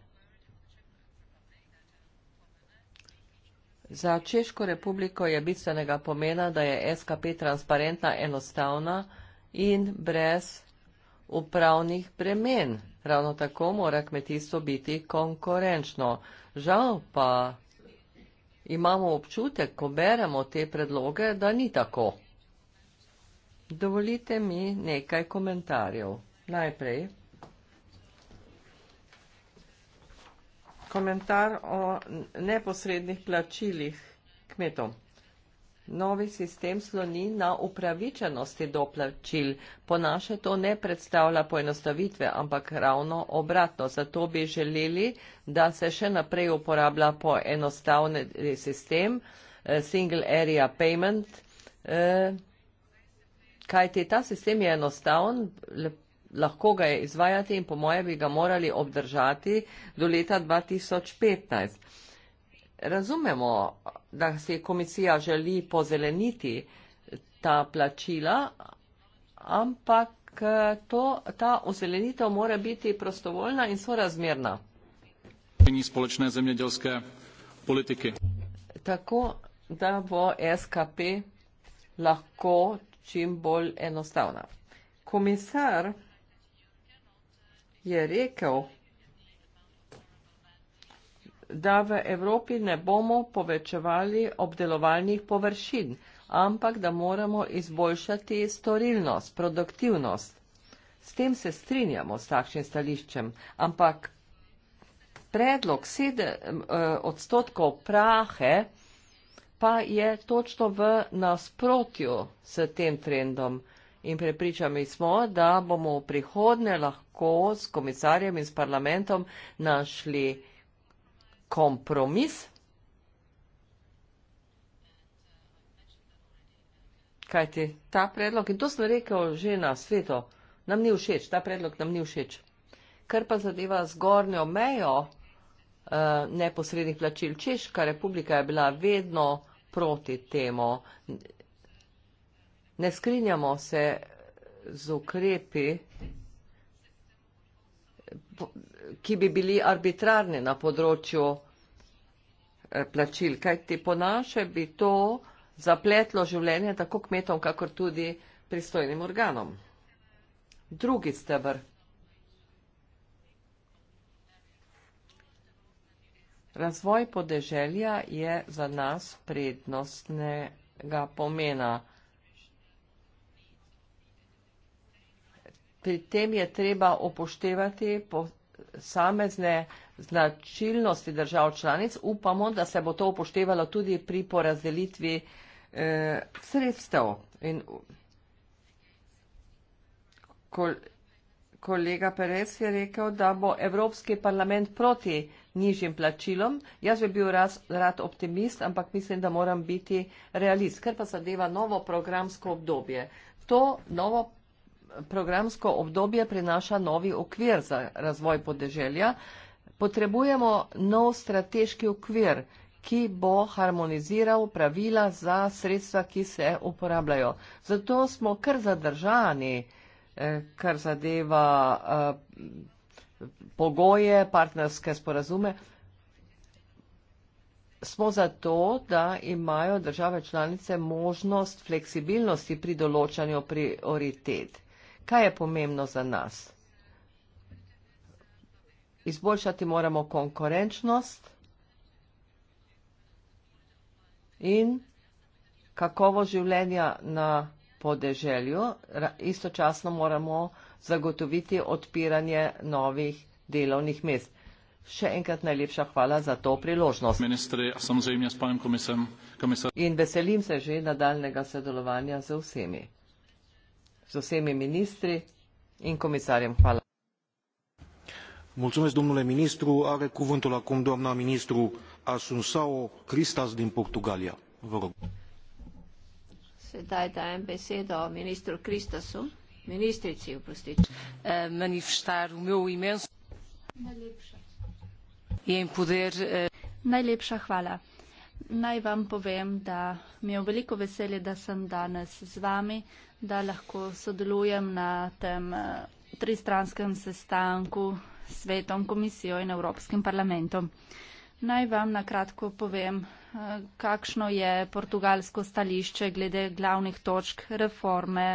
Za Češko republiko je bistvenega pomena, da je SKP transparentna, enostavna in brez upravnih bremen. Ravno tako mora kmetijstvo biti konkurenčno. Žal pa imamo občutek, ko beremo te predloge, da ni tako. Dovolite mi nekaj komentarjev. Najprej. komentar o neposrednih plačilih kmetov. Novi sistem sloni na upravičenosti do plačil. Po naše to ne predstavlja poenostavitve, ampak ravno obratno. Zato bi želeli, da se še naprej uporablja poenostavni sistem, eh, single area payment, eh, kajti ta sistem je enostaven, lepo lahko ga je izvajati in po moje bi ga morali obdržati do leta 2015. Razumemo, da se komisija želi pozeleniti ta plačila, ampak eh, to, ta ozelenitev mora biti prostovoljna in sorazmerna. Tako, da bo SKP lahko čim bolj enostavna. Komisar je rekel, da v Evropi ne bomo povečevali obdelovalnih površin, ampak da moramo izboljšati storilnost, produktivnost. S tem se strinjamo s takšnim stališčem, ampak predlog 7 eh, odstotkov prahe pa je točno v nasprotju s tem trendom in prepričani smo, da bomo v prihodne lahko s komisarjem in s parlamentom našli kompromis. Kaj ti ta predlog, in to sem rekel že na svetu, nam ni všeč, ta predlog nam ni všeč. Kar pa zadeva zgornjo mejo uh, neposrednih plačil Češka republika je bila vedno proti temu. Ne skrinjamo se z ukrepi, ki bi bili arbitrarni na področju eh, plačil, kajti po naše bi to zapletlo življenje tako kmetom, kakor tudi pristojnim organom. Drugi stebr. Razvoj podeželja je za nas prednostnega pomena. pri tem je treba upoštevati posamezne značilnosti držav članic. Upamo, da se bo to upoštevalo tudi pri porazdelitvi eh, sredstev. In kol, kolega Perez je rekel, da bo Evropski parlament proti nižjim plačilom. Jaz bi bil raz, rad optimist, ampak mislim, da moram biti realist. Ker pa zadeva novo programsko obdobje. To novo programsko obdobje prinaša novi okvir za razvoj podeželja. Potrebujemo nov strateški okvir, ki bo harmoniziral pravila za sredstva, ki se uporabljajo. Zato smo kar zadržani, eh, kar zadeva eh, pogoje, partnerske sporazume. Smo zato, da imajo države članice možnost fleksibilnosti pri določanju prioritet kaj je pomembno za nas? Izboljšati moramo konkurenčnost in kakovo življenja na podeželju. Istočasno moramo zagotoviti odpiranje novih delovnih mest. Še enkrat najlepša hvala za to priložnost. Ministri, sem zemlja s panem komisem. In veselim se že nadaljnega sodelovanja z vsemi z vsemi ministri in komisarjem. Hvala. Mulțumesc, domnule ministru. Are cuvântul acum doamna ministru Asunsao Cristas din Portugalia. Vă rog. Sedaj dajem besedo ministru Kristasu, ministrici, oprostite. Uh, manifestar o meu imenso... Najlepša. E poder, uh... Najlepša hvala. Naj vam povem, da mi je veliko veselje, da sem danes z vami, da lahko sodelujem na tem eh, tristranskem sestanku s svetom, komisijo in Evropskim parlamentom. Naj vam na kratko povem, eh, kakšno je portugalsko stališče glede glavnih točk reforme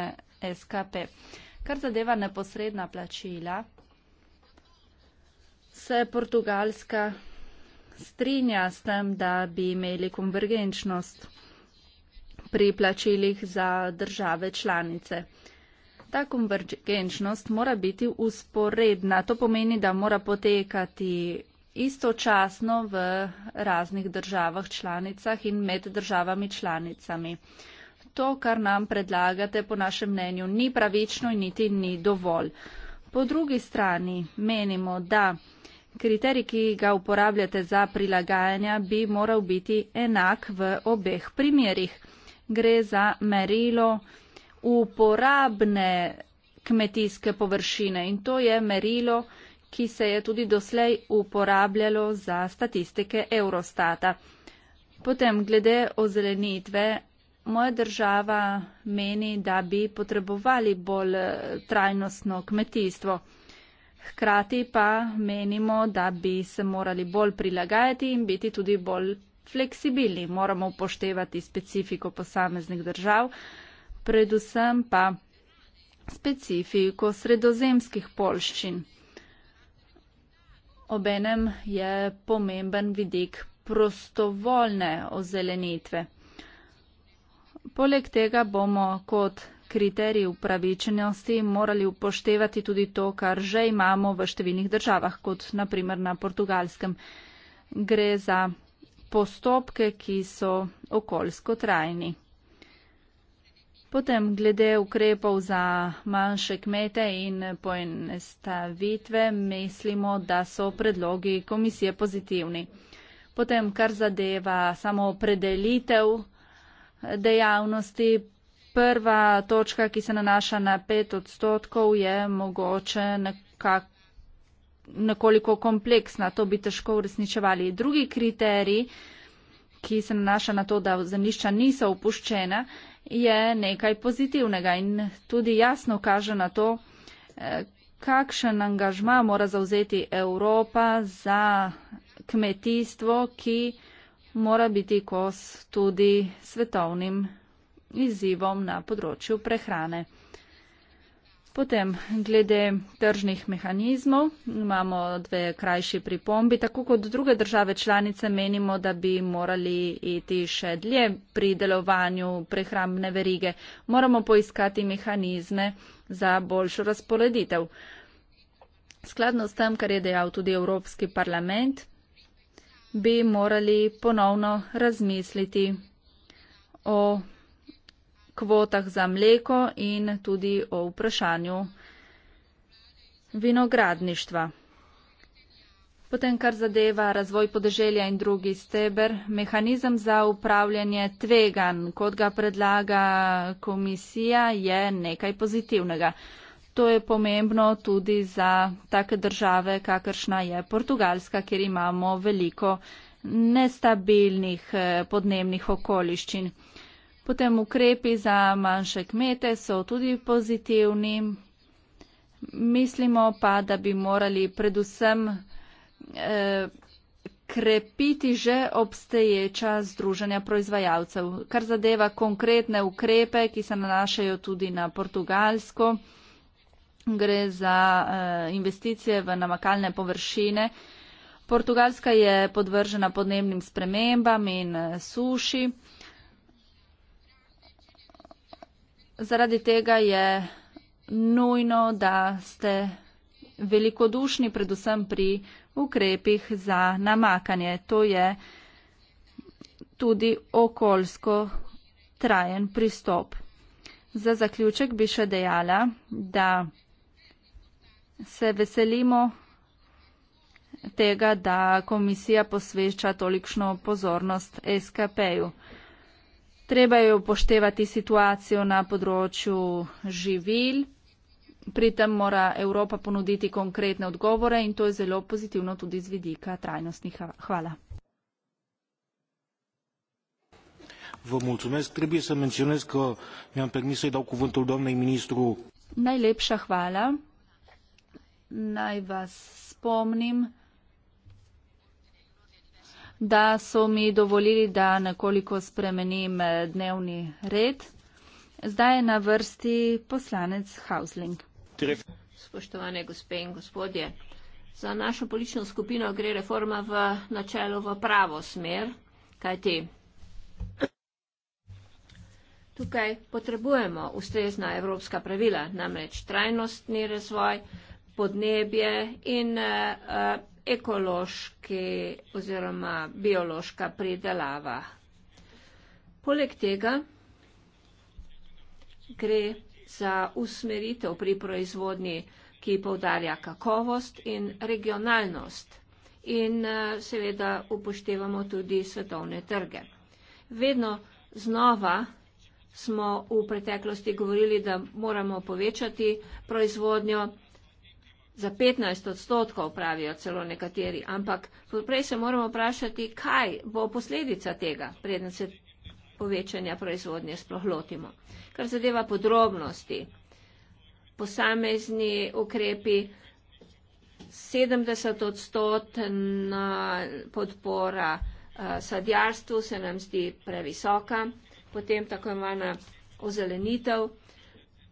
SKP. Kar zadeva neposredna plačila, se portugalska strinja s tem, da bi imeli konvergenčnost pri plačilih za države članice. Ta konvergenčnost mora biti usporedna. To pomeni, da mora potekati istočasno v raznih državah članicah in med državami članicami. To, kar nam predlagate, po našem mnenju, ni pravično in niti ni dovolj. Po drugi strani menimo, da Kriterij, ki ga uporabljate za prilagajanja, bi moral biti enak v obeh primerjih. Gre za merilo uporabne kmetijske površine in to je merilo, ki se je tudi doslej uporabljalo za statistike Eurostata. Potem glede ozelenitve. Moja država meni, da bi potrebovali bolj eh, trajnostno kmetijstvo. Hkrati pa menimo, da bi se morali bolj prilagajati in biti tudi bolj fleksibilni. Moramo upoštevati specifiko posameznih držav, predvsem pa specifiko sredozemskih polščin. Obenem je pomemben vidik prostovoljne ozelenitve. Poleg tega bomo kot kriteriji upravičenosti morali upoštevati tudi to, kar že imamo v številnih državah, kot naprimer na portugalskem. Gre za postopke, ki so okoljsko trajni. Potem glede ukrepov za manjše kmete in poenestavitve mislimo, da so predlogi komisije pozitivni. Potem, kar zadeva samo opredelitev dejavnosti, prva točka, ki se nanaša na pet odstotkov, je mogoče nekak, nekoliko kompleksna. To bi težko uresničevali. Drugi kriterij, ki se nanaša na to, da zemljišča niso upuščena, je nekaj pozitivnega in tudi jasno kaže na to, eh, kakšen angažma mora zauzeti Evropa za kmetijstvo, ki mora biti kos tudi svetovnim izzivom na področju prehrane. Potem, glede tržnih mehanizmov, imamo dve krajši pripombi. Tako kot druge države članice menimo, da bi morali iti še dlje pri delovanju prehrambne verige. Moramo poiskati mehanizme za boljšo razporeditev. Skladno s tem, kar je dejal tudi Evropski parlament, bi morali ponovno razmisliti o kvotah za mleko in tudi o vprašanju vinogradništva. Potem, kar zadeva razvoj podeželja in drugi steber, mehanizem za upravljanje tvegan, kot ga predlaga komisija, je nekaj pozitivnega. To je pomembno tudi za take države, kakršna je Portugalska, kjer imamo veliko nestabilnih eh, podnebnih okoliščin. Potem ukrepi za manjše kmete so tudi pozitivni. Mislimo pa, da bi morali predvsem eh, krepiti že obstoječa združenja proizvajalcev. Kar zadeva konkretne ukrepe, ki se nanašajo tudi na Portugalsko, gre za eh, investicije v namakalne površine. Portugalska je podvržena podnebnim spremembam in eh, suši. Zaradi tega je nujno, da ste velikodušni, predvsem pri ukrepih za namakanje. To je tudi okoljsko trajen pristop. Za zaključek bi še dejala, da se veselimo tega, da komisija posveča tolikšno pozornost SKP-ju. Treba je upoštevati situacijo na področju živil. Pri tem mora Evropa ponuditi konkretne odgovore in to je zelo pozitivno tudi z vidika trajnostnih. Hvala. Vă mulțumesc. Trebuie să menționez că mi-am permis să-i dau cuvântul doamnei ministru. Najlepșa hvala. Naj vas spomnim da so mi dovolili, da nekoliko spremenim eh, dnevni red. Zdaj je na vrsti poslanec Hausling. Spoštovane gospe in gospodje, za našo politično skupino gre reforma v načelu v pravo smer, kajti tukaj potrebujemo ustrezna evropska pravila, namreč trajnostni razvoj, podnebje in. Uh, ekološki oziroma biološka pridelava. Poleg tega gre za usmeritev pri proizvodnji, ki povdarja kakovost in regionalnost in eh, seveda upoštevamo tudi svetovne trge. Vedno znova smo v preteklosti govorili, da moramo povečati proizvodnjo proizvodnjo, za 15 odstotkov, pravijo celo nekateri. Ampak prej se moramo vprašati, kaj bo posledica tega, preden se povečanja proizvodnje sploh lotimo. Kar zadeva podrobnosti, posamezni ukrepi, 70 odstotna podpora eh, sadjarstvu se nam zdi previsoka, potem tako imena ozelenitev.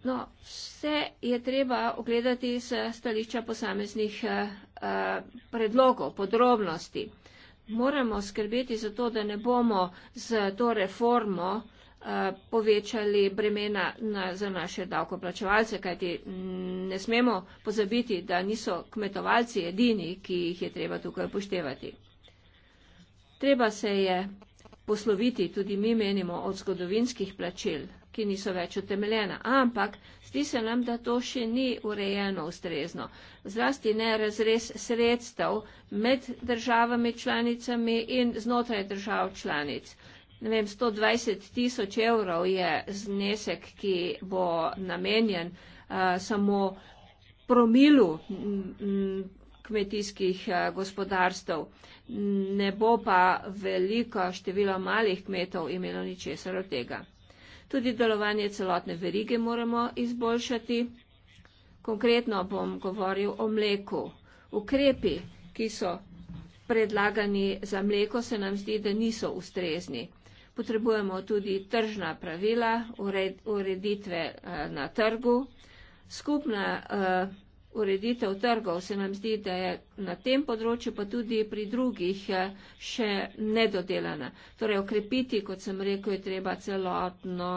No, vse je treba ogledati z stališča posameznih eh, eh, predlogov, podrobnosti. Moramo skrbeti za to, da ne bomo z to reformo eh, povečali bremena na, za naše davkoplačevalce, kajti mm, ne smemo pozabiti, da niso kmetovalci edini, ki jih je treba tukaj upoštevati. Treba se je posloviti, tudi mi menimo, od zgodovinskih plačil ki niso več utemeljena. Ampak zdi se nam, da to še ni urejeno ustrezno. Zlasti ne razrez sredstev med državami članicami in znotraj držav članic. Ne vem, 120 tisoč evrov je znesek, ki bo namenjen uh, samo promilu kmetijskih gospodarstv. Ne bo pa veliko število malih kmetov imelo ničesar od tega. Tudi delovanje celotne verige moramo izboljšati. Konkretno bom govoril o mleku. Ukrepi, ki so predlagani za mleko, se nam zdi, da niso ustrezni. Potrebujemo tudi tržna pravila, ureditve eh, na trgu, skupna eh, ureditev trgov se nam zdi, da je na tem področju, pa tudi pri drugih, eh, še nedodelana. Torej, okrepiti, kot sem rekel, je treba celotno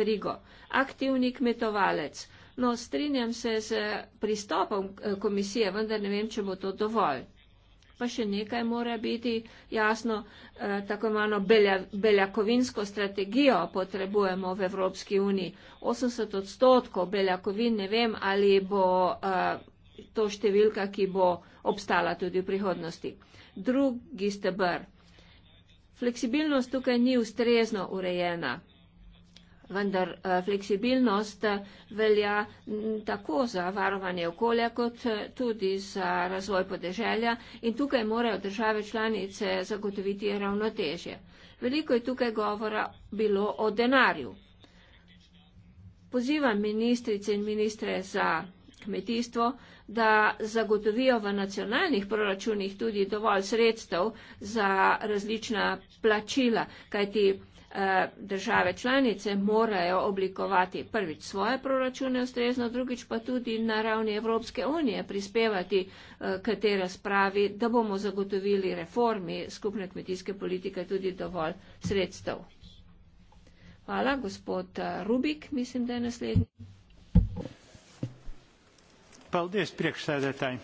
verigo. Aktivni kmetovalec. No, strinjam se z pristopom eh, komisije, vendar ne vem, če bo to dovolj pa še nekaj mora biti jasno, eh, tako imano belja, beljakovinsko strategijo potrebujemo v Evropski uniji. 80 odstotkov beljakovin, ne vem, ali bo eh, to številka, ki bo obstala tudi v prihodnosti. Drugi stebr. Fleksibilnost tukaj ni ustrezno urejena vendar eh, fleksibilnost eh, velja mm, tako za varovanje okolja, kot eh, tudi za razvoj podeželja in tukaj morajo države članice zagotoviti ravnotežje. Veliko je tukaj govora bilo o denarju. Pozivam ministrice in ministre za kmetijstvo, da zagotovijo v nacionalnih proračunih tudi dovolj sredstev za različna plačila, kajti Eh, države članice morajo oblikovati prvič svoje proračune ustrezno, drugič pa tudi na ravni Evropske unije prispevati eh, k tej razpravi, da bomo zagotovili reformi skupne kmetijske politike tudi dovolj sredstev. Hvala, gospod eh, Rubik, mislim, da je naslednji. Paldies, priekšsēdētāji.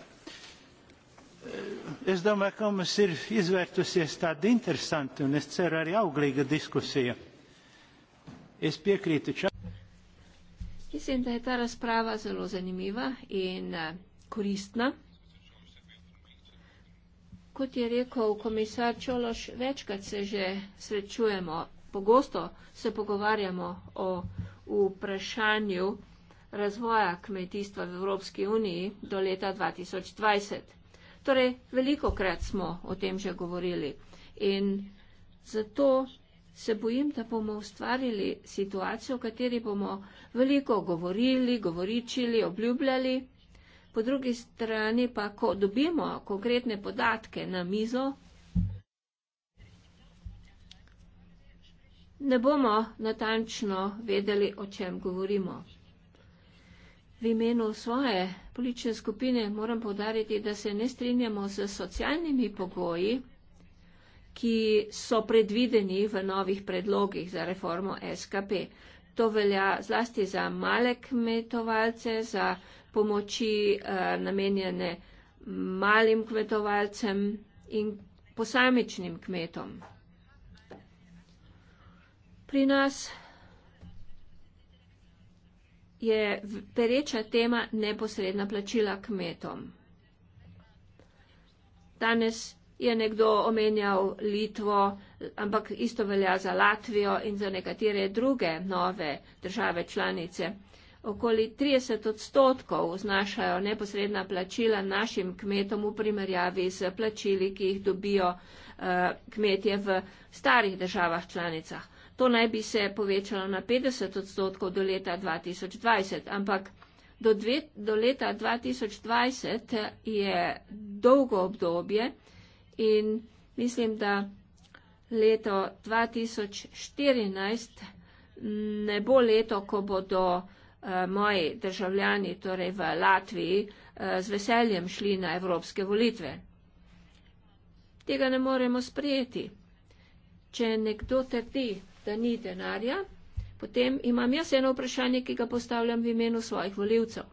Es domāju, ka mums ir izvērtusies tāda interesanta un es ceru arī auglīga diskusija. Es piekrītu čā. Mislim, da je ta razprava zelo zanimiva in e, koristna. Kot je rekel komisar Čološ, večkrat se že srečujemo, pogosto se pogovarjamo o vprašanju razvoja kmetijstva v Evropski uniji do leta 2020. Torej, veliko krat smo o tem že govorili in zato se bojim, da bomo ustvarili situacijo, v kateri bomo veliko govorili, govoričili, obljubljali, po drugi strani pa, ko dobimo konkretne podatke na mizo, ne bomo natančno vedeli, o čem govorimo. V imenu svoje politične skupine moram povdariti, da se ne strinjamo z socialnimi pogoji, ki so predvideni v novih predlogih za reformo SKP. To velja zlasti za male kmetovalce, za pomoči eh, namenjene malim kmetovalcem in posamičnim kmetom. Pri nas je pereča tema neposredna plačila kmetom. Danes je nekdo omenjal Litvo, ampak isto velja za Latvijo in za nekatere druge nove države članice. Okoli 30 odstotkov znašajo neposredna plačila našim kmetom v primerjavi z plačili, ki jih dobijo uh, kmetje v starih državah članicah. To naj bi se povečalo na 50 odstotkov do leta 2020, ampak do, dve, do leta 2020 je dolgo obdobje in mislim, da leto 2014 ne bo leto, ko bodo eh, moji državljani torej v Latviji eh, z veseljem šli na evropske volitve. Tega ne moremo sprejeti. Če nekdo trdi, da ni denarja, potem imam jaz eno vprašanje, ki ga postavljam v imenu svojih voljivcev.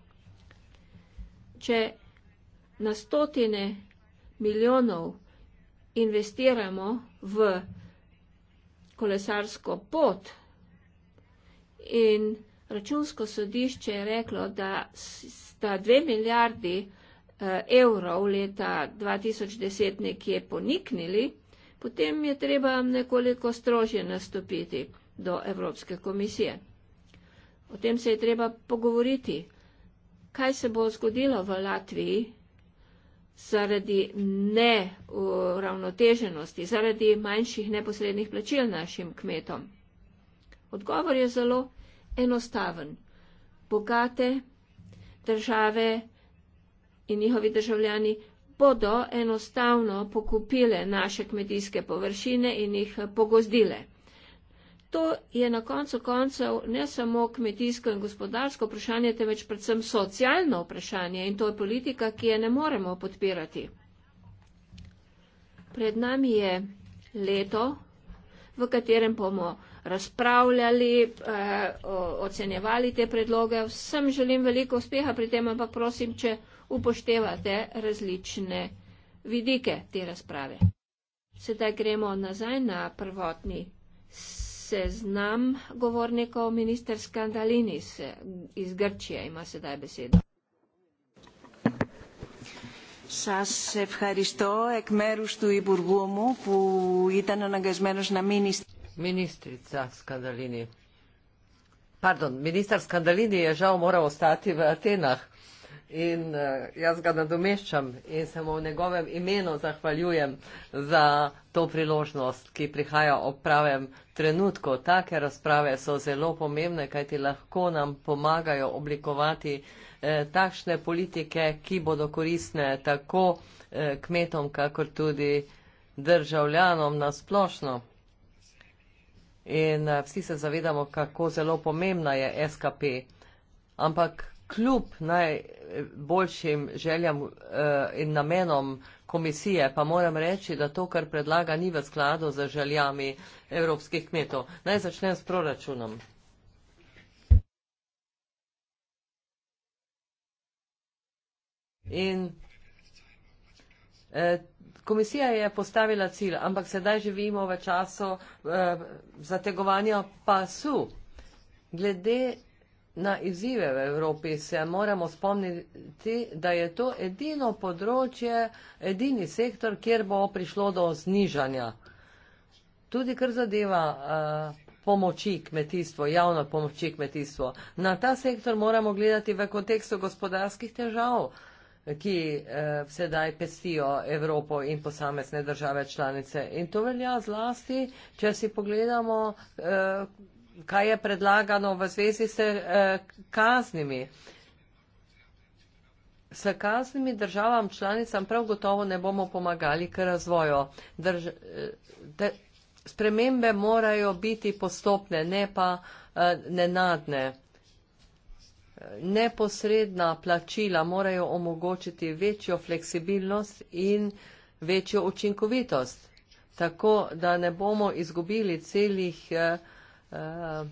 Če na stotine milijonov investiramo v kolesarsko pot in računsko sodišče je reklo, da sta dve milijardi eh, evrov leta 2010 nekje poniknili, potem je treba nekoliko strožje nastopiti do Evropske komisije. O tem se je treba pogovoriti, kaj se bo zgodilo v Latviji zaradi neuravnoteženosti, zaradi manjših neposrednih plačil našim kmetom. Odgovor je zelo enostaven. Bogate države in njihovi državljani bodo enostavno pokupile naše kmetijske površine in jih pogozdile. To je na koncu koncev ne samo kmetijsko in gospodarsko vprašanje, temveč predvsem socialno vprašanje in to je politika, ki je ne moremo podpirati. Pred nami je leto, v katerem bomo razpravljali, eh, ocenjevali te predloge. Vsem želim veliko uspeha pri tem, ampak prosim, če upoštevate različne vidike te razprave. Sedaj gremo nazaj na prvotni seznam govornikov. Minister Skandalinis iz Grčije ima sedaj besedo. Σας ευχαριστώ εκ μέρους του Υπουργού μου που ήταν αναγκασμένος να μείνει. Μινίστριτσα Σκανδαλίνη. Pardon, ministar Skandalini je žal moral ostati v Atenah in uh, jaz ga nadomeščam in se mu v njegovem imenu zahvaljujem za to priložnost, ki prihaja ob pravem trenutku. Take razprave so zelo pomembne, kajti lahko nam pomagajo oblikovati eh, takšne politike, ki bodo koristne tako eh, kmetom, kakor tudi državljanom na splošno. In eh, vsi se zavedamo, kako zelo pomembna je SKP, ampak kljub najboljšim željam uh, in namenom komisije, pa moram reči, da to, kar predlaga, ni v skladu z željami evropskih kmetov. Naj začnem s proračunom. In eh, komisija je postavila cilj, ampak sedaj živimo v času eh, zategovanja pasu. Glede na izzive v Evropi, se moramo spomniti, da je to edino področje, edini sektor, kjer bo prišlo do znižanja. Tudi kar zadeva uh, pomoči kmetijstvo, javno pomoči kmetijstvo. Na ta sektor moramo gledati v kontekstu gospodarskih težav, ki uh, sedaj pestijo Evropo in posamezne države članice. In to velja zlasti, če si pogledamo. Uh, kaj je predlagano v zvezi s eh, kaznimi. S kaznimi državam članicam prav gotovo ne bomo pomagali k razvoju. Drž, eh, de, spremembe morajo biti postopne, ne pa eh, nenadne. Neposredna plačila morajo omogočiti večjo fleksibilnost in večjo učinkovitost, tako da ne bomo izgubili celih. Eh, Eh,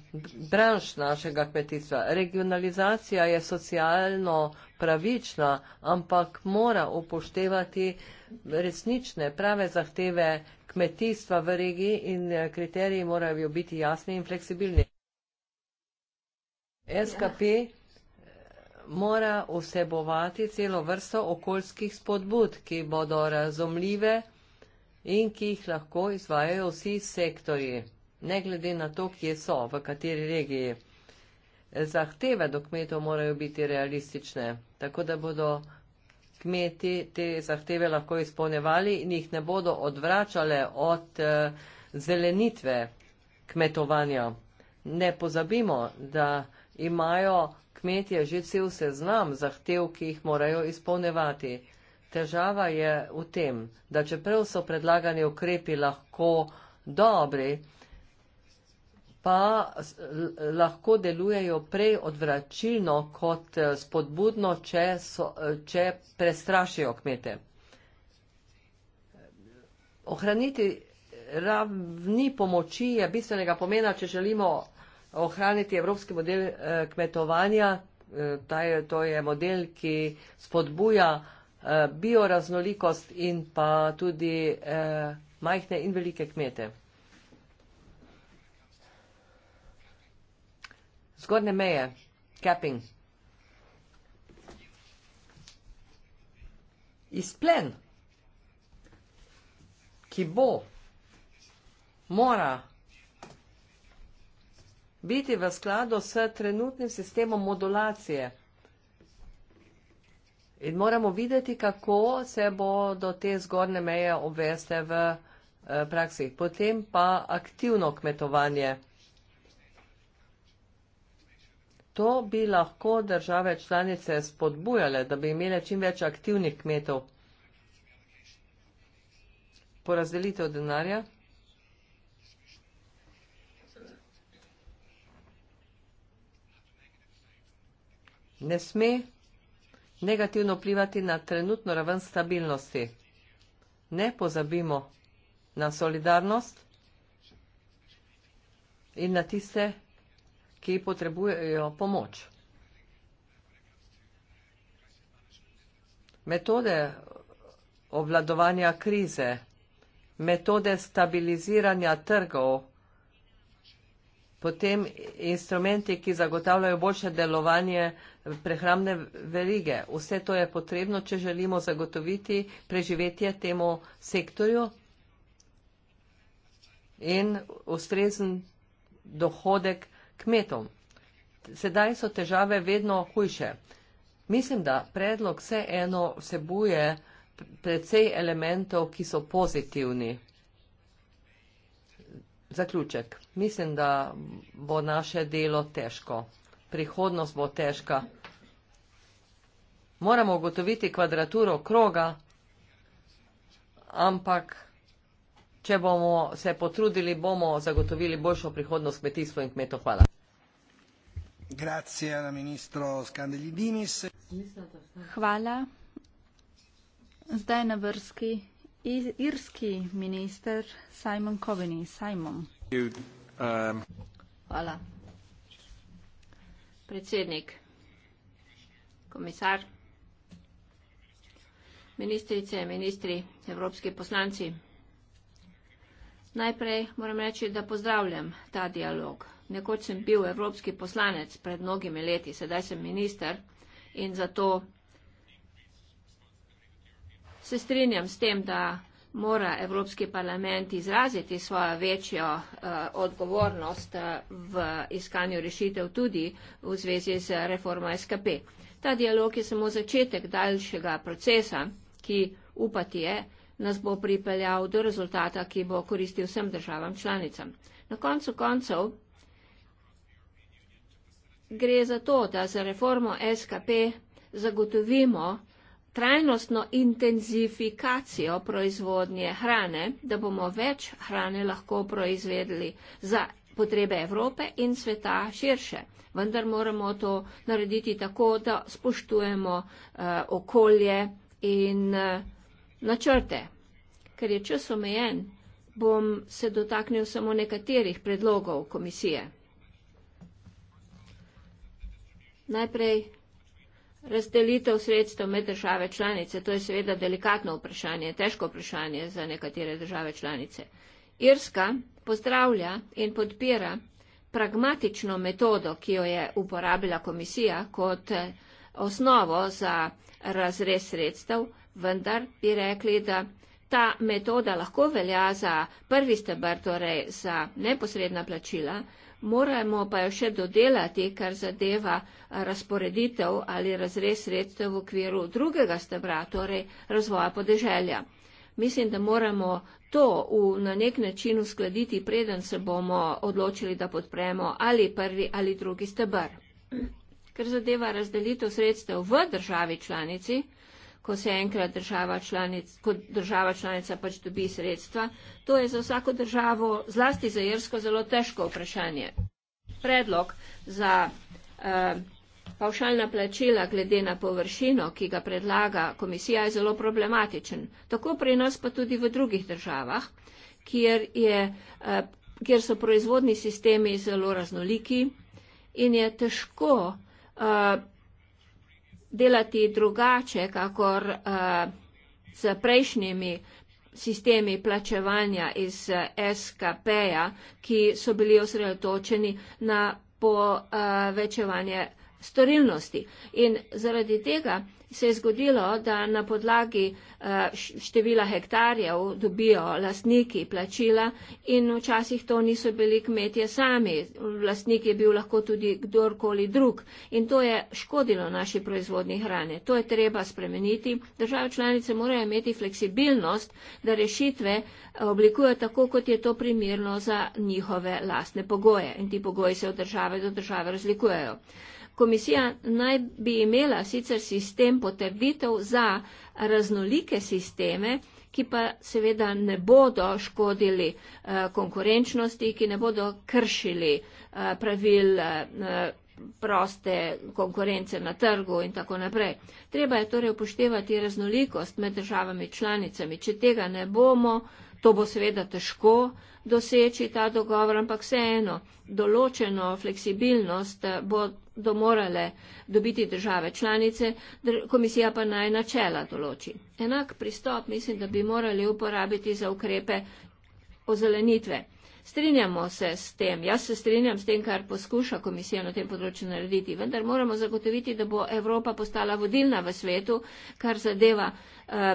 branž našega kmetijstva. Regionalizacija je socialno pravična, ampak mora upoštevati resnične prave zahteve kmetijstva v regiji in eh, kriteriji morajo biti jasni in fleksibilni. SKP eh, mora vsebovati celo vrsto okoljskih spodbud, ki bodo razumljive in ki jih lahko izvajajo vsi sektori ne glede na to, kje so, v kateri regiji. Zahteve do kmetov morajo biti realistične, tako da bodo kmeti te zahteve lahko izpolnevali in jih ne bodo odvračale od eh, zelenitve kmetovanja. Ne pozabimo, da imajo kmetje že cel seznam zahtev, ki jih morajo izpolnevati. Težava je v tem, da čeprav so predlagani ukrepi lahko dobri, pa lahko delujejo prej odvračilno kot eh, spodbudno, če, so, eh, če prestrašijo kmete. Ohraniti ravni pomoči je bistvenega pomena, če želimo ohraniti evropski model eh, kmetovanja. To je model, ki spodbuja bioraznolikost in pa tudi majhne in velike kmete. zgornje meje, capping. Izplen, ki bo, mora biti v skladu s trenutnim sistemom modulacije. In moramo videti, kako se bo do te zgornje meje obveste v eh, praksi. Potem pa aktivno kmetovanje. To bi lahko države članice spodbujale, da bi imele čim več aktivnih kmetov. Porazdelitev denarja. Ne sme negativno vplivati na trenutno raven stabilnosti. Ne pozabimo na solidarnost in na tiste, ki potrebujejo pomoč. Metode obvladovanja krize, metode stabiliziranja trgov, potem instrumenti, ki zagotavljajo boljše delovanje prehramne verige. Vse to je potrebno, če želimo zagotoviti preživetje temu sektorju in ustrezen dohodek kmetom. Sedaj so težave vedno hujše. Mislim, da predlog vseeno vsebuje precej elementov, ki so pozitivni. Zaključek. Mislim, da bo naše delo težko. Prihodnost bo težka. Moramo ugotoviti kvadraturo kroga, ampak. Če bomo se potrudili, bomo zagotovili boljšo prihodnost kmetijstvo in kmeto. Hvala. Grazie, ministro Hvala. Zdaj na vrsti irski minister Simon Coveney. Simon. Um, Hvala. Predsednik, komisar, ministrice, ministri, evropski poslanci. Najprej moram reči, da pozdravljam ta dialog. Nekoč sem bil evropski poslanec pred mnogimi leti, sedaj sem minister in zato se strinjam s tem, da mora Evropski parlament izraziti svojo večjo uh, odgovornost uh, v iskanju rešitev tudi v zvezi z reformo SKP. Ta dialog je samo začetek daljšega procesa, ki upati je, uh, nas bo pripeljal do rezultata, ki bo koristil vsem državam članicam. Na koncu koncev gre za to, da za reformo SKP zagotovimo trajnostno intenzifikacijo proizvodnje hrane, da bomo več hrane lahko proizvedli za potrebe Evrope in sveta širše. Vendar moramo to narediti tako, da spoštujemo uh, okolje in uh, načrte. Ker je čas omejen, bom se dotaknil samo nekaterih predlogov komisije. Najprej razdelitev sredstev med države članice. To je seveda delikatno vprašanje, težko vprašanje za nekatere države članice. Irska pozdravlja in podpira pragmatično metodo, ki jo je uporabila komisija kot eh, osnovo za razrez sredstev vendar bi rekli, da ta metoda lahko velja za prvi stebr, torej za neposredna plačila, moramo pa jo še dodelati, kar zadeva razporeditev ali razrez sredstev v okviru drugega stebra, torej razvoja podeželja. Mislim, da moramo to v, na nek način uskladiti, preden se bomo odločili, da podpremo ali prvi ali drugi stebr. Ker zadeva razdelitev sredstev v državi članici, ko se enkrat država članic, kot država članica pač dobi sredstva. To je za vsako državo, zlasti za Jersko, zelo težko vprašanje. Predlog za uh, Pavšalna plačila glede na površino, ki ga predlaga komisija, je zelo problematičen. Tako pri nas, pa tudi v drugih državah, kjer, je, eh, kjer so proizvodni sistemi zelo raznoliki in je težko eh, delati drugače, kakor uh, s prejšnjimi sistemi plačevanja iz eh, SKP-ja, ki so bili osredotočeni na povečevanje uh, storilnosti. In zaradi tega uh, se je zgodilo, da na podlagi eh, števila hektarjev dobijo lastniki plačila in včasih to niso bili kmetje sami, lastnik je bil lahko tudi kdorkoli drug in to je škodilo naši proizvodni hrane. To je treba spremeniti. Države članice morajo imeti fleksibilnost, da rešitve eh, oblikujejo tako, kot je to primirno za njihove lastne pogoje in ti pogoji se od države do države razlikujejo. Komisija naj bi imela sicer sistem potrditev za raznolike sisteme, ki pa seveda ne bodo škodili eh, konkurenčnosti, ki ne bodo kršili eh, pravil eh, proste konkurence na trgu in tako naprej. Treba je torej upoštevati raznolikost med državami članicami. Če tega ne bomo, To bo seveda težko doseči ta dogovor, ampak vseeno določeno fleksibilnost eh, bo do morale dobiti države članice, komisija pa naj načela določi. Enak pristop mislim, da bi morali uporabiti za ukrepe ozelenitve. Strinjamo se s tem, jaz se strinjam s tem, kar poskuša komisija na tem področju narediti, vendar moramo zagotoviti, da bo Evropa postala vodilna v svetu, kar zadeva eh,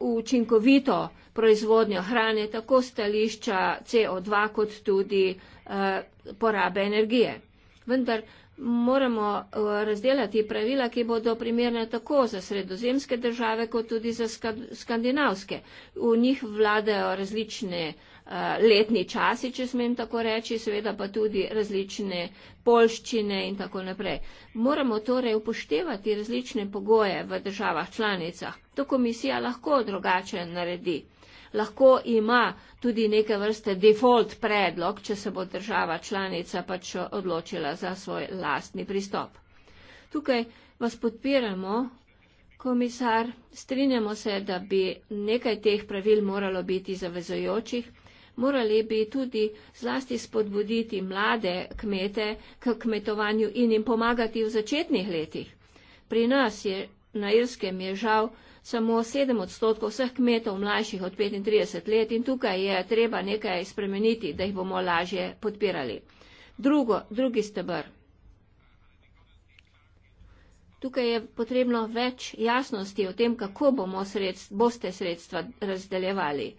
učinkovito proizvodnjo hrane, tako stališča CO2 kot tudi eh, porabe energije. Vendar moramo eh, razdelati pravila, ki bodo primerne tako za sredozemske države, kot tudi za skandinavske. V njih vladajo različne eh, letni časi, če smem tako reči, seveda pa tudi različne polščine in tako naprej. Moramo torej upoštevati različne pogoje v državah članicah to komisija lahko drugače naredi. Lahko ima tudi neke vrste default predlog, če se bo država članica pač odločila za svoj lastni pristop. Tukaj vas podpiramo, komisar, strinjamo se, da bi nekaj teh pravil moralo biti zavezojočih. Morali bi tudi zlasti spodbuditi mlade kmete k kmetovanju in jim pomagati v začetnih letih. Pri nas je, na Irskem je žal, samo 7 odstotkov vseh kmetov mlajših od 35 let in tukaj je treba nekaj spremeniti, da jih bomo lažje podpirali. Drugo, drugi stebr. Tukaj je potrebno več jasnosti o tem, kako bomo sredst, boste sredstva razdeljevali.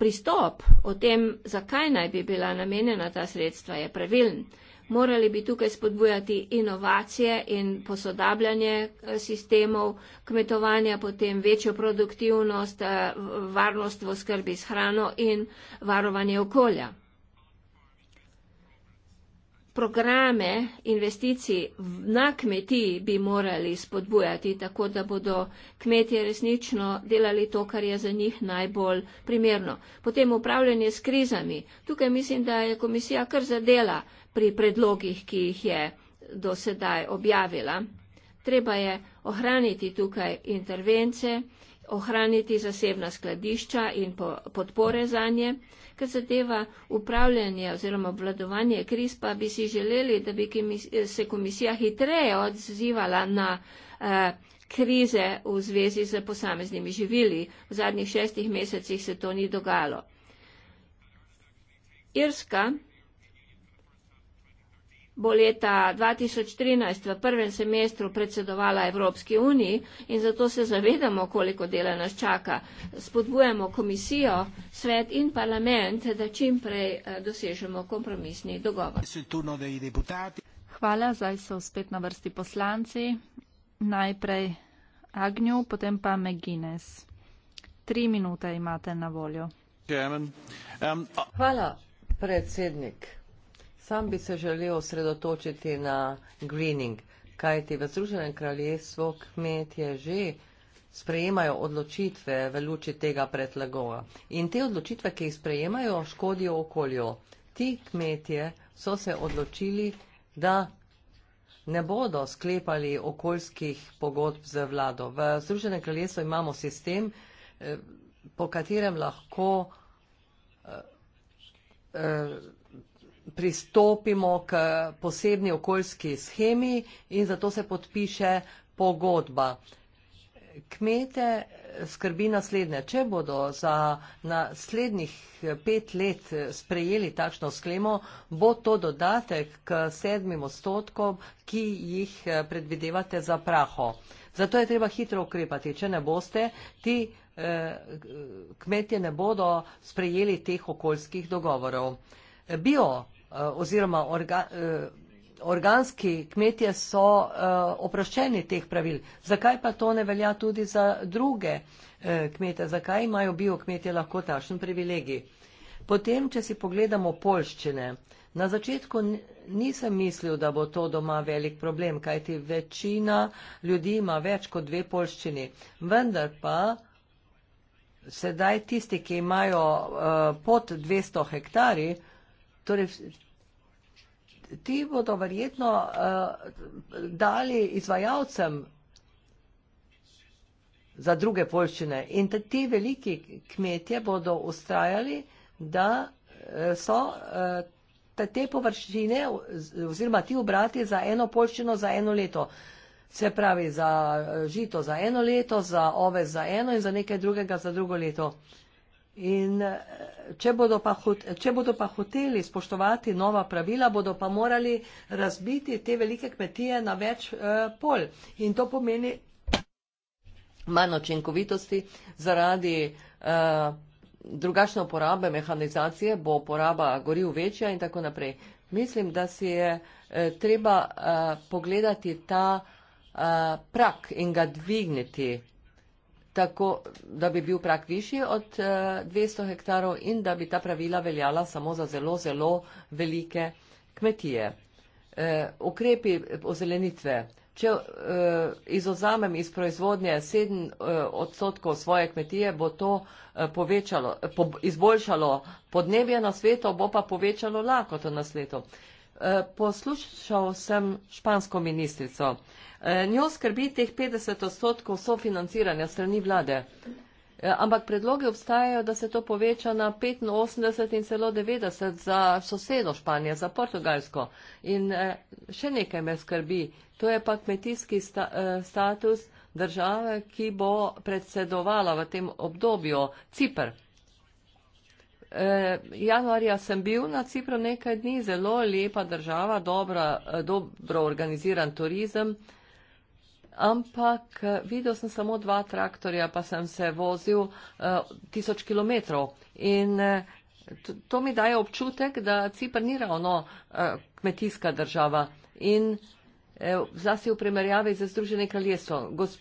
Pristop o tem, zakaj naj bi bila namenjena ta sredstva, je pravilen morali bi tukaj spodbujati inovacije in posodabljanje eh, sistemov kmetovanja, potem večjo produktivnost, eh, varnost v skrbi s hrano in varovanje okolja. Programe investicij na kmetiji bi morali spodbujati tako, da bodo kmetje resnično delali to, kar je za njih najbolj primerno. Potem upravljanje s krizami. Tukaj mislim, da je komisija kar zadela pri predlogih, ki jih je do sedaj objavila. Treba je ohraniti tukaj intervence, ohraniti zasebna skladišča in po, podpore za nje, ker zadeva upravljanje oziroma obvladovanje kriz, pa bi si želeli, da bi se komisija hitreje odzivala na eh, krize v zvezi z posameznimi živili. V zadnjih šestih mesecih se to ni dogajalo. Irska bo leta 2013 v prvem semestru predsedovala Evropski uniji in zato se zavedamo, koliko dela nas čaka. Spodbujamo komisijo, svet in parlament, da čim prej eh, dosežemo kompromisni dogovor. Hvala, zdaj so spet na vrsti poslanci. Najprej Agnju, potem pa Megines. Tri minute imate na voljo. Um, Hvala, predsednik. Sam bi se želel osredotočiti na greening, kajti v Združenem kraljestvu kmetje že sprejemajo odločitve v luči tega predlagova. In te odločitve, ki jih sprejemajo, škodijo okolju. Ti kmetje so se odločili, da ne bodo sklepali okoljskih pogodb z vlado. V Združenem kraljestvu imamo sistem, eh, po katerem lahko eh, eh, pristopimo k posebni okoljski schemi in zato se podpiše pogodba. Kmete skrbi naslednje, če bodo za naslednjih pet let sprejeli takšno sklemo, bo to dodatek k sedmim odstotkom, ki jih predvidevate za praho. Zato je treba hitro ukrepati, če ne boste, ti eh, kmetje ne bodo sprejeli teh okoljskih dogovorov. Bio Eh, oziroma orga, eh, organski kmetje so eh, oproščeni teh pravil. Zakaj pa to ne velja tudi za druge kmete? Zakaj imajo biokmetje lahko takšen privilegij? Potem, če si pogledamo polščine, na začetku nisem mislil, da bo to doma velik problem, kajti večina ljudi ima več kot dve polščini. Vendar pa sedaj tisti, ki imajo uh, pod 200 hektari, uh, Torej, ti bodo verjetno uh, dali izvajalcem za druge polščine in ti veliki kmetje bodo ustrajali, da eh, so eh, te površine oziroma ti obrati za eno polščino za eno leto. Se pravi, za žito za eno leto, za ove za eno in za nekaj drugega za drugo leto. In eh, če bodo, pa, če bodo pa hoteli spoštovati nova pravila, bodo pa morali razbiti te velike kmetije na več uh, pol. In to pomeni manj očinkovitosti zaradi uh, drugačne uporabe mehanizacije, bo poraba goril večja in tako naprej. Mislim, da si je uh, treba uh, pogledati ta uh, prak in ga dvigniti tako da bi bil prak višji od 200 eh, hektarov in da bi ta pravila veljala samo za zelo, zelo velike kmetije. Eh, ukrepi ozelenitve. Če eh, izozamem iz proizvodnje 7 odstotkov svoje kmetije, bo to povečalo, izboljšalo podnebje na svetu, bo pa povečalo lakoto na svetu. Poslušal sem špansko ministrico. Eh, njo skrbi teh 50 odstotkov sofinanciranja strani vlade. Eh, ampak predloge obstajajo, da se to poveča na 85 in celo 90 za sosedo Španije, za Portugalsko. In eh, še nekaj me skrbi, to je pa kmetijski status države, ki bo predsedovala v tem obdobju Cipr. Januarja sem bil na Cipru nekaj dni, zelo lepa država, dobro organiziran turizem ampak eh, videl sem samo dva traktorja, pa sem se vozil uh, tisoč kilometrov. In eh, to, to mi daje občutek, da Cipr ni ravno uh, kmetijska država. In eh, zlasti v primerjavi z Združenim kraljestvom. Gos,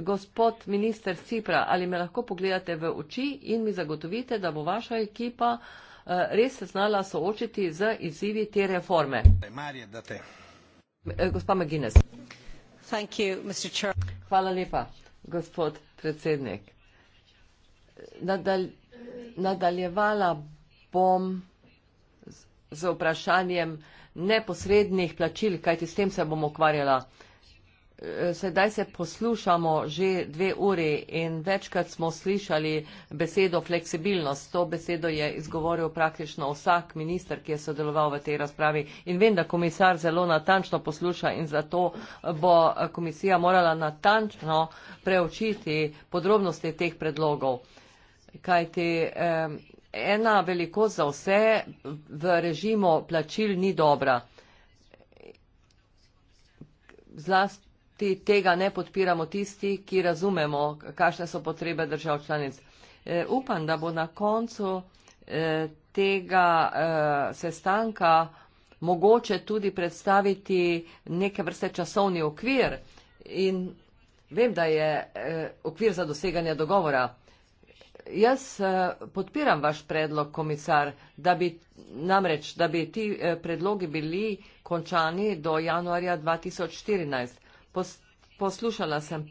gospod minister Cipra, ali me lahko pogledate v oči in mi zagotovite, da bo vaša ekipa eh, res se znala soočiti z izzivi te reforme? Gospa McGuinness gospod predsednik nadaljevala bom z vprašanjem neposrednih plačil kajti s tem se bom ukvarjala. Eh, sedaj se poslušamo že dve uri in večkrat smo slišali besedo fleksibilnost. To besedo je izgovoril praktično vsak minister, ki je sodeloval v tej razpravi. In vem, da komisar zelo natančno posluša in zato bo eh, komisija morala natančno preučiti podrobnosti teh predlogov. Kajti, ena velikost za vse v režimu plačil ni dobra. Zlast ti, tega ne podpiramo tisti, ki razumemo, kakšne so potrebe držav članic. E, upam, da bo na koncu e, tega e, sestanka mogoče tudi predstaviti neke vrste časovni okvir in vem, da je e, okvir za doseganje dogovora. Jaz e, podpiram vaš predlog, komisar, da bi namreč, da bi ti e, predlogi bili končani do januarja 2014. Pos, poslušala sem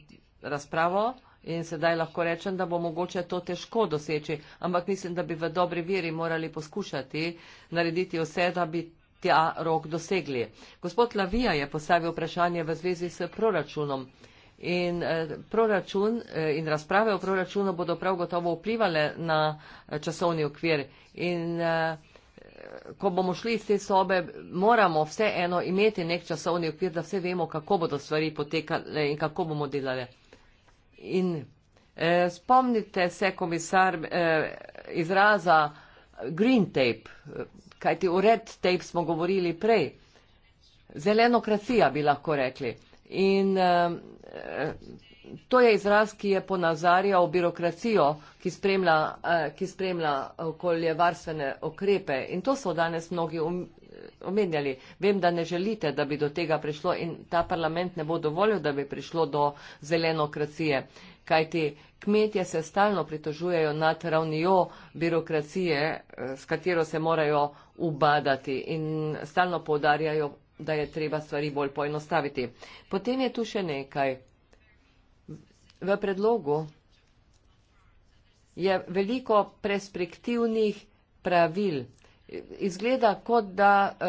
razpravo in sedaj lahko rečem, da bo mogoče to težko doseči, ampak mislim, da bi v dobri veri morali poskušati narediti vse, da bi ta rok dosegli. Gospod Lavija je postavil vprašanje v zvezi s proračunom. In eh, proračun eh, in razprave o proračunu bodo prav gotovo vplivali na eh, časovni okvir. In ko bomo šli iz te sobe, moramo vseeno imeti nek časovni okvir, da vse vemo, kako bodo stvari potekale in kako bomo delali. In eh, spomnite se, komisar, eh, izraza green tape, eh, kajti o red tape smo govorili prej. Zelenokracija bi lahko rekli. In eh, to je izraz, ki je ponazarjal birokracijo, ki spremlja, eh, ki spremlja okoljevarstvene okrepe. In to so danes mnogi um, omenjali. Vem, da ne želite, da bi do tega prišlo in ta parlament ne bo dovolil, da bi prišlo do zelenokracije. Kajti kmetje se stalno pritožujejo nad ravnijo birokracije, eh, s katero se morajo ubadati in stalno povdarjajo, da je treba stvari bolj poenostaviti. Potem je tu še nekaj v predlogu je veliko perspektivnih pravil. Izgleda, kot da uh,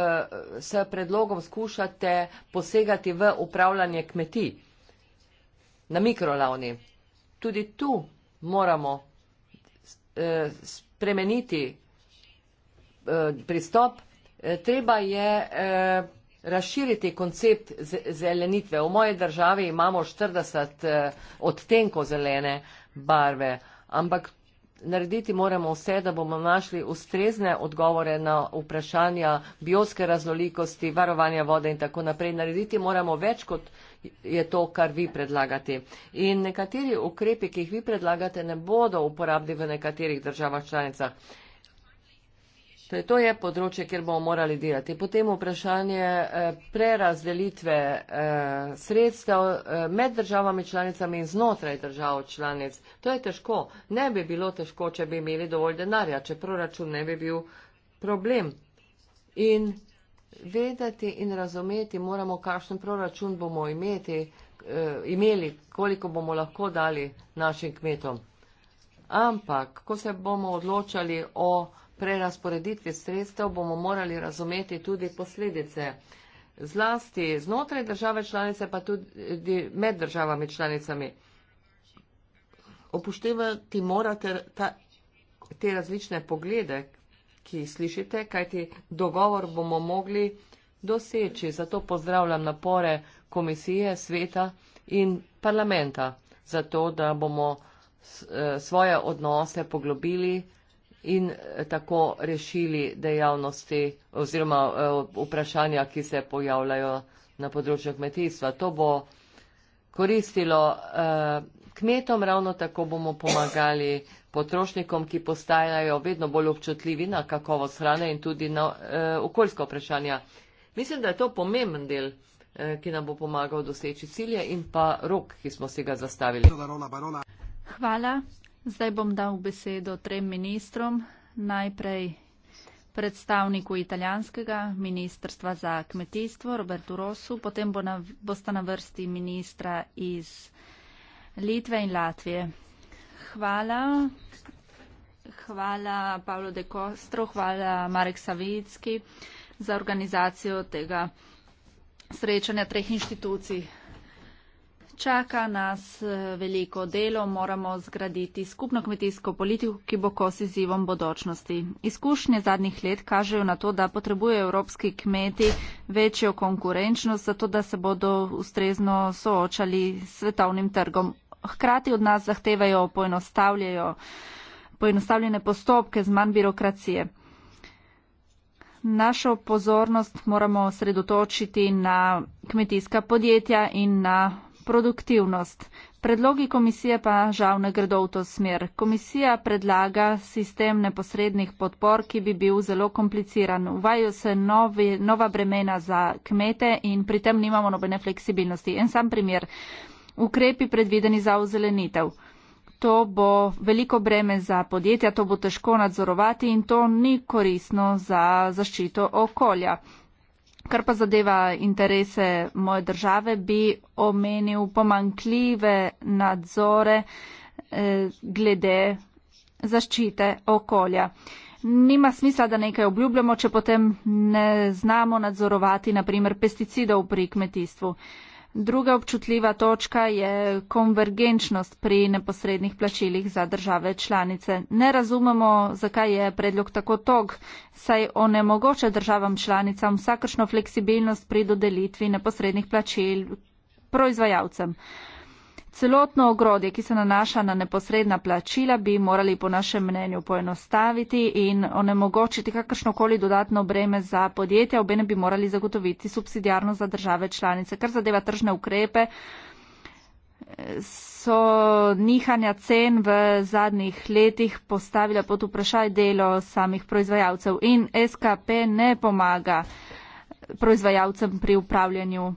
eh, se predlogom skušate posegati v upravljanje kmetij na mikrolavni. Tudi tu moramo uh, spremeniti uh, pristop. Uh, treba je uh, razširiti koncept zelenitve. V moji državi imamo 40 eh, odtenkov zelene barve, ampak narediti moramo vse, da bomo našli ustrezne odgovore na vprašanja bioske raznolikosti, varovanja vode in tako naprej. Narediti moramo več, kot je to, kar vi predlagate. In nekateri ukrepi, ki jih vi predlagate, ne bodo uporabni v nekaterih državah članicah. Torej, to je področje, kjer bomo morali delati. Potem vprašanje eh, prerazdelitve eh, sredstev eh, med državami članicami in znotraj držav članic. To je težko. Ne bi bilo težko, če bi imeli dovolj denarja, če proračun ne bi bil problem. In vedeti in razumeti moramo, kakšen proračun bomo imeti, imeli, koliko bomo lahko dali našim kmetom. Ampak, ko se bomo odločali o prerasporeditvi sredstev bomo morali razumeti tudi posledice zlasti znotraj države članice, pa tudi med državami članicami. Opuštevati morate ta, te različne poglede, ki jih slišite, kajti dogovor bomo mogli doseči. Zato pozdravljam napore komisije, sveta in parlamenta, zato da bomo eh, svoje odnose poglobili in eh, tako rešili dejavnosti oziroma eh, vprašanja, ki se pojavljajo na področju kmetijstva. To bo koristilo eh, kmetom, ravno tako bomo pomagali potrošnikom, ki postajajo vedno bolj občutljivi na kakovost hrane in tudi na okoljsko vprašanja. Mislim, da je to pomemben del ki nam bo pomagal doseči cilje in pa rok, ki smo si ga zastavili. Hvala, Zdaj bom dal besedo trem ministrom. Najprej predstavniku italijanskega ministrstva za kmetijstvo Robertu Rosu, potem bo na, bosta na vrsti ministra iz Litve in Latvije. Hvala. Hvala Pavlo De Kostro, hvala Marek Savicki za organizacijo tega srečanja treh inštitucij čaka nas eh, veliko delo, moramo zgraditi skupno kmetijsko politiko, ki bo kos izzivom bodočnosti. Izkušnje zadnjih let kažejo na to, da potrebujejo evropski kmeti večjo konkurenčnost, zato da se bodo ustrezno soočali s svetovnim trgom. Hkrati od nas zahtevajo poenostavljene postopke z manj birokracije. Našo pozornost moramo sredotočiti na kmetijska podjetja in na produktivnost. Predlogi komisije pa žal ne gredo v to smer. Komisija predlaga sistem neposrednih podpor, ki bi bil zelo kompliciran. Uvajajo se novi, nova bremena za kmete in pri tem nimamo nobene fleksibilnosti. En sam primer. Ukrepi predvideni za ozelenitev. To bo veliko breme za podjetja, to bo težko nadzorovati in to ni koristno za zaščito okolja. Kar pa zadeva interese moje države, bi omenil pomankljive nadzore eh, glede zaščite okolja. Nima smisla, da nekaj obljubljamo, če potem ne znamo nadzorovati, naprimer, pesticidov pri kmetijstvu. Eh, Druga občutljiva točka je konvergenčnost pri neposrednih plačilih za države članice. Ne razumemo, zakaj je predlog tako tog, saj onemogoča državam članicam vsakršno fleksibilnost pri dodelitvi neposrednih plačil proizvajalcem. Celotno ogrodje, ki se nanaša na neposredna plačila, bi morali po našem mnenju poenostaviti in onemogočiti kakršnokoli dodatno breme za podjetja, obene bi morali zagotoviti subsidijarno za države članice. Kar zadeva tržne ukrepe, so nihanja cen v zadnjih letih postavila pod vprašaj delo samih proizvajalcev in SKP ne pomaga proizvajalcem pri upravljanju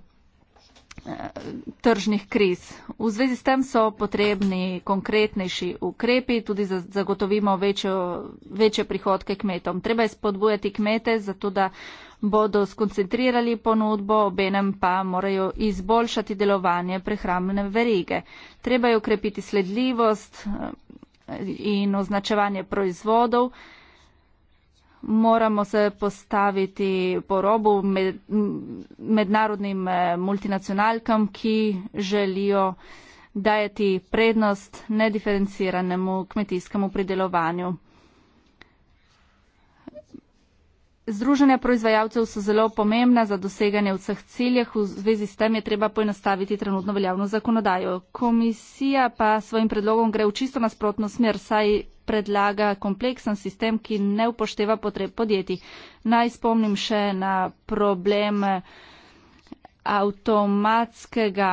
tržnih kriz. V zvezi s tem so potrebni konkretnejši ukrepi, tudi za, zagotovimo večjo, večje prihodke kmetom. Treba je spodbujati kmete, zato da bodo skoncentrirali ponudbo, obenem pa morajo izboljšati delovanje prehrambne verige. Treba je ukrepiti sledljivost eh, in označevanje proizvodov, moramo se postaviti po robu med, mednarodnim eh, multinacionalkam, ki želijo dajati prednost nediferenciranemu kmetijskemu pridelovanju. Združenja proizvajalcev so zelo pomembna za doseganje vseh ciljev, v zvezi s tem je treba poenostaviti trenutno veljavno zakonodajo. Komisija pa svojim predlogom gre v čisto nasprotno smer, saj predlaga kompleksen sistem, ki ne upošteva potreb podjetij. Naj spomnim še na problem eh, avtomatskega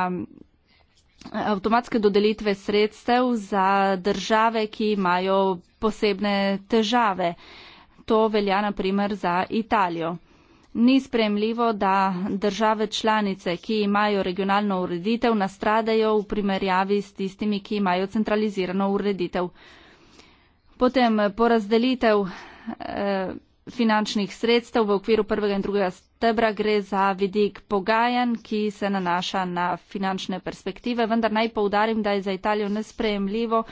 avtomatske dodelitve sredstev za države, ki imajo posebne težave. To velja na primer za Italijo. Ni spremljivo, da države članice, ki imajo regionalno ureditev, nastradajo v primerjavi s tistimi, ki imajo centralizirano ureditev. Potem eh, porazdelitev eh, finančnih sredstev v okviru prvega in drugega stebra gre za vidik pogajanj, ki se nanaša na finančne perspektive, vendar naj poudarim, da je za Italijo nesprejemljivo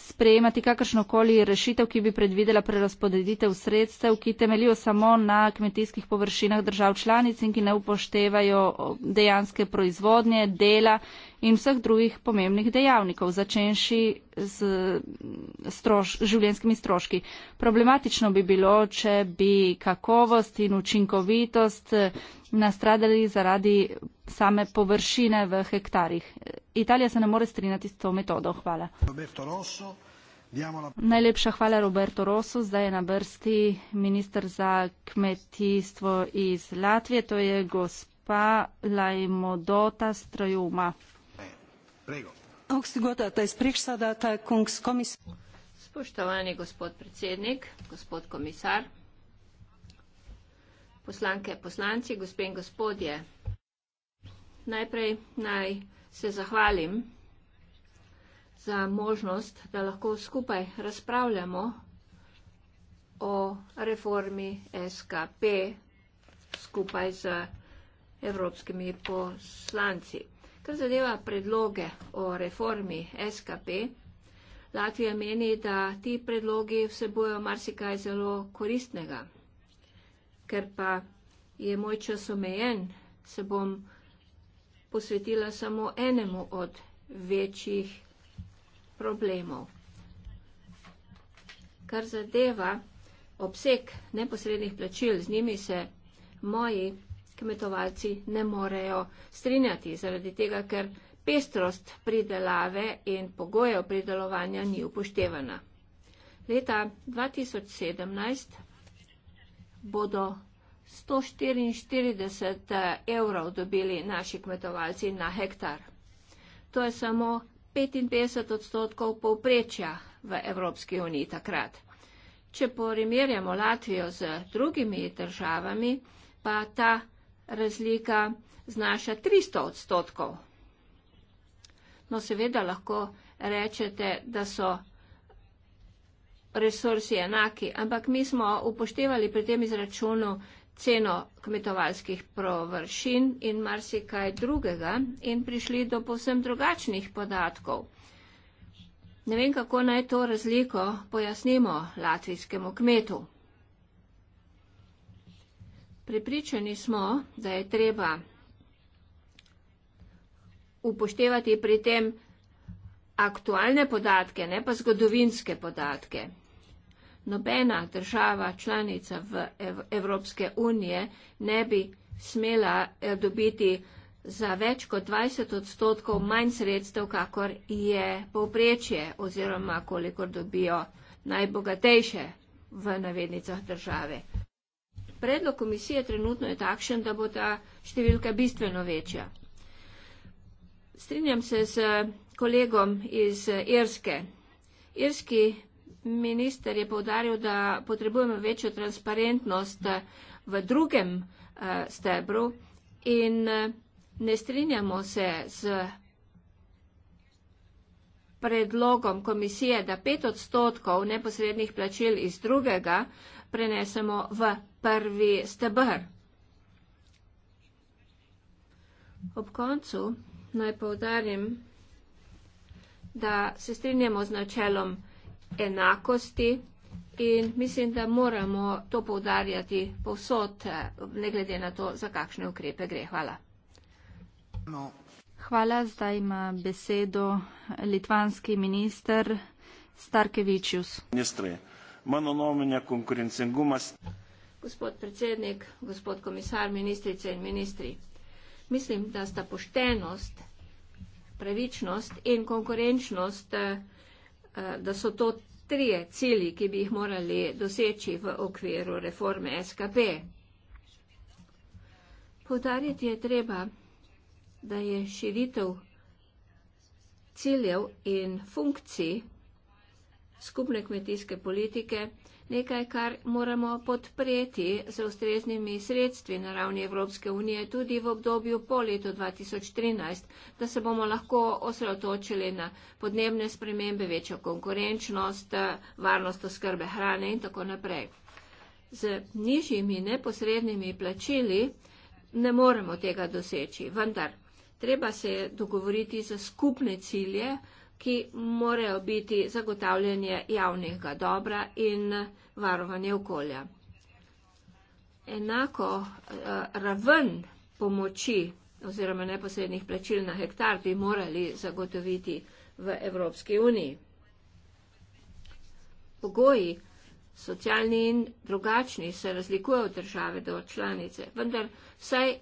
sprejemati kakršnokoli rešitev, ki bi predvidela prerazpodeditev sredstev, ki temelijo samo na kmetijskih površinah držav članic in ki ne upoštevajo dejanske proizvodnje, dela in vseh drugih pomembnih dejavnikov, začenši z strož, življenskimi stroški. Problematično bi bilo, če bi kakovost in učinkovitost eh, nastradali zaradi same površine v hektarjih. Italija se ne more strinjati s to metodo. Hvala. Najlepša hvala Roberto Rosu. Zdaj je na vrsti ministr za kmetijstvo iz Latvije. To je gospa Lajmodota Strojuma. Spoštovani gospod predsednik, gospod komisar, poslanke, poslanci, gospe in gospodje. Najprej naj se zahvalim za možnost, da lahko skupaj razpravljamo o reformi SKP skupaj z evropskimi poslanci. Kar zadeva predloge o reformi SKP, Latvija meni, da ti predlogi vsebojo marsikaj zelo koristnega. Ker pa je moj čas omejen, se bom posvetila samo enemu od večjih problemov. Kar zadeva obseg neposrednih plačil, z njimi se moji kmetovalci ne morejo strinjati, zaradi tega, ker pestrost pridelave in pogojev pridelovanja ni upoštevana. Leta 2017 bodo 144 eh, evrov dobili naši kmetovalci na hektar. To je samo 55 odstotkov povprečja v Evropski uniji takrat. Če porimerjamo Latvijo z drugimi državami, pa ta razlika znaša 300 odstotkov. No, seveda lahko rečete, da so resursi enaki, ampak mi smo upoštevali pri tem izračunu ceno kmetovalskih površin in marsikaj drugega in prišli do povsem drugačnih podatkov. Ne vem, kako naj to razliko pojasnimo latvijskemu kmetu. Pripričani smo, da je treba upoštevati pri tem aktualne podatke, ne pa zgodovinske podatke. Nobena država članica v Evropske unije ne bi smela eh, dobiti za več kot 20 odstotkov manj sredstev, kakor je povprečje oziroma koliko dobijo najbogatejše v navednicah države. Predlog komisije trenutno je takšen, da bo ta številka bistveno večja. Strinjam se s kolegom iz Irske. Irski minister je povdaril, da potrebujemo večjo transparentnost v drugem eh, stebru in eh, ne strinjamo se z predlogom komisije, da pet odstotkov neposrednih plačil iz drugega prenesemo v prvi stebr. Ob koncu naj povdarim, da se strinjamo z načelom enakosti in mislim, da moramo to povdarjati povsod, ne glede na to, za kakšne ukrepe gre. Hvala. No. Hvala. Zdaj ima besedo litvanski minister Starkevičius. Ministre, manonominja konkurencinguma. Gospod predsednik, gospod komisar, ministrice in ministri, mislim, da sta poštenost, pravičnost in konkurenčnost, eh, eh, da so to trije cilji, ki bi jih morali doseči v okviru reforme SKP. Podariti je treba, da je širitev ciljev in funkcij skupne kmetijske politike nekaj, kar moramo podpreti z ustreznimi sredstvi na ravni Evropske unije tudi v obdobju po letu 2013, da se bomo lahko osredotočili na podnebne spremembe, večjo konkurenčnost, varnost oskrbe hrane in tako naprej. Z nižjimi neposrednimi plačili ne moremo tega doseči, vendar treba se dogovoriti za skupne cilje, ki morajo biti zagotavljanje javnega dobra in varovanje okolja. Enako eh, raven pomoči oziroma neposrednih plačil na hektar bi morali zagotoviti v Evropski uniji. Pogoji, socialni in drugačni, se razlikujejo od države do članice, vendar vsaj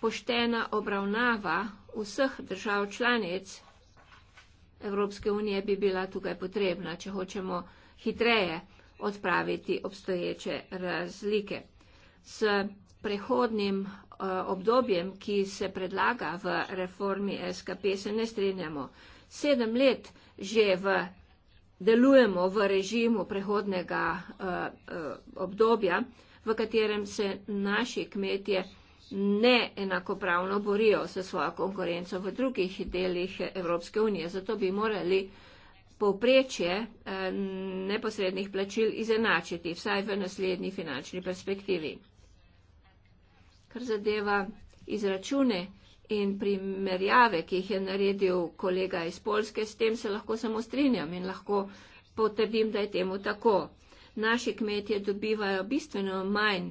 poštena obravnava vseh držav članic Evropske unije bi bila tukaj potrebna, če hočemo hitreje odpraviti obstoječe razlike. S prehodnim eh, obdobjem, ki se predlaga v reformi SKP, se ne strinjamo. Sedem let že v, delujemo v režimu prehodnega uh, uh, obdobja, v katerem se naši kmetje neenakopravno borijo se svojo konkurenco v drugih delih Evropske unije. Zato bi morali povprečje eh, neposrednih plačil izenačiti, vsaj v naslednji finančni perspektivi. Kar zadeva izračune in primerjave, ki jih je naredil kolega iz Polske, s tem se lahko samo strinjam in lahko potrdim, da je temu tako. Naši kmetje dobivajo bistveno manj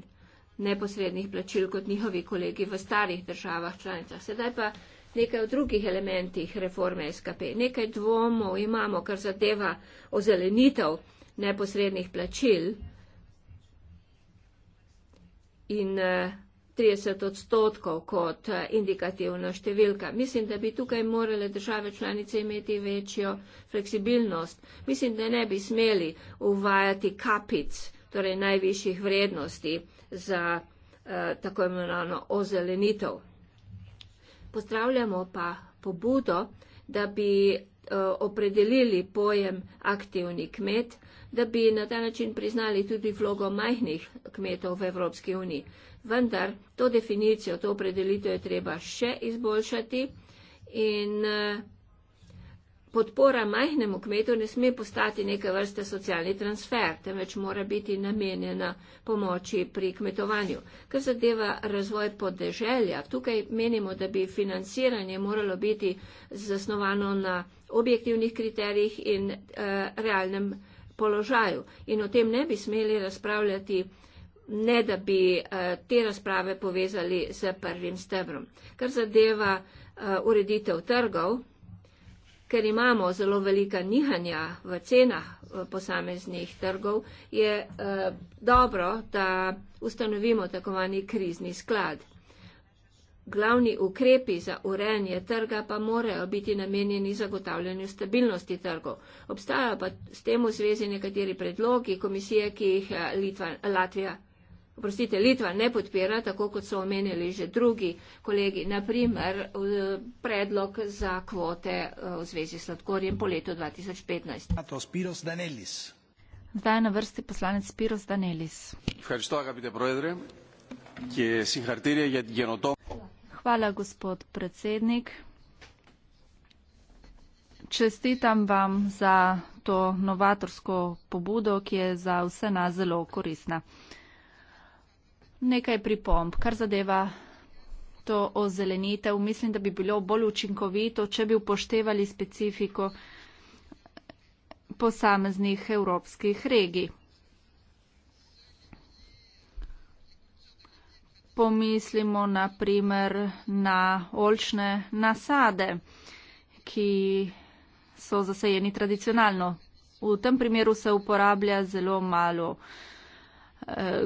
neposrednih plačil kot njihovi kolegi v starih državah članicah. Sedaj pa nekaj o drugih elementih reforme SKP. Nekaj dvomov imamo, kar zadeva ozelenitev neposrednih plačil in 30 eh, odstotkov kot eh, indikativna številka. Mislim, da bi tukaj morale države članice imeti večjo fleksibilnost. Mislim, da ne bi smeli uvajati kapic, torej najvišjih vrednosti za eh, tako imenovano ozelenitev. Pozdravljamo pa pobudo, da bi eh, opredelili pojem aktivni kmet, da bi na ta način priznali tudi vlogo majhnih kmetov v Evropski uniji. Vendar to definicijo, to opredelitev je treba še izboljšati in eh, podpora majhnemu kmetu ne sme postati neke vrste socialni transfer, temveč mora biti namenjena pomoči pri kmetovanju. Kar zadeva razvoj podeželja, tukaj menimo, da bi financiranje moralo biti zasnovano na objektivnih kriterijih in eh, realnem položaju. In o tem ne bi smeli razpravljati ne da bi eh, te razprave povezali s prvim stebrom. Kar zadeva eh, ureditev trgov, ker imamo zelo velika nihanja v cenah eh, posameznih trgov, je eh, dobro, da ustanovimo tako vani krizni sklad. Glavni ukrepi za urejanje trga pa morajo biti namenjeni zagotavljanju stabilnosti trgov. Obstajajo pa s tem v zvezi nekateri predlogi komisije, ki jih eh, Litva, Latvija Oprostite, Litva ne podpira, tako kot so omenili že drugi kolegi, naprimer eh, predlog za kvote eh, v zvezi s sladkorjem po letu 2015. Zdaj je na vrsti poslanec Spiros Danelis. Hvala, gospod predsednik. Čestitam vam za to novatorsko pobudo, ki je za vse nas zelo koristna nekaj pripomb, kar zadeva to ozelenitev. Mislim, da bi bilo bolj učinkovito, če bi upoštevali specifiko posameznih evropskih regij. Pomislimo naprimer na olčne nasade, ki so zasejeni tradicionalno. V tem primeru se uporablja zelo malo uh,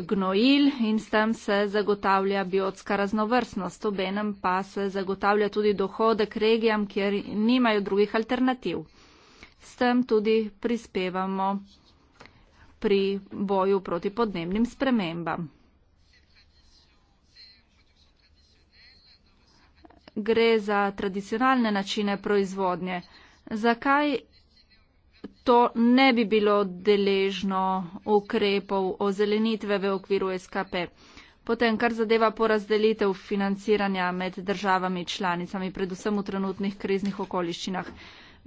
gnojil in s tem se zagotavlja biotska raznovrstnost. Obenem pa se zagotavlja tudi dohodek regijam, kjer nimajo drugih alternativ. S tem tudi prispevamo pri boju proti podnebnim spremembam. Gre za tradicionalne načine proizvodnje. Zakaj to ne bi bilo deležno ukrepov o zelenitve v okviru SKP. Potem, kar zadeva porazdelitev financiranja med državami članicami, predvsem v trenutnih kriznih okoliščinah,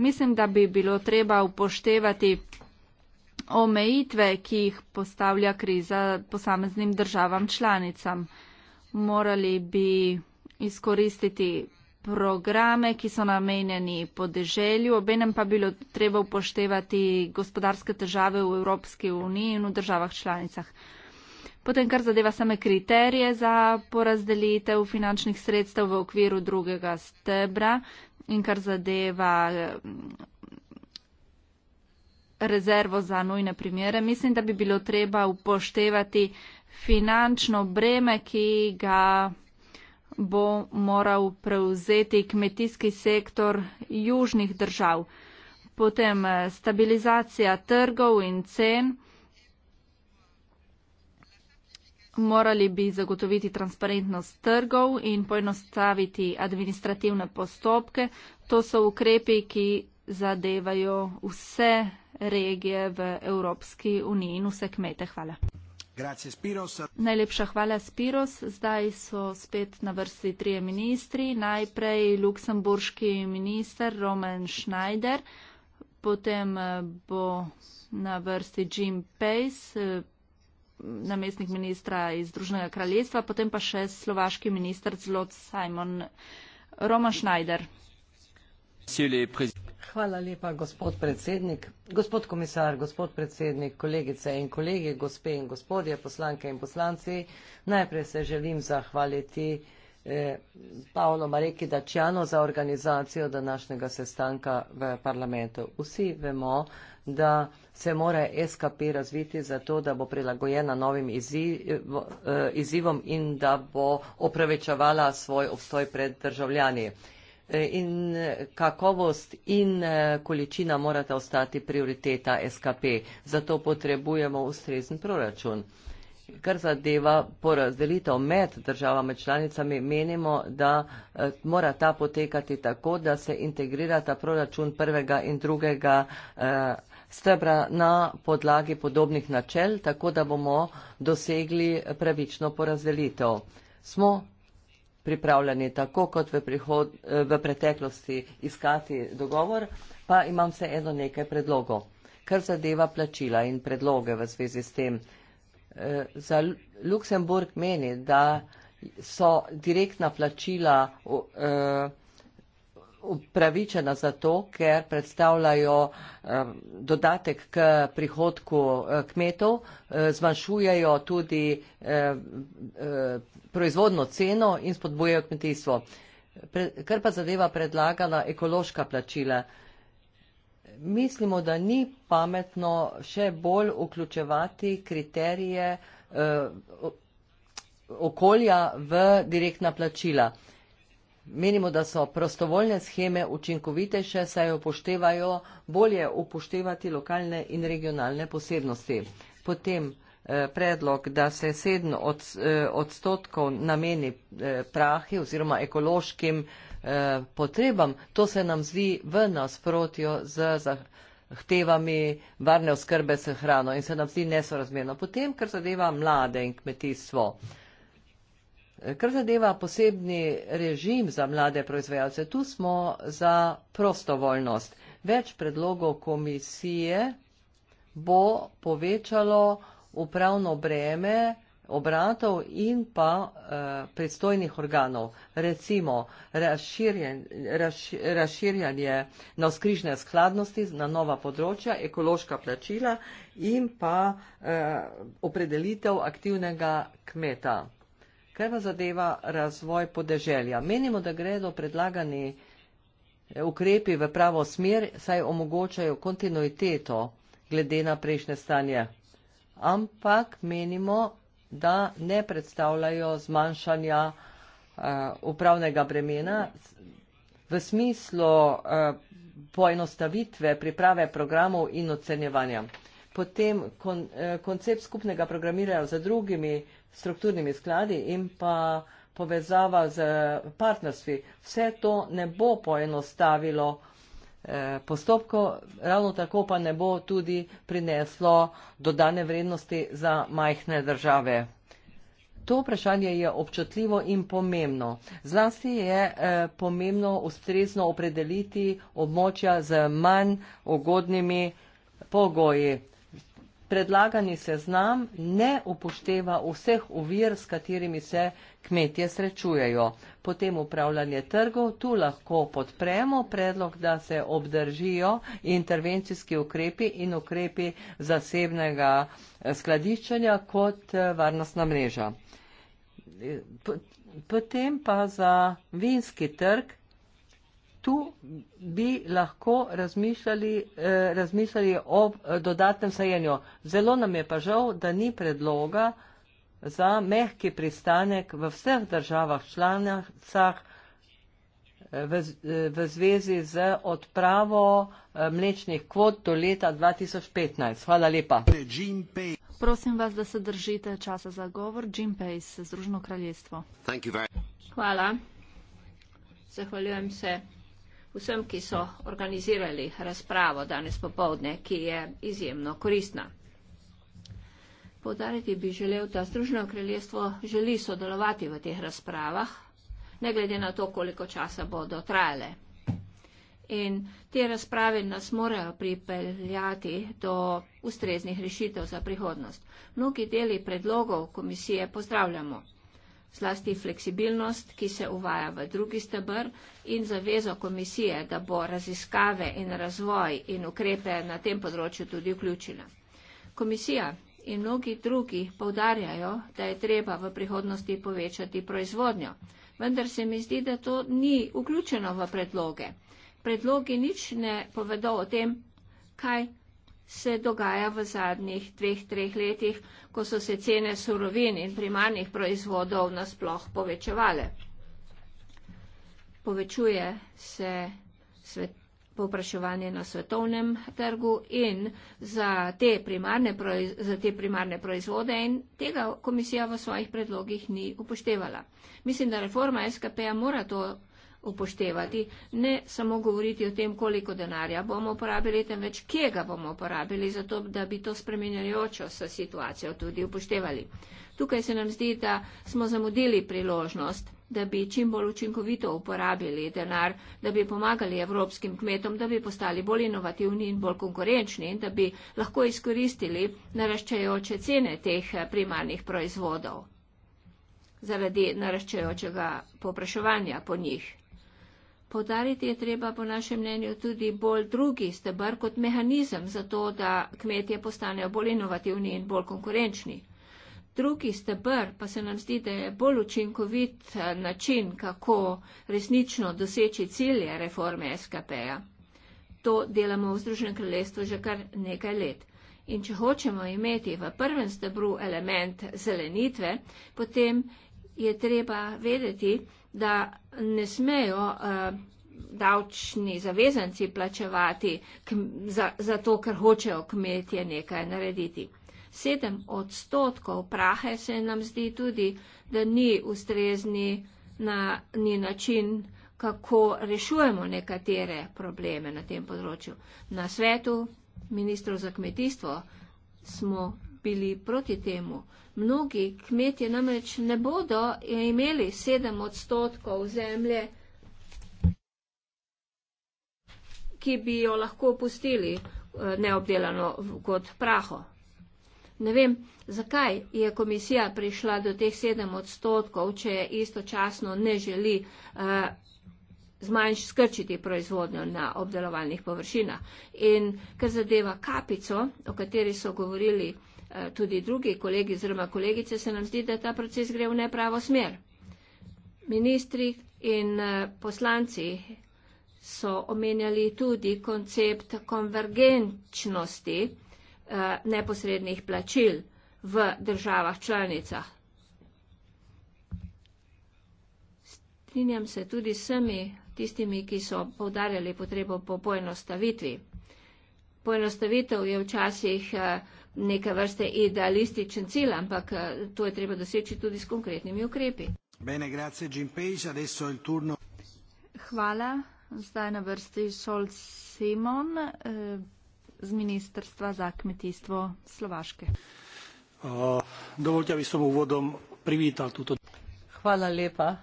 mislim, da bi bilo treba upoštevati omejitve, ki jih postavlja kriza posameznim državam članicam. Morali bi izkoristiti programe, ki so namenjeni podeželju, obenem pa bilo treba upoštevati gospodarske težave v Evropski uniji in v državah članicah. Potem, kar zadeva same kriterije za porazdelitev finančnih sredstev v okviru drugega stebra in kar zadeva mm, rezervo za nujne primere, mislim, da bi bilo treba upoštevati finančno breme, ki ga bo moral prevzeti kmetijski sektor južnih držav. Potem eh, stabilizacija trgov in cen. Morali bi zagotoviti transparentnost trgov in poenostaviti administrativne postopke. To so ukrepi, ki zadevajo vse regije v Evropski uniji in vse kmete. Hvala. Grazie, Spiros. Najlepša hvala, Spiros. Zdaj so spet na vrsti trije ministri. Najprej luksemburški minister Roman Schneider, potem eh, bo na vrsti Jim Pace, eh, namestnik ministra iz Združenega kraljestva, potem pa še slovaški minister Zlot Simon Roman Schneider. Monsieur le Président. Hvala lepa, gospod predsednik. Gospod komisar, gospod predsednik, kolegice in kolegi, gospe in gospodje, poslanke in poslanci, najprej se želim zahvaliti eh, Pavlo Mareki Dačjano za organizacijo današnjega sestanka v parlamentu. Vsi vemo, da se mora SKP razviti za to, da bo prilagojena novim izziv, eh, izzivom in da bo opravečevala svoj obstoj pred državljani in eh, kakovost in eh, količina morata ostati prioriteta SKP. Zato potrebujemo ustrezen proračun. Kar zadeva porazdelitev med državami članicami, menimo, da eh, mora ta potekati tako, da se integrira ta proračun prvega in drugega stebra na podlagi podobnih načel, tako da bomo dosegli pravično porazdelitev. Smo pripravljeni tako kot v, prihod, eh, v preteklosti iskati dogovor, pa imam vseeno nekaj predlogov. Kar zadeva plačila in predloge v zvezi s tem, eh, za Luksemburg meni, da so direktna plačila. Uh, upravičena zato, ker predstavljajo eh, dodatek k prihodku eh, kmetov, eh, zmanjšujejo tudi proizvodno ceno in spodbujejo kmetijstvo. Kar pa zadeva predlagana ekološka plačila. Mislimo, da ni pametno še bolj vključevati kriterije okolja v direktna plačila. Menimo, da so prostovoljne scheme učinkovitejše, saj upoštevajo bolje upoštevati lokalne in regionalne posebnosti. Potem eh, predlog, da se sedem eh, odstotkov nameni eh, prahi oziroma ekološkim potrebam, to se nam zdi v nasprotju z zahtevami varne oskrbe s hrano in se nam zdi nesorazmerno. Potem, kar zadeva mlade in kmetijstvo. Kar zadeva posebni režim za mlade proizvajalce, tu smo za prostovoljnost. Več predlogov komisije bo povečalo upravno breme obratov in pa eh, predstojnih organov. Recimo razširjanje na skrižne skladnosti na nova področja, ekološka plačila in pa eh, opredelitev aktivnega kmeta. Kaj pa zadeva razvoj podeželja? Menimo, da gredo predlagani eh, ukrepi v pravo smer, saj omogočajo kontinuiteto glede na prejšnje stanje. Ampak menimo, da ne predstavljajo zmanjšanja eh, upravnega bremena v smislu eh, poenostavitve priprave programov in ocenjevanja. Potem koncept skupnega programiranja za drugimi programi, strukturnimi skladi in pa povezava z partnerstvi. Vse to ne bo poenostavilo eh, postopko, ravno tako pa ne bo tudi prineslo dodane vrednosti za majhne države. To vprašanje je občutljivo in pomembno. Zlasti je eh, pomembno ustrezno opredeliti območja z manj ugodnimi pogoji predlagani seznam ne upošteva vseh ovir, s katerimi se kmetje srečujejo. Potem upravljanje trgov, tu lahko podpremo predlog, da se obdržijo intervencijski ukrepi in ukrepi zasebnega eh, skladiščenja kot eh, varnostna mreža. Potem pa za vinski trg tu bi lahko razmišljali, eh, razmišljali o eh, dodatnem sajenju. Zelo nam je pa žal, da ni predloga za mehki pristanek v vseh državah članicah eh, v, eh, v zvezi z odpravo eh, mlečnih kvot do leta 2015. Hvala lepa. Prosim vas, da se držite časa za govor. Jim Pace, Združeno kraljestvo. Hvala. Zahvaljujem se vsem, ki so organizirali razpravo danes popovdne, ki je izjemno koristna. Povdariti bi želel, da Združeno kraljestvo želi sodelovati v teh razpravah, ne glede na to, koliko časa bodo trajale. In te razprave nas morajo pripeljati do ustreznih rešitev za prihodnost. Mnogi deli predlogov komisije pozdravljamo zlasti fleksibilnost, ki se uvaja v drugi stebr in zavezo komisije, da bo raziskave in razvoj in ukrepe na tem področju tudi vključila. Komisija in mnogi drugi povdarjajo, da je treba v prihodnosti povečati proizvodnjo, vendar se mi zdi, da to ni vključeno v predloge. Predlogi nič ne povedo o tem, kaj se dogaja v zadnjih dveh, treh letih, ko so se cene surovin in primarnih proizvodov nasploh povečevale. Povečuje se svet, povpraševanje na svetovnem trgu in za te, proiz, za te primarne proizvode in tega komisija v svojih predlogih ni upoštevala. Mislim, da reforma SKP-ja mora to upoštevati. Ne samo govoriti o tem, koliko denarja bomo uporabili, temveč kje ga bomo uporabili, zato da bi to spremenjajočo se situacijo tudi upoštevali. Tukaj se nam zdi, da smo zamudili priložnost, da bi čim bolj učinkovito uporabili denar, da bi pomagali evropskim kmetom, da bi postali bolj inovativni in bolj konkurenčni in da bi lahko izkoristili naraščajoče cene teh eh, primarnih proizvodov zaradi naraščajočega popraševanja po njih. Podariti je treba, po našem mnenju, tudi bolj drugi stebr kot mehanizem za to, da kmetje postanejo bolj inovativni in bolj konkurenčni. Drugi stebr pa se nam zdi, da je bolj učinkovit eh, način, kako resnično doseči cilje reforme SKP-ja. To delamo v Združenem kraljestvu že kar nekaj let. In če hočemo imeti v prvem stebru element zelenitve, potem je treba vedeti, da ne smejo eh, davčni zavezanci plačevati za, za to, ker hočejo kmetje nekaj narediti. Sedem odstotkov prahe se nam zdi tudi, da ni ustrezni na, ni način, kako rešujemo nekatere probleme na tem področju. Na svetu ministrov za kmetijstvo smo bili proti temu, Mnogi kmetje namreč ne bodo imeli sedem odstotkov zemlje, ki bi jo lahko pustili eh, neobdelano kot praho. Ne vem, zakaj je komisija prišla do teh sedem odstotkov, če istočasno ne želi eh, zmanjš skrčiti proizvodnjo na obdelovalnih površinah. In kar zadeva kapico, o kateri so govorili, Eh, tudi drugi kolegi oziroma kolegice, se nam zdi, da ta proces gre v nepravo smer. Ministri in eh, poslanci so omenjali tudi koncept konvergenčnosti eh, neposrednih plačil v državah članicah. Strinjam se tudi s vsemi tistimi, ki so povdarjali potrebo po poenostavitvi. Poenostavitev je včasih eh, neke vrste idealističen cilj, ampak eh, to je treba doseči tudi s konkretnimi ukrepi. Bene, grazie, Page, turno... Hvala. Zdaj na vrsti Sol Simon eh, z Ministrstva za kmetijstvo Slovaške. Uh, dovolite, da bi sem uvodom privital tudi. Hvala lepa.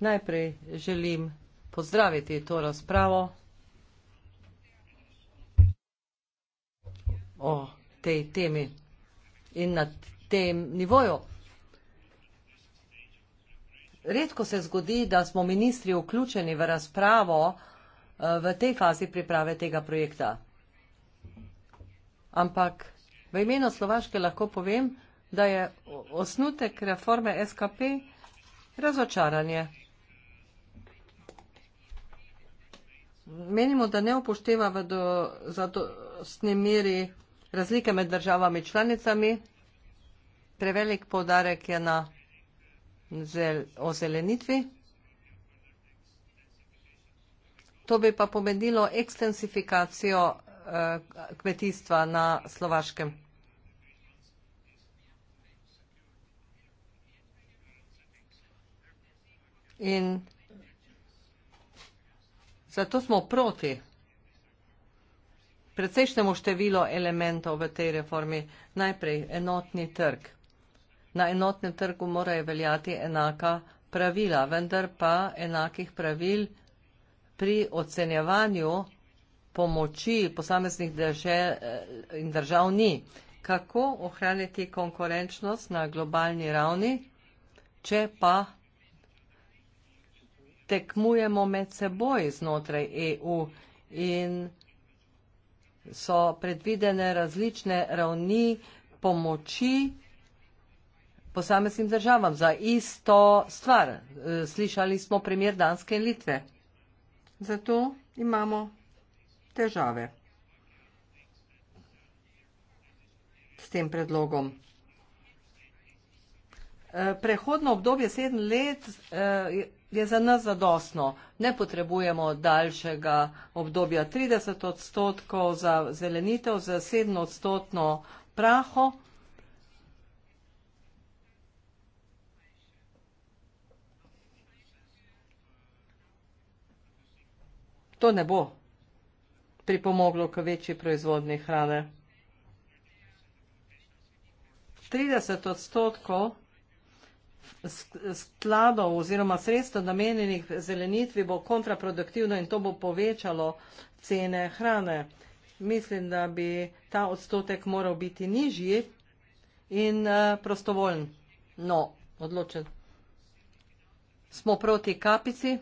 Najprej želim pozdraviti to razpravo. O tej temi in na tem nivoju. Redko se zgodi, da smo ministri vključeni v razpravo eh, v tej fazi priprave tega projekta. Ampak v imenu Slovaške lahko povem, da je osnutek reforme SKP razočaranje. Menimo, da ne upošteva v zadostni meri razlike med državami članicami, prevelik podarek je na zel, ozelenitvi. To bi pa pomenilo ekstensifikacijo eh, kmetijstva na Slovaškem. In zato smo proti precejšnemu številu elementov v tej reformi. Najprej enotni trg. Na enotnem trgu morajo veljati enaka pravila, vendar pa enakih pravil pri ocenjevanju pomoči posameznih držav eh, in držav ni. Kako ohraniti konkurenčnost na globalni ravni, če pa tekmujemo med seboj znotraj EU in so predvidene različne ravni pomoči posameznim državam za isto stvar. E, slišali smo primer Danske in Litve. Zato imamo težave s tem predlogom. E, prehodno obdobje sedem let e, je za nas zadostno. Ne potrebujemo daljšega obdobja 30 odstotkov za zelenitev za 7 odstotno praho. To ne bo pripomoglo k večji proizvodni hrane. 30 odstotkov skladov oziroma sredstev namenjenih zelenitvi bo kontraproduktivno in to bo povečalo cene hrane. Mislim, da bi ta odstotek moral biti nižji in eh, prostovoljen. No, odločen. Smo proti kapici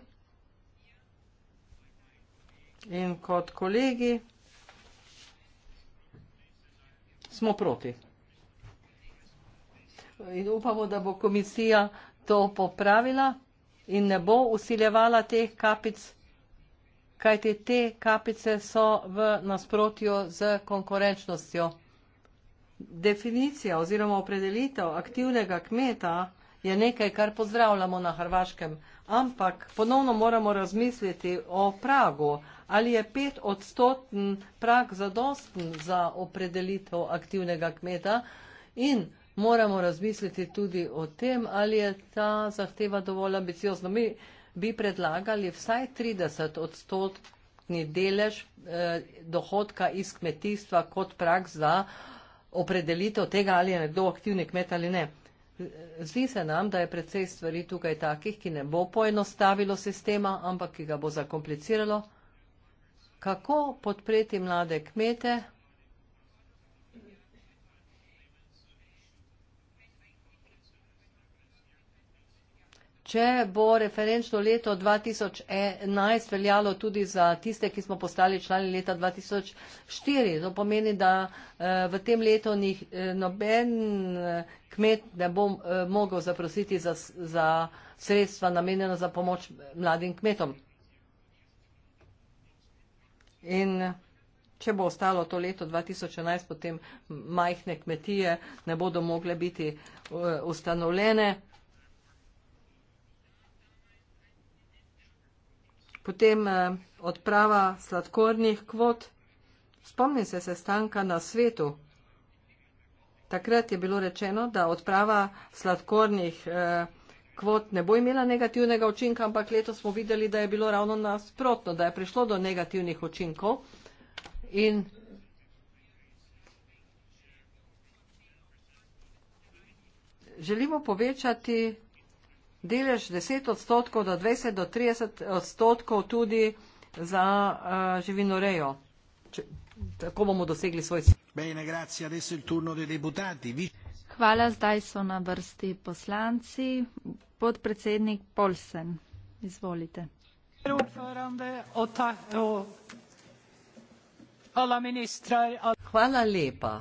in kot kolegi smo proti in upamo, da bo komisija to popravila in ne bo usiljevala teh kapic, kajte te kapice so v nasprotju z konkurenčnostjo. Definicija oziroma opredelitev aktivnega kmeta je nekaj, kar pozdravljamo na Hrvaškem, ampak ponovno moramo razmisliti o pragu, ali je pet odstoten prag zadosten za opredelitev aktivnega kmeta in moramo razmisliti tudi o tem, ali je ta zahteva dovolj ambiciozna. Mi bi predlagali vsaj 30 odstotni delež eh, dohodka iz kmetijstva kot prak za opredelitev tega, ali je nekdo aktivni kmet ali ne. Zdi se nam, da je predvsej stvari tukaj takih, ki ne bo poenostavilo sistema, ampak ki ga bo zakompliciralo. Kako podpreti mlade kmete? Če bo referenčno leto 2011 veljalo tudi za tiste, ki smo postali člani leta 2004, to pomeni, da eh, v tem letu eh, noben eh, kmet ne bo mogel zaprositi za, za sredstva namenjena za pomoč mladim kmetom. In če bo ostalo to leto 2011, potem majhne kmetije ne bodo mogle biti ustanovljene. potem eh, odprava sladkornih kvot. Spomnim se sestanka na svetu. Takrat je bilo rečeno, da odprava sladkornih eh, kvot ne bo imela negativnega učinka, ampak letos smo videli, da je bilo ravno nasprotno, da je prišlo do negativnih učinkov. In želimo povečati delež 10 odstotkov do 20 do 30 odstotkov tudi za uh, živinorejo. Če, tako bomo dosegli svoj cilj. Hvala, zdaj so na vrsti poslanci. Podpredsednik Polsen, izvolite. Hvala lepa.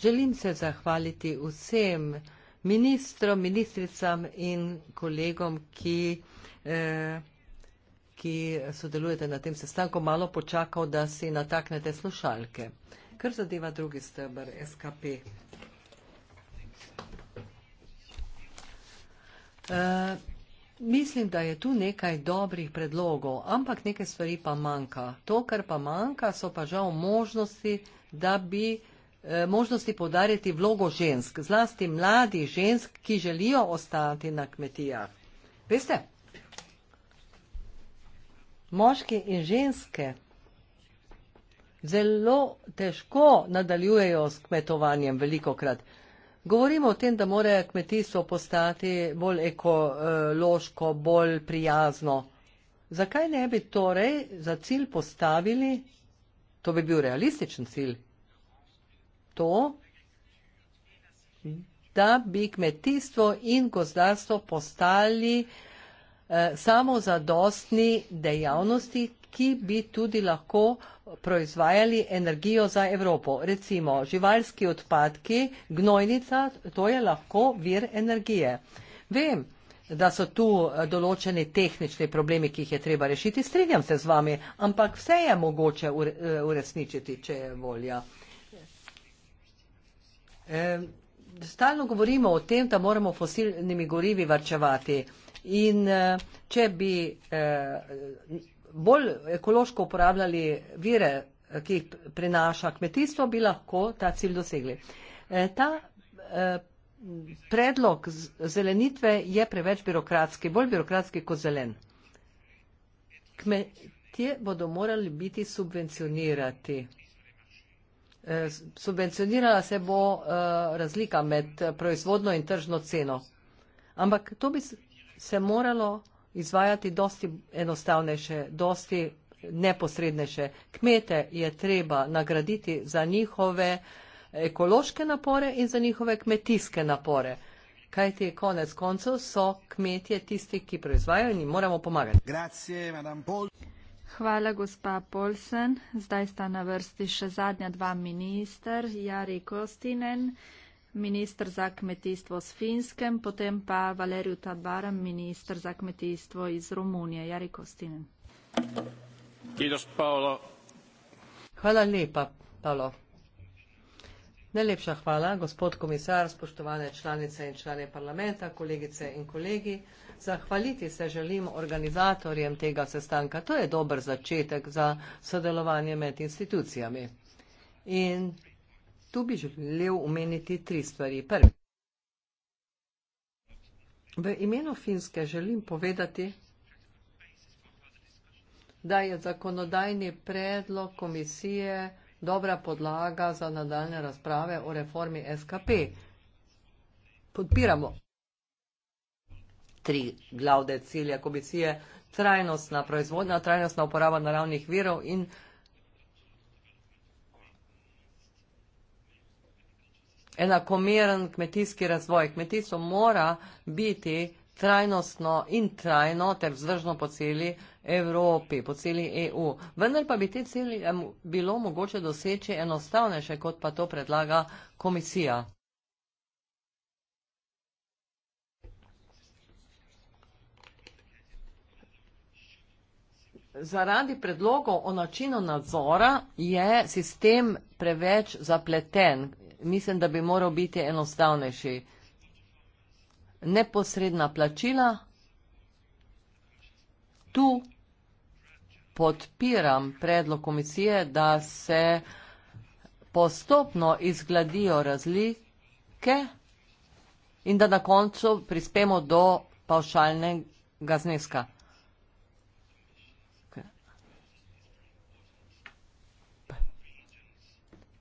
Želim se zahvaliti vsem, ministrom, ministricam in kolegom, ki, eh, ki sodelujete na tem sestanku, malo počakal, da si nataknete slušalke. Kar zadeva drugi stebr, SKP. Uh, eh, mislim, da je tu nekaj dobrih predlogov, ampak nekaj stvari pa manjka. To, kar pa manjka, so pa žal možnosti, da bi uh, Eh, možnosti podariti vlogo žensk, zlasti mladi žensk, ki želijo ostati na kmetijah. Veste, moški in ženske zelo težko nadaljujejo s kmetovanjem velikokrat. Govorimo o tem, da mora kmetijstvo postati bolj ekološko, bolj prijazno. Zakaj ne bi torej za cilj postavili, to bi bil realističen cilj, to, da bi kmetijstvo in gozdarstvo postali eh, samozadostni dejavnosti, ki bi tudi lahko proizvajali energijo za Evropo. Recimo, živalski odpadki, gnojnica, to je lahko vir energije. Vem, da so tu eh, določeni tehnični problemi, ki jih je treba rešiti, strinjam se z vami, ampak vse je mogoče eh, uresničiti, če je volja. Stalno govorimo o tem, da moramo fosilnimi gorivi varčevati in eh, če bi eh, bolj ekološko uporabljali vire, eh, ki jih prinaša kmetijstvo, bi lahko ta cilj dosegli. Ta predlog zelenitve je preveč birokratski, bolj birokratski kot zelen. Kmetje bodo morali biti subvencionirati. Eh, subvencionirala se bo eh, razlika med proizvodno in tržno ceno. Ampak to bi se moralo izvajati dosti enostavnejše, dosti neposrednejše. Kmete je treba nagraditi za njihove eh, ekološke napore in za njihove kmetijske napore. Kaj ti je konec koncev, so kmetje tisti, ki proizvajajo in jim moramo pomagati. Grazie, hvala, gospa Polsen. Zdaj sta na vrsti še zadnja dva minister, Jari Kostinen, minister za kmetijstvo s Finskem, potem pa Valeriju Tabaram, minister za kmetijstvo iz Romunije. Jari Kostinen. Hvala lepa, Paolo. Najlepša hvala, gospod komisar, spoštovane članice in člane parlamenta, kolegice in kolegi. Zahvaliti se želim organizatorjem tega sestanka. To je dober začetek za sodelovanje med institucijami. In tu bi želel umeniti tri stvari. Prvi. V imenu Finske želim povedati, da je zakonodajni predlog komisije dobra podlaga za nadaljne razprave o reformi SKP. Podpiramo. Tri glavne cilje komisije, trajnostna proizvodnja, trajnostna uporaba naravnih virov in enakomeren kmetijski razvoj. Kmetijstvo mora biti trajnostno in trajno ter vzdržno po celi komisije Evropi, po celi EU. Vendar pa bi te cilje bilo mogoče doseči enostavnejše, kot pa to predlaga komisija. Zaradi predlogov o načinu nadzora je sistem preveč zapleten. Mislim, da bi moral biti enostavnejši. Neposredna plačila tu podpiram predlog komisije, da se postopno izgledijo razlike in da na koncu prispemo do pavšalnega zneska.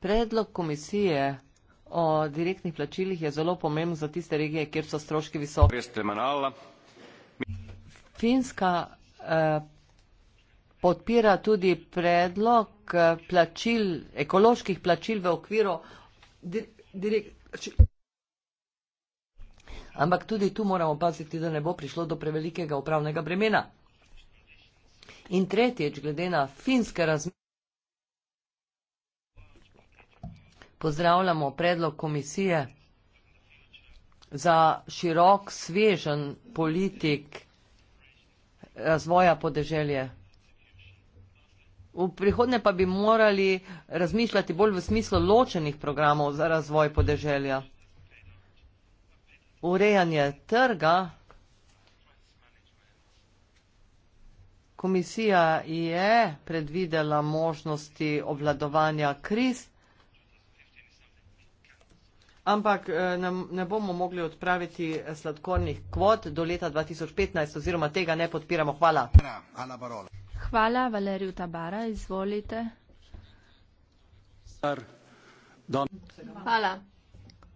Predlog komisije o direktnih plačilih je zelo pomembno za tiste regije, kjer so stroški visoki. Finska eh, podpira tudi predlog eh, plačil, ekoloških plačil v okviru. Ampak tudi tu moramo paziti, da ne bo prišlo do prevelikega upravnega bremena. In tretjič, glede na finske razmere, pozdravljamo predlog komisije za širok, svežen politik razvoja podeželje. V prihodnje pa bi morali razmišljati bolj v smislu ločenih programov za razvoj podeželja. Urejanje trga, komisija je predvidela možnosti obvladovanja kriz, ampak eh, ne, ne bomo mogli odpraviti sladkornih kvot do leta 2015 oziroma tega ne podpiramo. Hvala. Ja, Hvala. Valeriju Tabara, izvolite. Hvala,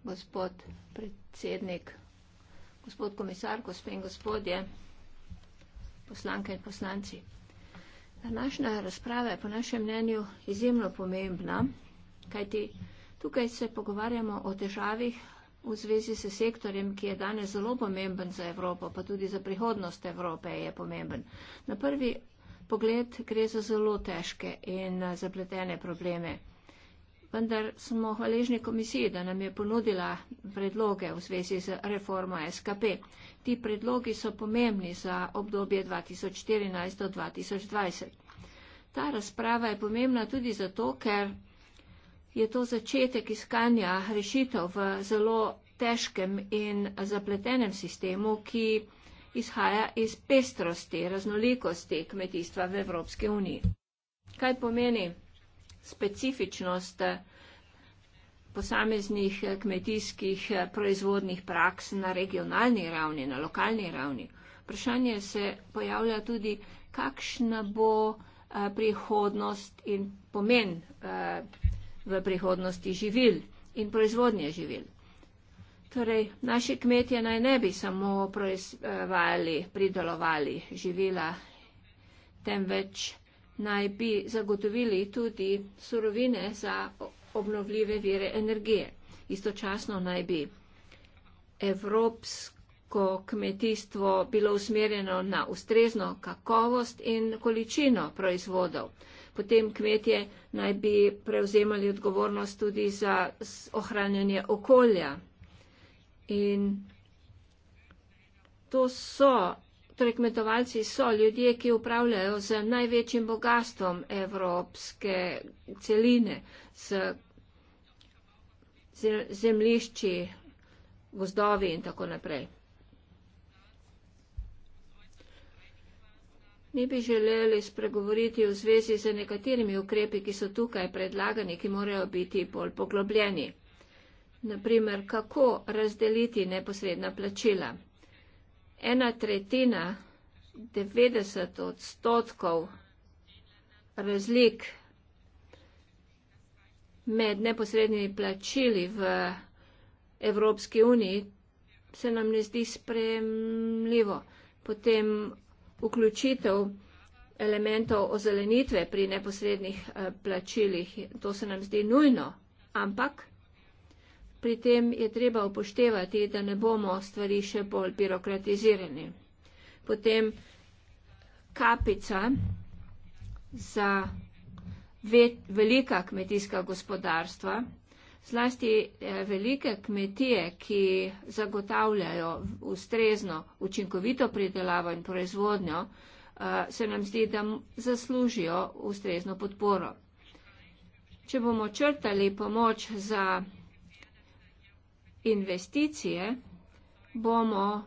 gospod predsednik, gospod komisar, gospe in gospodje, poslanke in poslanci. Današnja razprava je po našem mnenju izjemno pomembna, kajti tukaj se pogovarjamo o težavih v zvezi s sektorjem, ki je danes zelo pomemben za Evropo, pa tudi za prihodnost Evrope je pomemben. Na prvi pogled, gre za zelo težke in eh, zapletene probleme. Vendar smo hvaležni komisiji, da nam je ponudila predloge v zvezi z reformo SKP. Ti predlogi so pomembni za obdobje 2014 do 2020. Ta razprava je pomembna tudi zato, ker je to začetek iskanja rešitev v zelo težkem in zapletenem sistemu, ki izhaja iz pestrosti, raznolikosti kmetijstva v Evropski uniji. Kaj pomeni specifičnost eh, posameznih eh, kmetijskih eh, proizvodnih praks na regionalni ravni, na lokalni ravni? Vprašanje se pojavlja tudi, kakšna bo prihodnost in pomen v prihodnosti živil in proizvodnje živil. Torej, naši kmetje naj ne bi samo proizvajali, pridelovali živila, temveč naj bi zagotovili tudi surovine za obnovljive vire energije. Istočasno naj bi evropsko kmetijstvo bilo usmerjeno na ustrezno kakovost in količino proizvodov. Potem kmetje naj bi prevzemali odgovornost tudi za ohranjanje okolja. In to so, torej kmetovalci so ljudje, ki upravljajo z največjim bogatstvom evropske celine, z zemlišči, gozdovi in tako naprej. Mi bi želeli spregovoriti v zvezi z nekaterimi ukrepi, ki so tukaj predlagani, ki morajo biti bolj poglobljeni naprimer, kako razdeliti neposredna plačila. Ena tretjina, 90 odstotkov razlik med neposrednimi plačili v Evropski uniji se nam ne zdi sprejemljivo. Potem vključitev elementov ozelenitve pri neposrednih eh, plačilih, to se nam zdi nujno, ampak Pri tem je treba upoštevati, da ne bomo stvari še bolj birokratizirani. Potem kapica za velika kmetijska gospodarstva, zlasti eh, velike kmetije, ki zagotavljajo ustrezno, učinkovito pridelavo in proizvodnjo, eh, se nam zdi, da zaslužijo ustrezno podporo. Če bomo črtali pomoč za investicije, bomo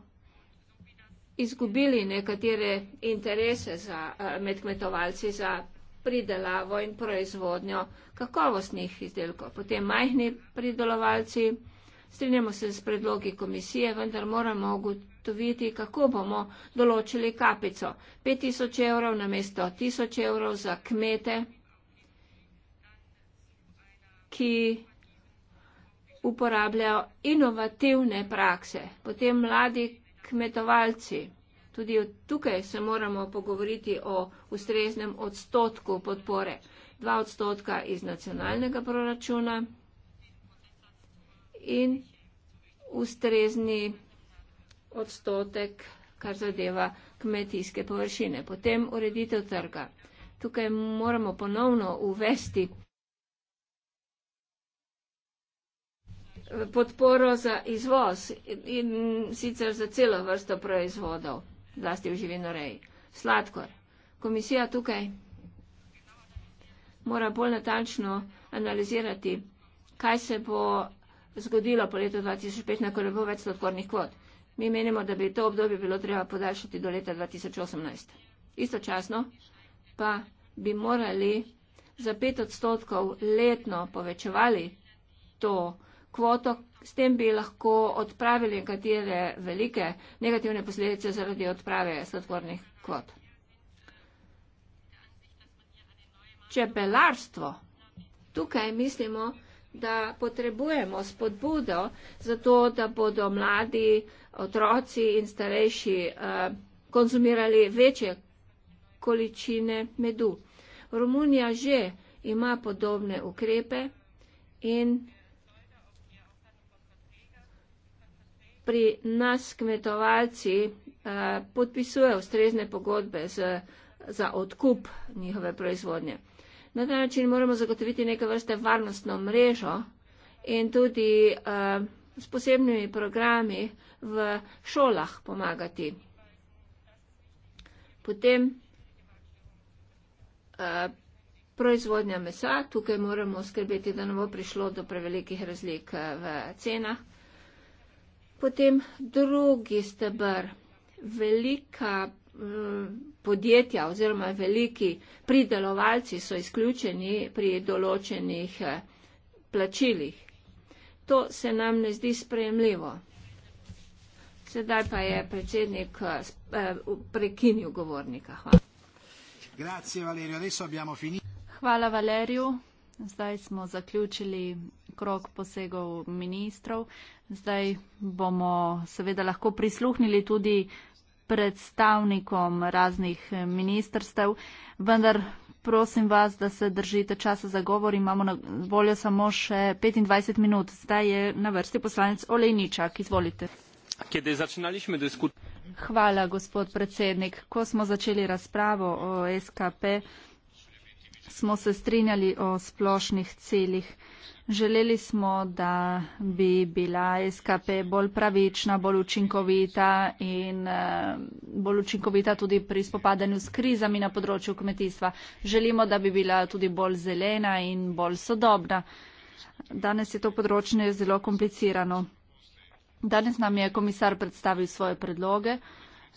izgubili nekatere interese za, eh, med kmetovalci za pridelavo in proizvodnjo kakovostnih izdelkov. Potem majhni pridelovalci, strinjamo se s predlogi komisije, vendar moramo ugotoviti, kako bomo določili kapico. 5000 evrov na mesto 1000 evrov za kmete, ki uporabljajo inovativne prakse, potem mladi kmetovalci. Tudi tukaj se moramo pogovoriti o ustreznem odstotku podpore. Dva odstotka iz nacionalnega proračuna in ustrezni odstotek, kar zadeva kmetijske površine. Potem ureditev trga. Tukaj moramo ponovno uvesti. podporo za izvoz in sicer za celo vrsto proizvodov, zlasti v živinoreji. Sladkor. Komisija tukaj mora bolj natančno analizirati, kaj se bo zgodilo po letu 2015, ko ne bo več sladkornih kvot. Mi menimo, da bi to obdobje bilo treba podaljšati do leta 2018. Istočasno pa bi morali za pet odstotkov letno povečevali to, kvoto, s tem bi lahko odpravili nekatere velike negativne posledice zaradi odprave sladkornih kvot. Čebelarstvo. Tukaj mislimo, da potrebujemo spodbudo za to, da bodo mladi, otroci in starejši eh, konzumirali večje količine medu. Romunija že ima podobne ukrepe in pri nas kmetovalci eh, podpisujejo ustrezne pogodbe z, za odkup njihove proizvodnje. Na ta način moramo zagotoviti neke vrste varnostno mrežo in tudi eh, s posebnimi programi v šolah pomagati. Potem eh, proizvodnja mesa. Tukaj moramo skrbeti, da ne bo prišlo do prevelikih razlik v cenah. Potem drugi stebr, velika eh, podjetja oziroma veliki pridelovalci so izključeni pri določenih eh, plačilih. To se nam ne zdi sprejemljivo. Sedaj pa je predsednik eh, prekinil govornika. Hvala. Grazie, Valerio. Hvala Valeriju. Zdaj smo zaključili krok posegov ministrov. Zdaj bomo seveda lahko prisluhnili tudi predstavnikom raznih ministerstev, vendar prosim vas, da se držite časa za govor. Imamo na voljo samo še 25 minut. Zdaj je na vrsti poslanec Olejničak. Izvolite. Hvala, gospod predsednik. Ko smo začeli razpravo o SKP, smo se strinjali o splošnih celih. Želeli smo, da bi bila SKP bolj pravična, bolj učinkovita in eh, bolj učinkovita tudi pri spopadanju s krizami na področju kmetijstva. Želimo, da bi bila tudi bolj zelena in bolj sodobna. Danes je to področje zelo komplicirano. Danes nam je komisar predstavil svoje predloge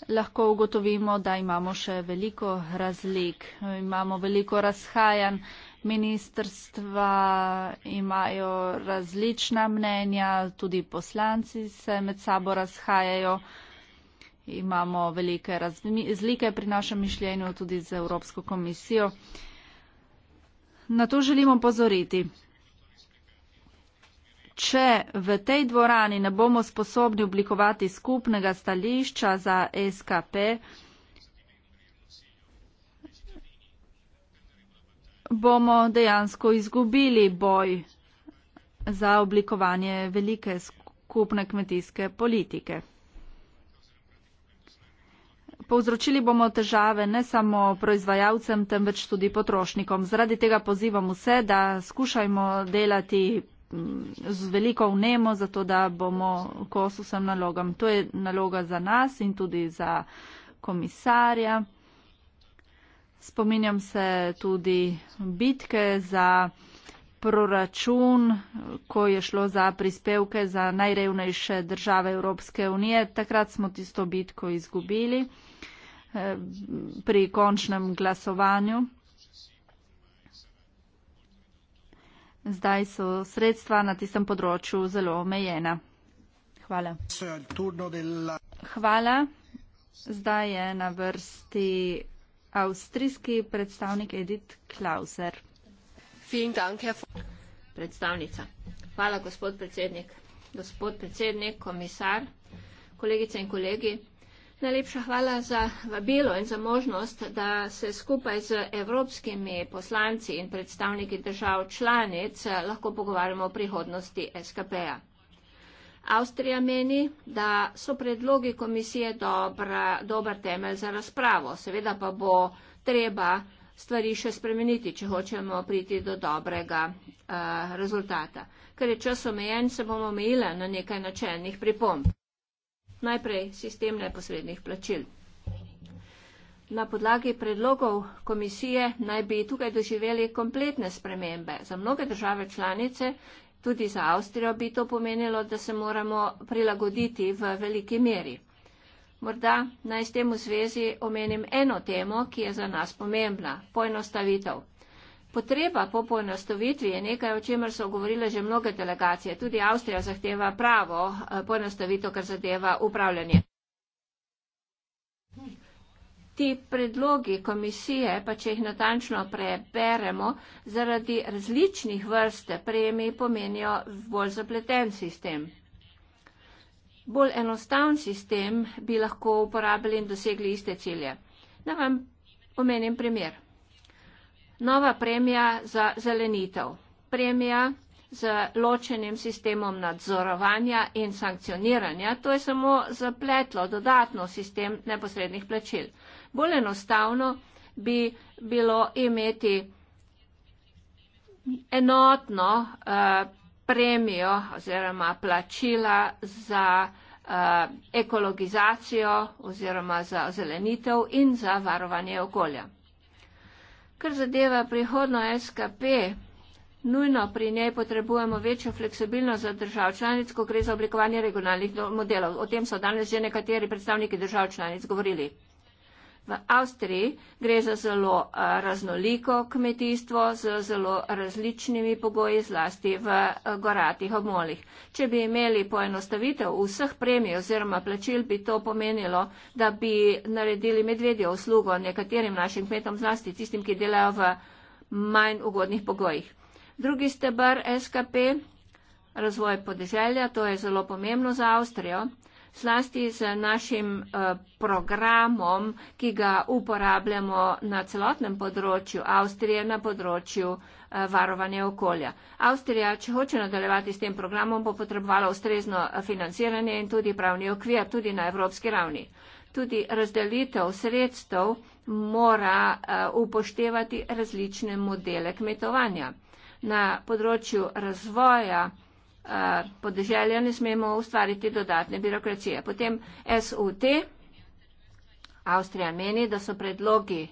lahko ugotovimo, da imamo še veliko razlik, imamo veliko razhajanj, ministrstva imajo različna mnenja, tudi poslanci se med sabo razhajajo, imamo velike razlike pri našem mišljenju tudi z Evropsko komisijo. Na to želimo pozoriti če v tej dvorani ne bomo sposobni oblikovati skupnega stališča za SKP, bomo dejansko izgubili boj za oblikovanje velike skupne kmetijske politike. Povzročili bomo težave ne samo proizvajalcem, temveč tudi potrošnikom. Zaradi tega pozivam vse, da skušajmo delati z veliko vnemo, zato da bomo kos vsem nalogam. To je naloga za nas in tudi za komisarja. Spominjam se tudi bitke za proračun, ko je šlo za prispevke za najrevnejše države Evropske unije. Takrat smo tisto bitko izgubili eh, pri končnem glasovanju. Zdaj so sredstva na tistem področju zelo omejena. Hvala. Hvala. Zdaj je na vrsti avstrijski predstavnik Edith Klauser. Predstavnica. Hvala, gospod predsednik. Gospod predsednik, komisar, kolegice in kolegi. Najlepša hvala za vabilo in za možnost, da se skupaj z evropskimi poslanci in predstavniki držav članic eh, lahko pogovarjamo o prihodnosti SKP-ja. Avstrija meni, da so predlogi komisije dobra, dober temelj za razpravo. Seveda pa bo treba stvari še spremeniti, če hočemo priti do dobrega uh, rezultata. Ker je čas omejen, se bomo omejili na nekaj načelnih pripomb najprej sistem neposrednih plačil. Na podlagi predlogov komisije naj bi tukaj doživeli kompletne spremembe. Za mnoge države članice, tudi za Avstrijo, bi to pomenilo, da se moramo prilagoditi v veliki meri. Morda naj s tem v zvezi omenim eno temo, ki je za nas pomembna, poenostavitev. Potreba po poenostavitvi je nekaj, o čemer so govorile že mnoge delegacije. Tudi Avstrija zahteva pravo eh, poenostavitev, kar zadeva upravljanje. Ti predlogi komisije, pa če jih natančno preberemo, zaradi različnih vrste premij pomenijo bolj zapleten sistem. Bolj enostaven sistem bi lahko uporabili in dosegli iste cilje. Naj vam omenim primer nova premija za zelenitev. Premija z ločenim sistemom nadzorovanja in sankcioniranja, to je samo zapletlo dodatno sistem neposrednih plačil. Bolj enostavno bi bilo imeti enotno uh, premijo oziroma plačila za uh, ekologizacijo oziroma za ozelenitev in za varovanje okolja. Kar zadeva prihodno SKP, nujno pri njej potrebujemo večjo fleksibilnost za držav članic, ko gre za oblikovanje regionalnih modelov. O tem so danes že nekateri predstavniki držav članic govorili. V Avstriji gre za zelo eh, raznoliko kmetijstvo z zelo različnimi pogoji, zlasti v eh, goratih obmolih. Če bi imeli poenostavitev vseh premij oziroma plačil, bi to pomenilo, da bi naredili medvedjo uslugo nekaterim našim kmetom, zlasti tistim, ki delajo v manj ugodnih pogojih. Drugi stebr SKP, razvoj podeželja, to je zelo pomembno za Avstrijo zlasti z našim eh, programom, ki ga uporabljamo na celotnem področju Avstrije, na področju eh, varovanja okolja. Avstrija, če hoče nadaljevati s tem programom, bo potrebovala ustrezno eh, financiranje in tudi pravni okvir, tudi na evropski ravni. Tudi razdelitev sredstev mora upoštevati različne modele kmetovanja. Na področju razvoja podeželja ne smemo ustvariti dodatne birokracije. Potem SUT, Avstrija meni, da so predlogi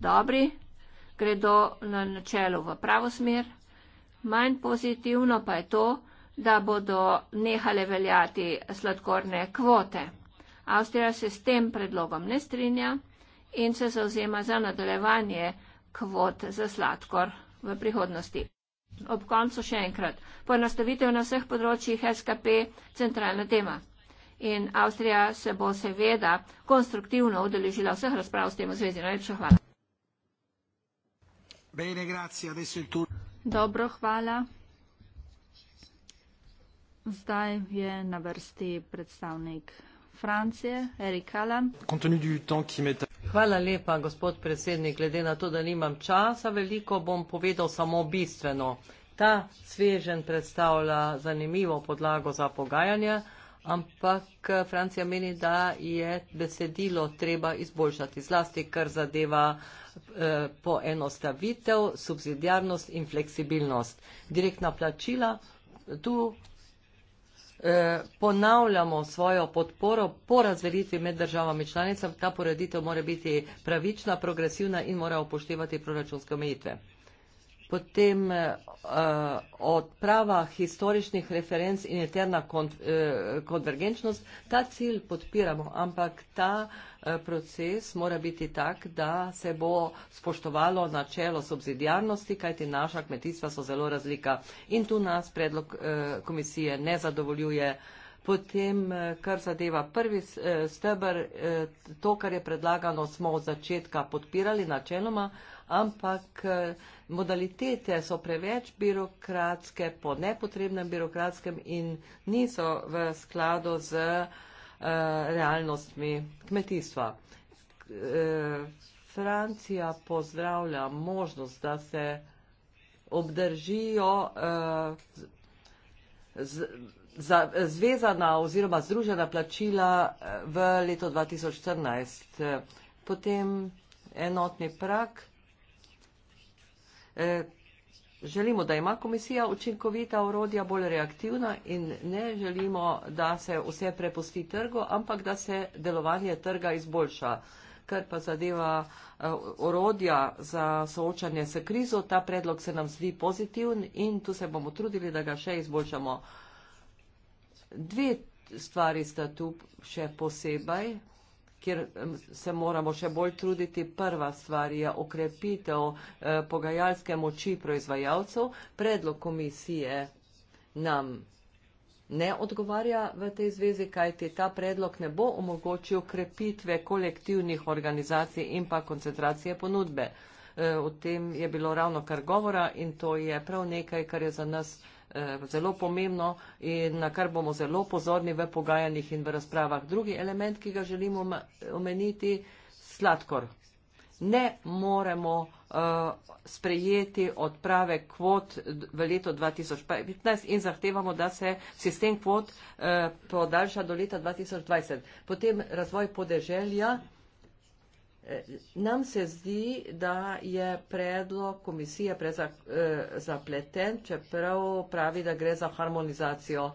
dobri, gredo na načelu v pravo smer. Manj pozitivno pa je to, da bodo nehale veljati sladkorne kvote. Avstrija se s tem predlogom ne strinja in se zauzema za nadaljevanje kvot za sladkor v prihodnosti. Ob koncu še enkrat. Poenostavitev na vseh področjih SKP centralna tema. In Avstrija se bo seveda konstruktivno udeležila vseh razprav s tem v zvezi. Najlepša hvala. Bene, grazie, tu... Dobro, hvala. Zdaj je na vrsti predstavnik Francije, Erik Kalan. Hvala lepa, gospod predsednik. Glede na to, da nimam časa, veliko bom povedal samo bistveno. Ta svežen predstavlja zanimivo podlago za pogajanja, ampak Francija meni, da je besedilo treba izboljšati, zlasti kar zadeva eh, poenostavitev, subsidijarnost in fleksibilnost. Direktna plačila, tu Eh, ponavljamo svojo podporo po razdelitvi med državami članicam. Ta poreditev mora biti pravična, progresivna in mora upoštevati proračunske omejitve potem uh, odprava historičnih referenc in eterna kont, uh, konvergenčnost, ta cilj podpiramo, ampak ta uh, proces mora biti tak, da se bo spoštovalo načelo subsidijarnosti, kajti naša kmetijstva so zelo razlika in tu nas predlog uh, komisije ne zadovoljuje. Potem, kar zadeva prvi stebr, to, kar je predlagano, smo od začetka podpirali načeloma, ampak eh, modalitete so preveč birokratske, po nepotrebnem birokratskem in niso v skladu z eh, realnostmi kmetijstva. Eh, Francija pozdravlja možnost, da se obdržijo zvezana oziroma združena plačila v leto 2014. Potem enotni prak Eh, želimo, da ima komisija učinkovita orodja, bolj reaktivna in ne želimo, da se vse prepusti trgu, ampak da se delovanje trga izboljša. Kar pa zadeva eh, orodja za soočanje s krizo, ta predlog se nam zdi pozitivn in tu se bomo trudili, da ga še izboljšamo. Dve stvari sta tu še posebej kjer se moramo še bolj truditi. Prva stvar je okrepitev eh, pogajalske moči proizvajalcev. Predlog komisije nam ne odgovarja v tej zvezi, kajti ta predlog ne bo omogočil krepitve kolektivnih organizacij in pa koncentracije ponudbe. Eh, o tem je bilo ravno kar govora in to je prav nekaj, kar je za nas nekaj. Eh, zelo pomembno in na kar bomo zelo pozorni v pogajanjih in v razpravah. Drugi element, ki ga želimo omeniti, sladkor. Ne moremo uh, sprejeti odprave kvot v leto 2015 in zahtevamo, da se sistem kvot uh, podaljša do leta 2020. Potem razvoj podeželja. Nam se zdi, da je predlog komisije prezapleten, eh, čeprav pravi, da gre za harmonizacijo.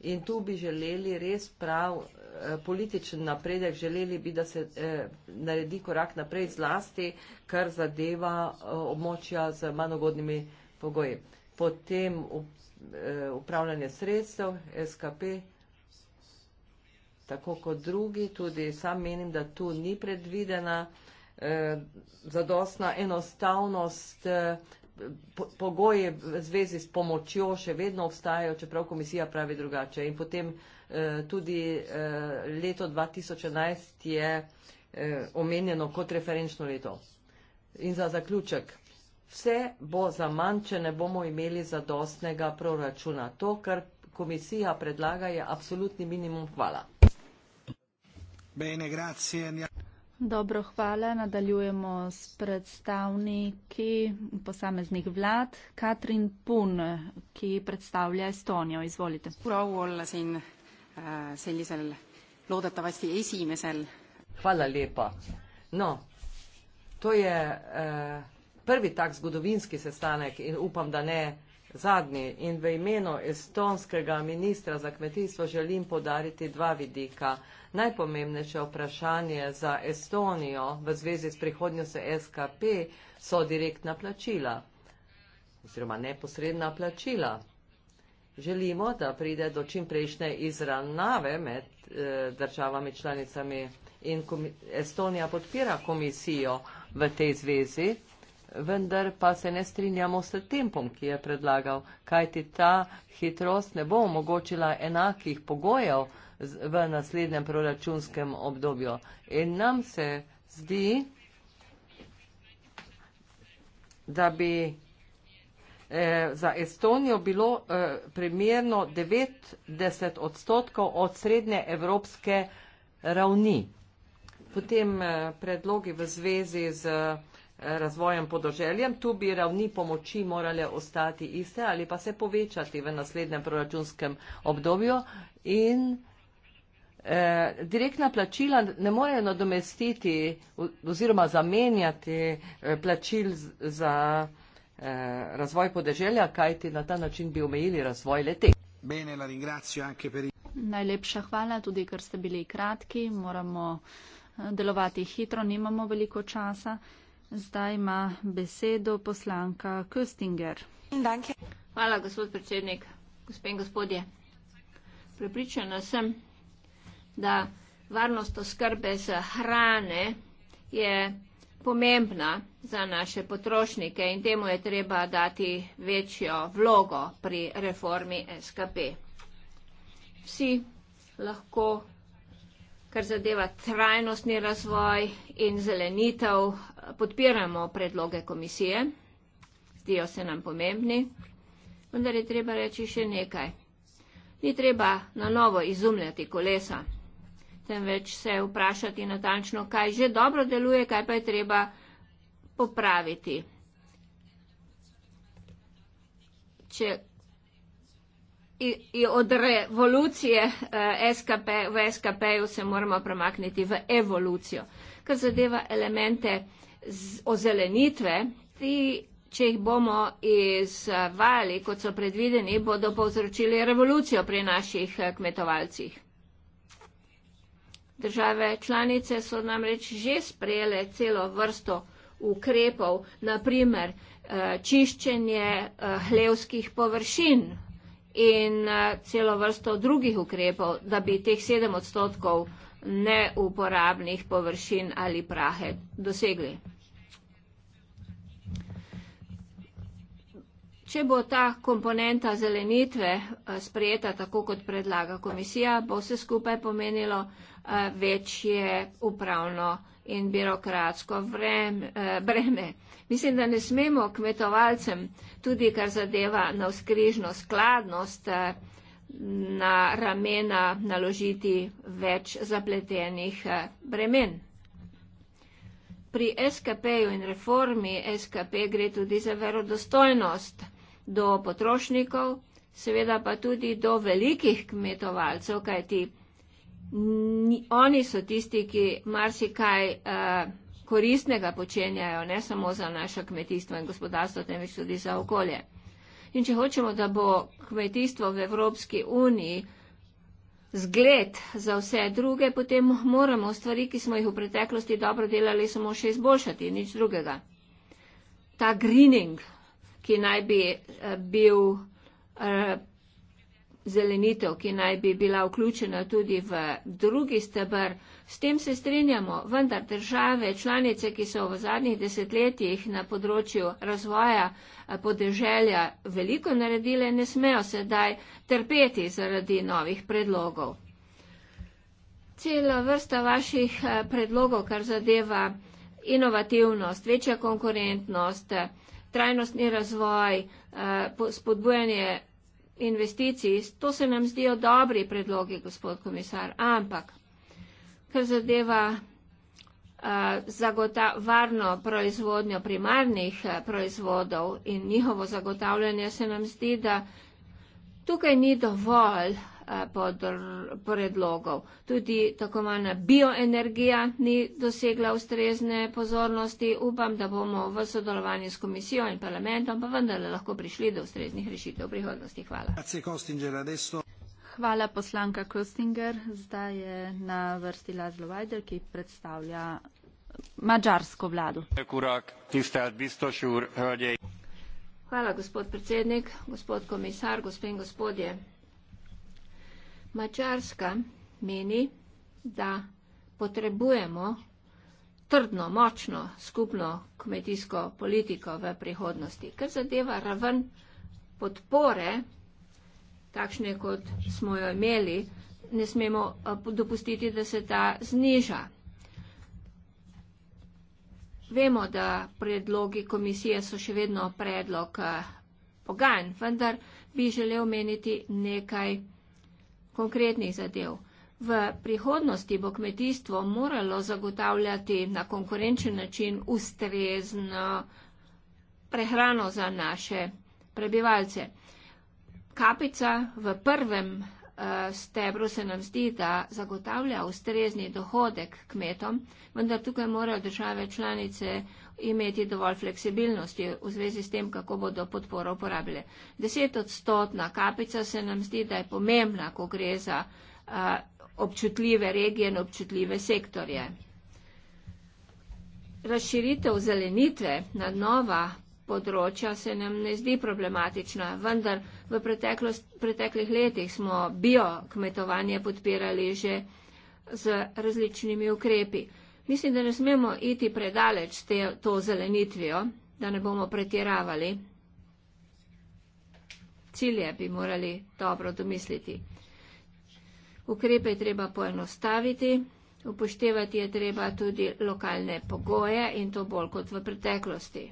In tu bi želeli res prav eh, političen napredek, želeli bi, da se eh, naredi korak naprej zlasti, kar zadeva območja z manjogodnimi pogoji. Potem upravljanje sredstev, SKP, tako kot drugi, tudi sam menim, da tu ni predvidena eh, zadostna enostavnost, eh, po, pogoji v zvezi s pomočjo še vedno obstajajo, čeprav komisija pravi drugače. In potem eh, tudi eh, leto 2011 je eh, omenjeno kot referenčno leto. In za zaključek. Vse bo za manj, če ne bomo imeli zadostnega proračuna. To, kar komisija predlaga, je absolutni minimum. Hvala. Bene, grazie. Dobro, hvala. Nadaljujemo s predstavniki posameznih vlad. Katrin Pun, ki predstavlja Estonijo. Izvolite. Äh, hvala lepa. No, to je eh, prvi tak zgodovinski sestanek in upam, da ne Zadnji in v imenu estonskega ministra za kmetijstvo želim podariti dva vidika. Najpomembnejše vprašanje za Estonijo v zvezi s prihodnjostjo SKP so direktna plačila oziroma neposredna plačila. Želimo, da pride do čim prejšnje izravnave med eh, državami članicami in Estonija podpira komisijo v tej zvezi vendar pa se ne strinjamo s tempom, ki je predlagal, kajti ta hitrost ne bo omogočila enakih pogojev v naslednjem proračunskem obdobju. In nam se zdi, da bi eh, za Estonijo bilo eh, primerno 90 odstotkov od srednje evropske ravni. Potem eh, predlogi v zvezi z eh, razvojem podoželjem. Tu bi ravni pomoči morale ostati iste ali pa se povečati v naslednjem proračunskem obdobju. In eh, direktna plačila ne morejo nadomestiti oziroma zamenjati eh, plačil za eh, razvoj podeželja, kajti na ta način bi omejili razvoj lete. Bene, la Najlepša hvala, tudi ker ste bili kratki, moramo eh, delovati hitro, nimamo veliko časa. Zdaj ima besedo poslanka Köstinger. Hvala, gospod predsednik, gospe in gospodje. Prepričana sem, da varnost oskrbe z hrane je pomembna za naše potrošnike in temu je treba dati večjo vlogo pri reformi SKP. Vsi lahko kar zadeva trajnostni razvoj in zelenitev, podpiramo predloge komisije. Zdijo se nam pomembni, vendar je treba reči še nekaj. Ni treba na novo izumljati kolesa, temveč se vprašati natančno, kaj že dobro deluje, kaj pa je treba popraviti. Če in od revolucije eh, SKP, v SKP-ju se moramo premakniti v evolucijo. Kar zadeva elemente ozelenitve, ti, če jih bomo izvajali, kot so predvideni, bodo povzročili revolucijo pri naših eh, kmetovalcih. Države članice so namreč že sprejele celo vrsto ukrepov, naprimer eh, čiščenje hlevskih površin in eh, celo vrsto drugih ukrepov, da bi teh 7 odstotkov neuporabnih površin ali prahe dosegli. Če bo ta komponenta zelenitve eh, sprejeta tako, kot predlaga komisija, bo se skupaj pomenilo eh, večje upravno in birokratsko eh, breme. Mislim, da ne smemo kmetovalcem, tudi kar zadeva na vzkrižno skladnost, na ramena naložiti več zapletenih bremen. Pri SKP-ju in reformi SKP gre tudi za verodostojnost do potrošnikov, seveda pa tudi do velikih kmetovalcev, kajti oni so tisti, ki marsikaj eh, koristnega počenjajo, ne samo za naše kmetijstvo in gospodarstvo, temveč tudi za okolje. In če hočemo, da bo kmetijstvo v Evropski uniji zgled za vse druge, potem moramo stvari, ki smo jih v preteklosti dobro delali, samo še izboljšati, nič drugega. Ta greening, ki naj bi eh, bil eh, zelenitev, ki naj bi bila vključena tudi v drugi stebr. S tem se strinjamo, vendar države, članice, ki so v zadnjih desetletjih na področju razvoja eh, podeželja veliko naredile, ne smejo sedaj trpeti zaradi novih predlogov. Cela vrsta vaših predlogov, kar zadeva inovativnost, večja konkurentnost, trajnostni razvoj, eh, spodbujanje investicij, to se nam zdijo dobri predlogi, gospod komisar, ampak kar zadeva eh, zagota, varno proizvodnjo primarnih eh, proizvodov in njihovo zagotavljanje, se nam zdi, da tukaj ni dovolj Eh, predlogov. Tudi tako imena bioenergija ni dosegla ustrezne pozornosti. Upam, da bomo v sodelovanju s komisijo in parlamentom pa vendarle lahko prišli do ustreznih rešitev v prihodnosti. Hvala. Hvala poslanka Kostinger. Zdaj je na vrsti Lazlo Vajder, ki predstavlja mađarsko vlado. Hvala, gospod predsednik, gospod komisar, gospe in gospodje. Mačarska meni, da potrebujemo trdno, močno skupno kmetijsko politiko v prihodnosti, ker zadeva raven podpore, takšne kot smo jo imeli, ne smemo eh, dopustiti, da se ta zniža. Vemo, da predlogi komisije so še vedno predlog eh, pogajanj, vendar bi želel meniti nekaj predlogov konkretnih zadev. V prihodnosti bo kmetijstvo moralo zagotavljati na konkurenčen način ustrezno prehrano za naše prebivalce. Kapica v prvem uh, stebru se nam zdi, da zagotavlja ustrezni dohodek kmetom, vendar tukaj morajo države članice uh, imeti dovolj fleksibilnosti v zvezi s tem, kako bodo podporo uporabile. Desetodstotna kapica se nam zdi, da je pomembna, ko gre za a, občutljive regije in občutljive sektorje. Razširitev zelenitve na nova področja se nam ne zdi problematična, vendar v preteklih letih smo biokmetovanje podpirali že z različnimi ukrepi. Mislim, da ne smemo iti predaleč te, to zelenitvijo, da ne bomo pretiravali. Cilje bi morali dobro domisliti. Ukrepe je treba poenostaviti, upoštevati je treba tudi lokalne pogoje in to bolj kot v preteklosti.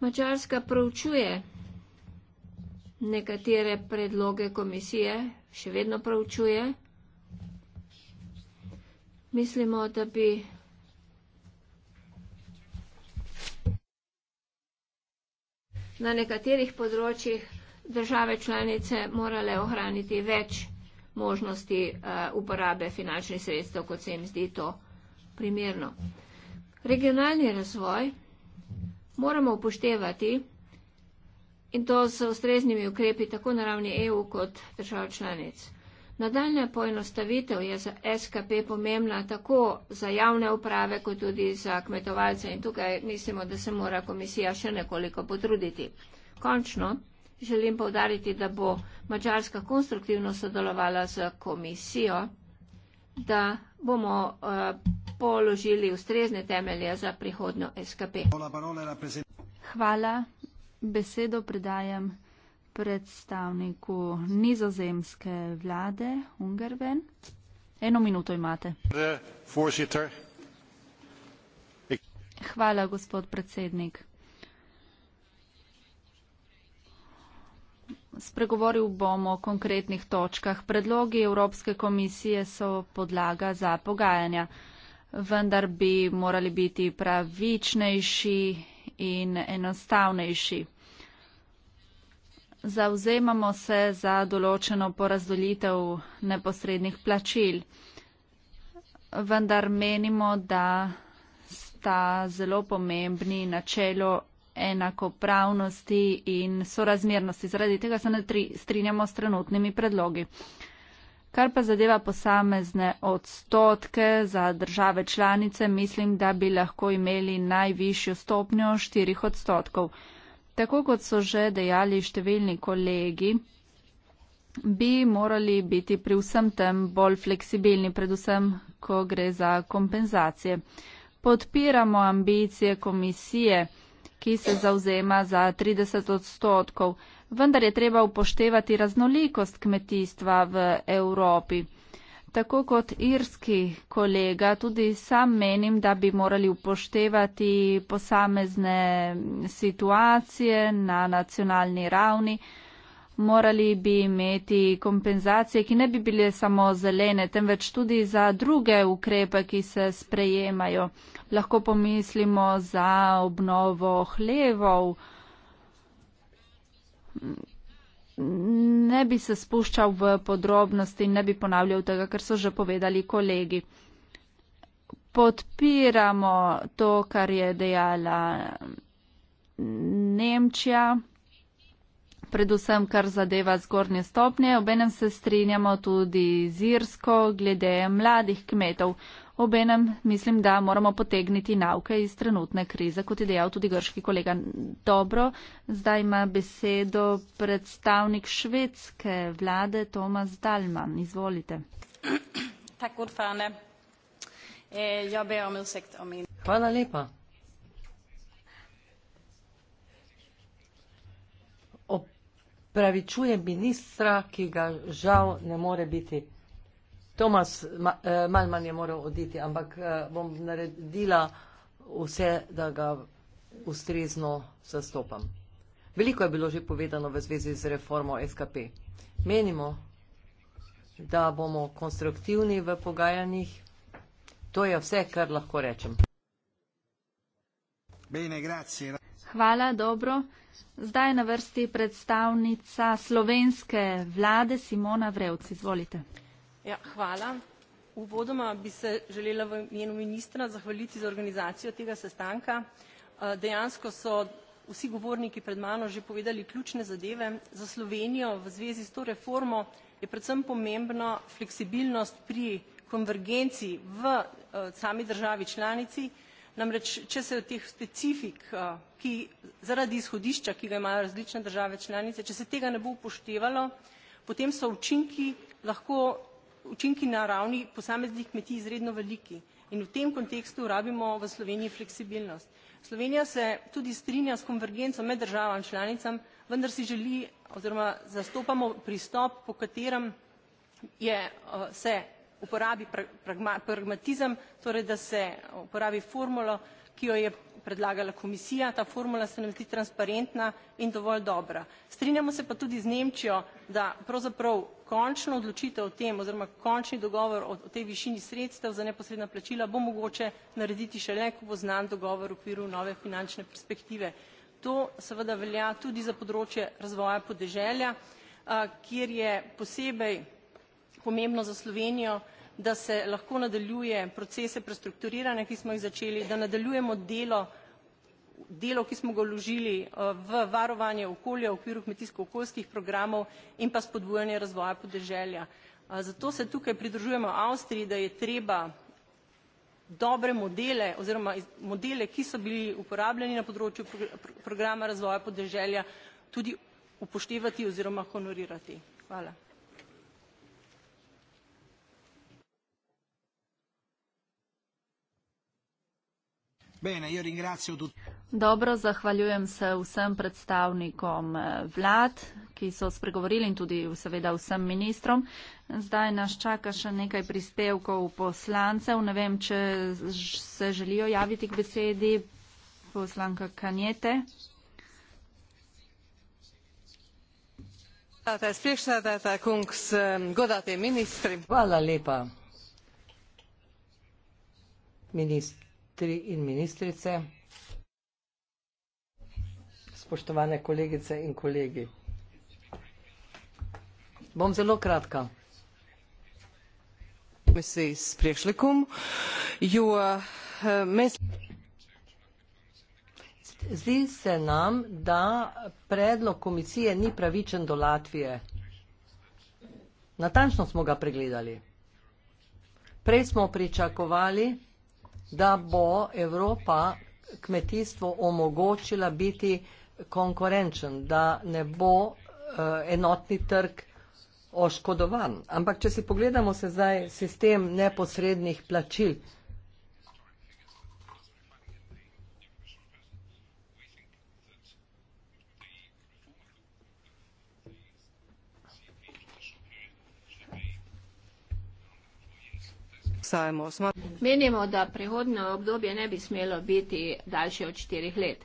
Mačarska proučuje nekatere predloge komisije, še vedno proučuje mislimo, da bi. Na nekaterih področjih države članice morale ohraniti več možnosti uh, uporabe finančnih sredstev, kot se jim zdi to primerno. Regionalni razvoj moramo upoštevati in to z ustreznimi ukrepi tako na ravni EU kot držav članic. Nadaljna poenostavitev je za SKP pomembna tako za javne uprave, kot tudi za kmetovalce in tukaj mislimo, da se mora komisija še nekoliko potruditi. Končno želim povdariti, da bo Mačarska konstruktivno sodelovala z komisijo, da bomo uh, položili ustrezne temelje za prihodno SKP. Hvala, besedo predajam predstavniku nizozemske vlade Ungerven. Eno minuto imate. Hvala, gospod predsednik. Spregovoril bom o konkretnih točkah. Predlogi Evropske komisije so podlaga za pogajanja, vendar bi morali biti pravičnejši in enostavnejši zauzemamo se za določeno porazdolitev neposrednih plačil, vendar menimo, da sta zelo pomembni načelo enakopravnosti in sorazmernosti. Zaradi tega se ne strinjamo s trenutnimi predlogi. Kar pa zadeva posamezne odstotke za države članice, mislim, da bi lahko imeli najvišjo stopnjo štirih odstotkov tako kot so že dejali številni kolegi, bi morali biti pri vsem tem bolj fleksibilni, predvsem, ko gre za kompenzacije. Podpiramo ambicije komisije, ki se zauzema za 30 odstotkov, vendar je treba upoštevati raznolikost kmetijstva v Evropi. Tako kot irski kolega, tudi sam menim, da bi morali upoštevati posamezne situacije na nacionalni ravni. Morali bi imeti kompenzacije, ki ne bi bile samo zelene, temveč tudi za druge ukrepe, ki se sprejemajo. Lahko pomislimo za obnovo hlevov ne bi se spuščal v podrobnosti in ne bi ponavljal tega, kar so že povedali kolegi. Podpiramo to, kar je dejala Nemčija, predvsem kar zadeva zgornje stopnje. Obenem se strinjamo tudi z Irsko glede mladih kmetov. Obenem mislim, da moramo potegniti nauke iz trenutne krize, kot je dejal tudi grški kolega. Dobro, zdaj ima besedo predstavnik švedske vlade Tomas Dalman. Izvolite. E, ja, Hvala lepa. Opravičujem ministra, ki ga žal ne more biti. Tomas eh, Malman je moral oditi, ampak eh, bom naredila vse, da ga ustrezno zastopam. Veliko je bilo že povedano v zvezi z reformo SKP. Menimo, da bomo konstruktivni v pogajanjih. To je vse, kar lahko rečem. Hvala, dobro. Zdaj je na vrsti predstavnica slovenske vlade Simona Vrevci. Izvolite. Ja, hvala. Uvodoma bi se želela v imenu ministra zahvaliti za organizacijo tega sestanka. Eh, dejansko so vsi govorniki pred mano že povedali ključne zadeve. Za Slovenijo v zvezi s to reformo je predvsem pomembno fleksibilnost pri konvergenci v eh, sami državi članici. Namreč, če se teh specifik, eh, ki zaradi izhodišča, ki ga imajo različne države članice, če se tega ne bo upoštevalo, potem so učinki lahko učinki na ravni posameznih kmetij izredno veliki. In v tem kontekstu rabimo v Sloveniji fleksibilnost. Slovenija se tudi strinja s konvergenco med državam članicam, vendar si želi oziroma zastopamo pristop, po katerem je, se uporabi pragma, pragmatizem, torej da se uporabi formulo, ki jo je predlagala komisija. Ta formula se nam zdi transparentna in dovolj dobra. Strinjamo se pa tudi z Nemčijo, da pravzaprav končno odločitev o tem oziroma končni dogovor o tej višini sredstev za neposredna plačila bo mogoče narediti šele, ko bo znan dogovor v okviru nove finančne perspektive. To seveda velja tudi za področje razvoja podeželja, kjer je posebej pomembno za Slovenijo, da se lahko nadaljuje procese prestrukturiranja, ki smo jih začeli, da nadaljujemo delo, delo, ki smo ga vložili eh, v varovanje okolja v okviru kmetijsko-okoljskih programov in pa spodbujanje razvoja podeželja. Eh, zato se tukaj pridružujemo Avstriji, da je treba dobre modele oziroma modele, ki so bili uporabljeni na področju programa razvoja podeželja, tudi upoštevati oziroma honorirati. Hvala. Bene, io ringrazio tutti. Dobro, zahvaljujem se vsem predstavnikom eh, vlad, ki so spregovorili in tudi seveda vsem ministrom. Zdaj nas čaka še nekaj prispevkov poslancev. Ne vem, če se želijo javiti k besedi poslanka Kanjete. Eh, Hvala lepa, ministr ministri in ministrice, spoštovane kolegice in kolegi. Bom zelo kratka. Zdi se nam, da predlog komisije ni pravičen do Latvije. Natančno smo ga pregledali. Prej smo pričakovali, da je to nekaj, da bo Evropa kmetijstvo omogočila biti konkurenčen, da ne bo eh, enotni trg oškodovan. Ampak, če si pogledamo se zdaj sistem neposrednih plačil, obstajamo. Smar Menimo, da prihodno obdobje ne bi smelo biti daljše od štirih let.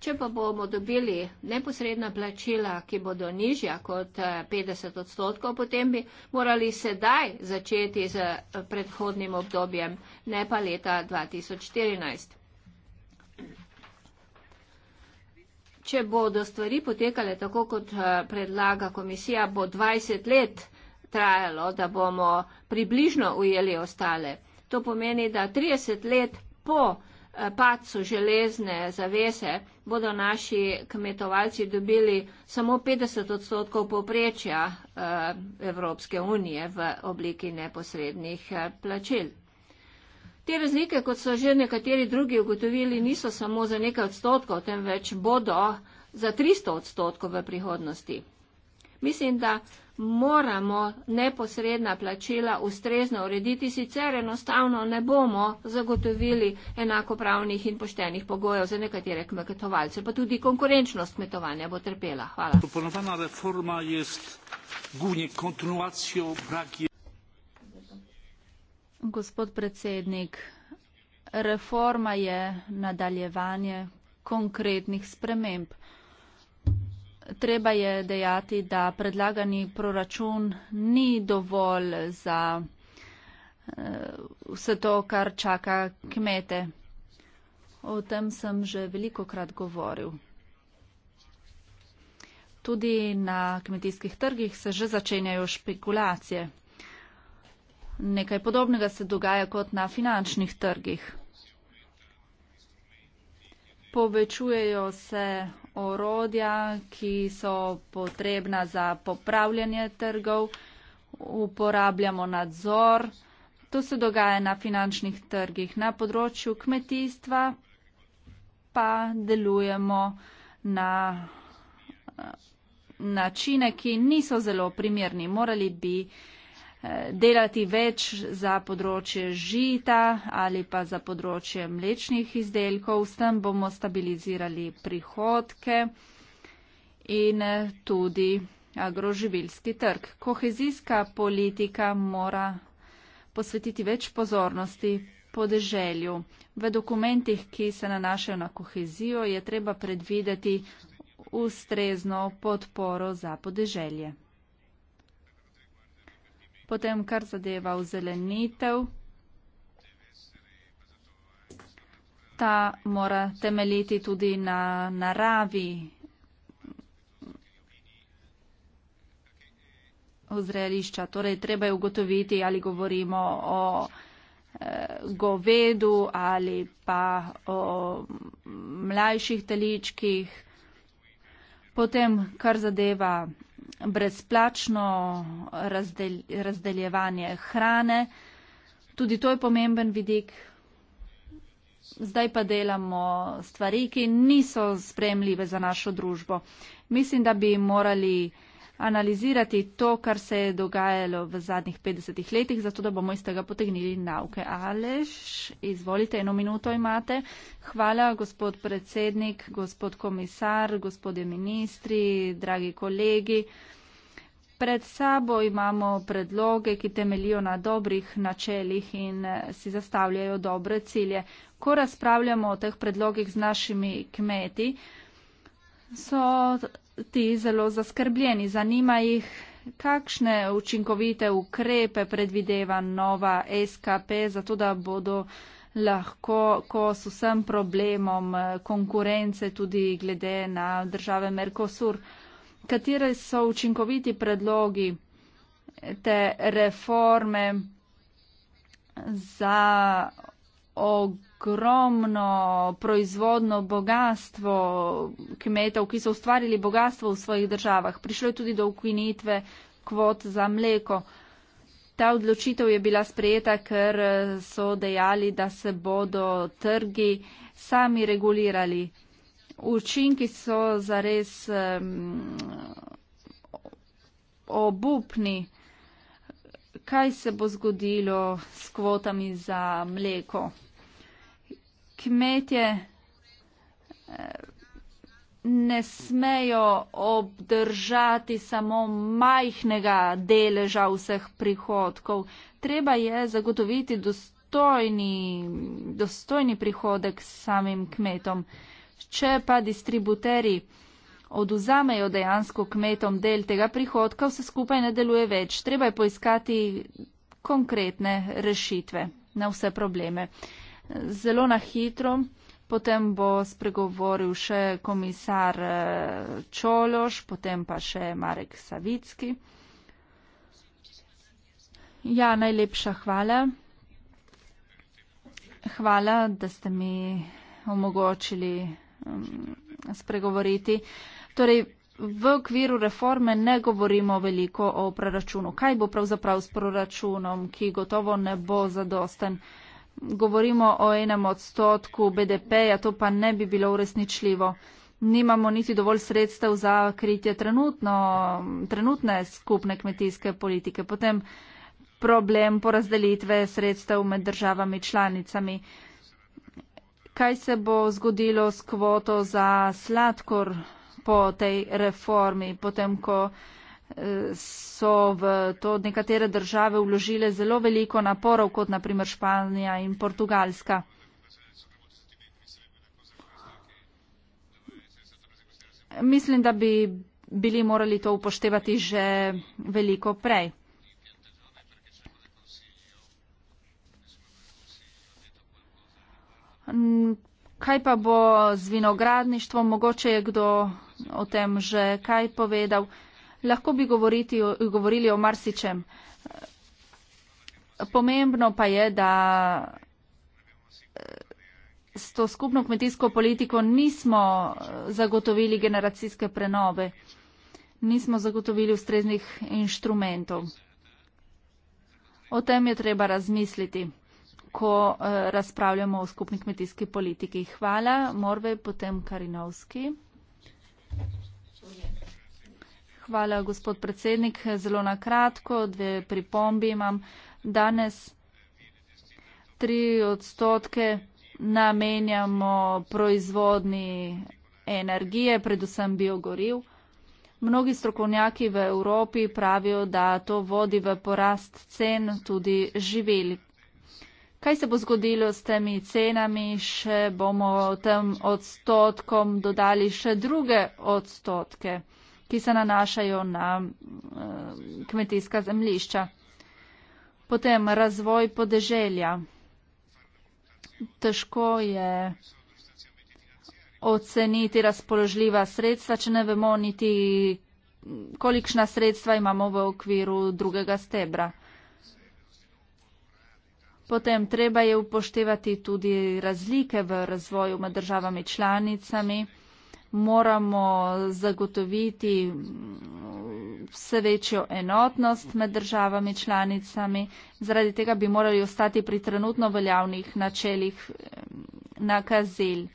Če pa bomo dobili neposredna plačila, ki bodo nižja kot 50 eh, odstotkov, potem bi morali sedaj začeti z eh, predhodnim obdobjem, ne pa leta 2014. Če bodo stvari potekale tako, kot eh, predlaga komisija, bo 20 let trajalo, da bomo približno ujeli ostale. To pomeni, da 30 let po eh, padcu železne zavese bodo naši kmetovalci dobili samo 50 odstotkov poprečja eh, Evropske unije v obliki neposrednih eh, plačil. Te razlike, kot so že nekateri drugi ugotovili, niso samo za nekaj odstotkov, temveč bodo za 300 odstotkov v prihodnosti. Mislim, da moramo neposredna plačila ustrezno urediti, sicer enostavno ne bomo zagotovili enakopravnih in poštenih pogojev za nekatere kmetovalce, pa tudi konkurenčnost kmetovanja bo trpela. Hvala. Proponovana reforma je gunje kontinuacijo brakje. Gospod predsednik, reforma je nadaljevanje konkretnih sprememb. Treba je dejati, da predlagani proračun ni dovolj za eh, vse to, kar čaka kmete. O tem sem že veliko krat govoril. Tudi na kmetijskih trgih se že začenjajo špekulacije. Nekaj podobnega se dogaja kot na finančnih trgih. Povečujejo se orodja, ki so potrebna za popravljanje trgov, uporabljamo nadzor. To se dogaja na finančnih trgih. Na področju kmetijstva pa delujemo na eh, načine, ki niso zelo primerni. Morali bi uh, delati več za področje žita ali pa za področje mlečnih izdelkov, s tem bomo stabilizirali prihodke in eh, tudi agroživilski trg. Kohezijska politika mora posvetiti več pozornosti podeželju. V dokumentih, ki se nanašajo na kohezijo, je treba predvideti ustrezno podporo za podeželje. Potem, kar zadeva v zelenitev, ta mora temeljiti tudi na naravi. Ozrelišča. Torej, treba je ugotoviti, ali govorimo o e, govedu ali pa o mlajših teličkih. Potem, kar zadeva brezplačno razdelj, razdeljevanje hrane. Tudi to je pomemben vidik. Zdaj pa delamo stvari, ki niso spremljive za našo družbo. Mislim, da bi morali analizirati to, kar se je dogajalo v zadnjih 50 letih, zato da bomo iz tega potegnili nauke. Alež, izvolite, eno minuto imate. Hvala, gospod predsednik, gospod komisar, gospodje ministri, dragi kolegi. Pred sabo imamo predloge, ki temelijo na dobrih načeljih in eh, si zastavljajo dobre cilje. Ko razpravljamo o teh predlogih z našimi kmeti, so ti zelo zaskrbljeni. Zanima jih, kakšne učinkovite ukrepe predvideva nova SKP, zato da bodo lahko, ko so vsem problemom eh, konkurence tudi glede na države Mercosur, katere so učinkoviti predlogi te reforme za ogromno ogromno proizvodno bogatstvo kmetov, ki so ustvarili bogatstvo v svojih državah. Prišlo je tudi do ukinitve kvot za mleko. Ta odločitev je bila sprejeta, ker so dejali, da se bodo trgi sami regulirali. Učinki so zares um, obupni. Kaj se bo zgodilo s kvotami za mleko? kmetje eh, ne smejo obdržati samo majhnega deleža vseh prihodkov. Treba je zagotoviti dostojni, dostojni prihodek samim kmetom. Če pa distributeri oduzamejo dejansko kmetom del tega prihodka, vse skupaj ne deluje več. Treba je poiskati konkretne rešitve na vse probleme zelo na hitro. Potem bo spregovoril še komisar eh, Čološ, potem pa še Marek Savicki. Ja, najlepša hvala. Hvala, da ste mi omogočili mm, spregovoriti. Torej, v okviru reforme ne govorimo veliko o proračunu. Kaj bo pravzaprav s proračunom, ki gotovo ne bo zadosten? govorimo o enem odstotku BDP-ja, to pa ne bi bilo uresničljivo. Nimamo niti dovolj sredstev za kritje trenutno, trenutne skupne kmetijske politike, potem problem porazdelitve sredstev med državami članicami. Kaj se bo zgodilo s kvoto za sladkor po tej reformi, potem ko so v to nekatere države vložile zelo veliko naporov, kot naprimer Španija in Portugalska. Mislim, da bi bili morali to upoštevati že veliko prej. Kaj pa bo z vinogradništvom? Mogoče je kdo o tem že kaj povedal lahko bi govoriti, govorili o marsičem. Pomembno pa je, da eh, s to skupno kmetijsko politiko nismo eh, zagotovili generacijske prenove, nismo zagotovili ustreznih inštrumentov. O tem je treba razmisliti, ko eh, razpravljamo o skupni kmetijski politiki. Hvala, Morve, potem Karinovski. Thank you. Hvala, gospod predsednik. Zelo na kratko, dve pripombi imam. Danes tri odstotke namenjamo proizvodni energije, predvsem biogoriv. Mnogi strokovnjaki v Evropi pravijo, da to vodi v porast cen tudi živeli. Kaj se bo zgodilo s temi cenami, še bomo tem odstotkom dodali še druge odstotke ki se nanašajo na eh, kmetijska zemlišča. Potem razvoj podeželja. Težko je oceniti razpoložljiva sredstva, če ne vemo niti, kolikšna sredstva imamo v okviru drugega stebra. Potem treba je upoštevati tudi razlike v razvoju med državami članicami moramo zagotoviti vse večjo enotnost med državami članicami. Zaradi tega bi morali ostati pri trenutno veljavnih načelih nakazil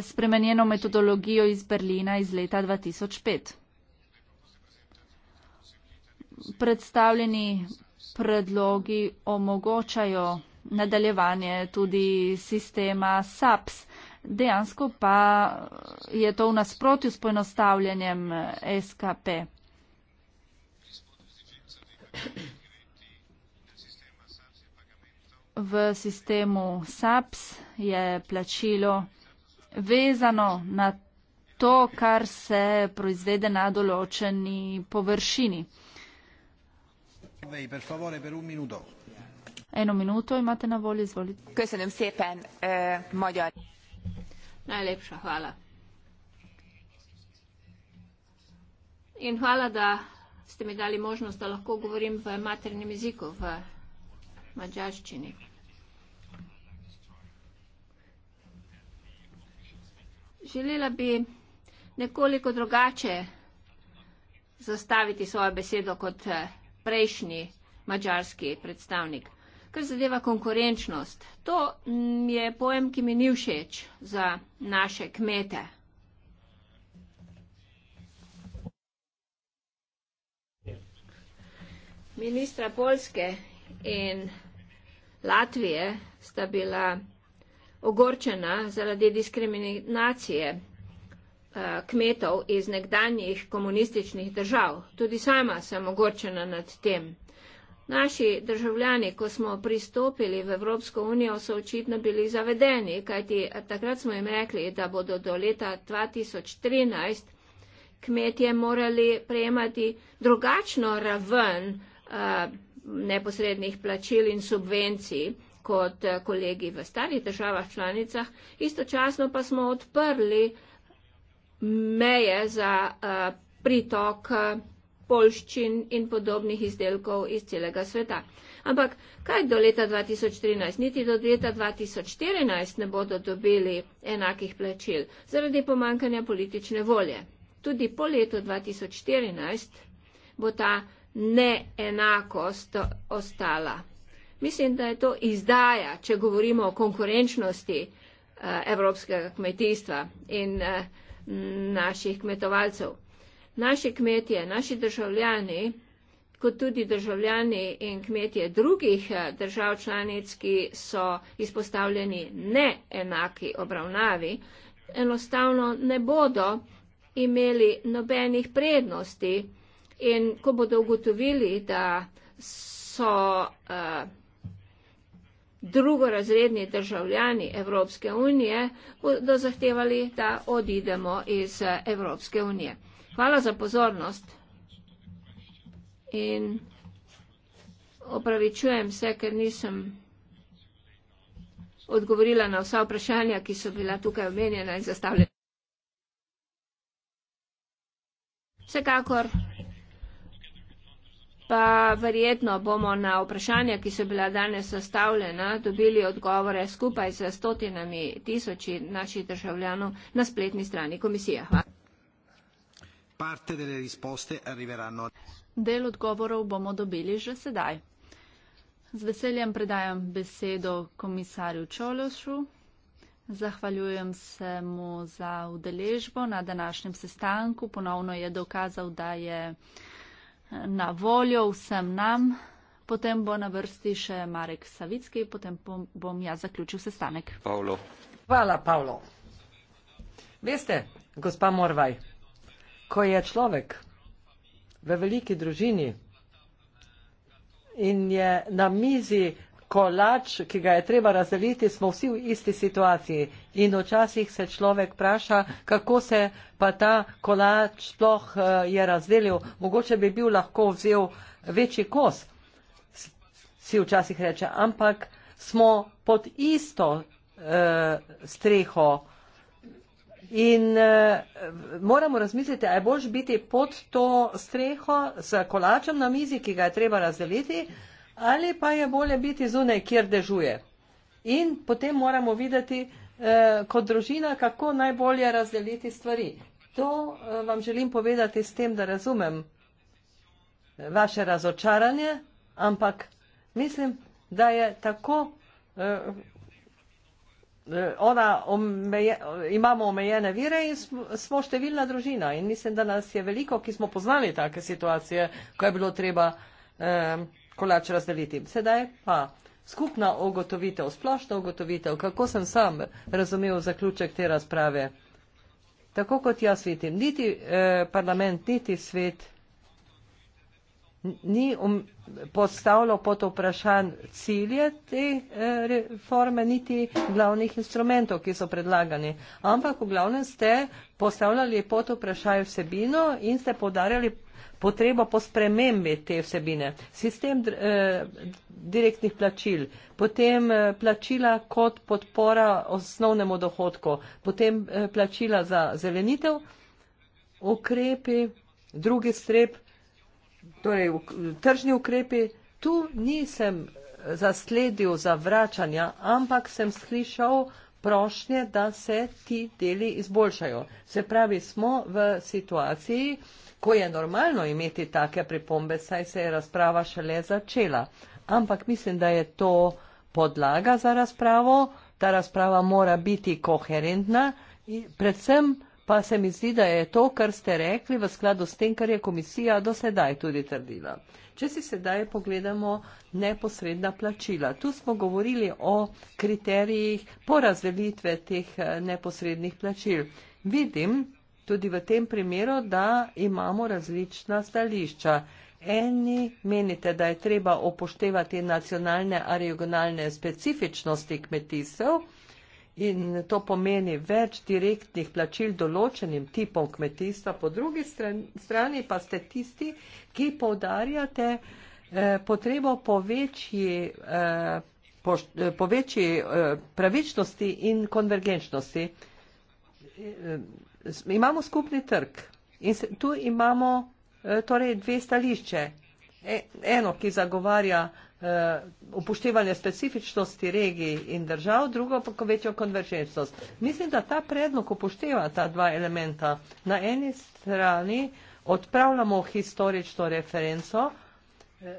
spremenjeno metodologijo iz Berlina iz leta 2005. Predstavljeni predlogi omogočajo nadaljevanje tudi sistema SAPS dejansko pa je to v nasprotju s poenostavljanjem SKP. V sistemu SAPS je plačilo vezano na to, kar se proizvede na določeni površini. Eno minuto imate na voljo, izvolite. Kaj se nam sepen, uh, eh, Mađar? Najlepša hvala. In hvala, da ste mi dali možnost, da lahko govorim v maternem jeziku, v mađarščini. Želela bi nekoliko drugače zastaviti svojo besedo kot eh, prejšnji mađarski predstavnik. Kar zadeva konkurenčnost, to je pojem, ki mi ni všeč za naše kmete. Ministra Poljske in Latvije sta bila ogorčena zaradi diskriminacije eh, kmetov iz nekdanjih komunističnih držav. Tudi sama sem ogorčena nad tem. Naši državljani, ko smo pristopili v Evropsko unijo, so očitno bili zavedeni, kajti takrat smo jim rekli, da bodo do leta 2013 kmetje morali prejemati drugačno raven uh, neposrednih plačil in subvencij kot eh, kolegi v starih državah članicah. Istočasno pa smo odprli meje za uh, pritok. Uh, polščin in podobnih izdelkov iz celega sveta. Ampak kaj do leta 2013? Niti do leta 2014 ne bodo dobili enakih plačil zaradi pomankanja politične volje. Tudi po letu 2014 bo ta neenakost ostala. Mislim, da je to izdaja, če govorimo o konkurenčnosti eh, evropskega kmetijstva in eh, naših kmetovalcev naši kmetje, naši državljani, kot tudi državljani in kmetje drugih eh, držav članic, ki so izpostavljeni neenaki obravnavi, enostavno ne bodo imeli nobenih prednosti in ko bodo ugotovili, da so uh, drugorazredni državljani Evropske unije, bodo zahtevali, da odidemo iz eh, Evropske unije. Hvala za pozornost in opravičujem se, ker nisem odgovorila na vsa vprašanja, ki so bila tukaj omenjena in zastavljena. Vsekakor pa verjetno bomo na vprašanja, ki so bila danes zastavljena, dobili odgovore skupaj z stotinami tisoči naših državljanov na spletni strani komisije. Hvala parte delle risposte arriveranno. Del odgovorov bomo dobili že sedaj. Z veseljem predajam besedo komisarju Čološu. Zahvaljujem se mu za udeležbo na današnjem sestanku. Ponovno je dokazal, da je eh, na voljo vsem nam. Potem bo na vrsti še Marek Savicki, potem bom jaz zaključil sestanek. Paolo. Hvala, Paolo. Veste, gospa Morvaj ko je človek v veliki družini in je na mizi kolač, ki ga je treba razdeliti, smo vsi v isti situaciji. In včasih se človek vpraša, kako se pa ta kolač sploh eh, je razdelil. Mogoče bi bil lahko vzel večji kos, si včasih reče, ampak smo pod isto uh, streho. In uh, moramo razmisliti, ali boš biti pod to streho s kolačem na mizi, ki ga je treba razdeliti, ali pa je bolje biti zunaj, kjer dežuje. In potem moramo videti uh, kot družina, kako najbolje razdeliti stvari. To uh, vam želim povedati s tem, da razumem vaše razočaranje, ampak mislim, da je tako. Uh, E, ona omeje, imamo omejene vire in smo, smo številna družina in mislim, da nas je veliko, ki smo poznali take situacije, ko je bilo treba eh, kolač razdeliti. Sedaj pa skupna ugotovitev, splošna ugotovitev, kako sem sam razumel zaključek te razprave. Tako kot jaz vidim, niti eh, parlament, niti svet ni um, postavilo pod vprašanj cilje te eh, reforme, niti glavnih instrumentov, ki so predlagani. Ampak v glavnem ste postavljali pod vprašanj vsebino in ste podarjali potrebo po spremembi te vsebine. Sistem eh, direktnih plačil, potem eh, plačila kot podpora osnovnemu dohodku, potem plačila za zelenitev, ukrepi, drugi strep torej tržni ukrepi, tu nisem zasledil zavračanja, ampak sem slišal prošnje, da se ti deli izboljšajo. Se pravi, smo v situaciji, ko je normalno imeti take pripombe, saj se je razprava šele začela. Ampak mislim, da je to podlaga za razpravo, ta razprava mora biti koherentna in predvsem pa se mi zdi, da je to, kar ste rekli, v skladu s tem, kar je komisija do sedaj tudi trdila. Če si sedaj pogledamo neposredna plačila, tu smo govorili o kriterijih porazdelitve teh eh, neposrednih plačil. Vidim tudi v tem primeru, da imamo različna stališča. Eni menite, da je treba upoštevati nacionalne ali regionalne specifičnosti kmetijstev, in to pomeni več direktnih plačil določenim tipom kmetijstva, po drugi strani pa ste tisti, ki povdarjate eh, potrebo po večji, eh, po, eh, po večji eh, pravičnosti in konvergenčnosti. Eh, imamo skupni trg in se, tu imamo eh, torej dve stališče. E, eno, ki zagovarja eh, Eh, upoštevanje specifičnosti regij in držav, drugo pa večjo konvergencnost. Mislim, da ta predlog upošteva ta dva elementa. Na eni strani odpravljamo historično referenco, eh,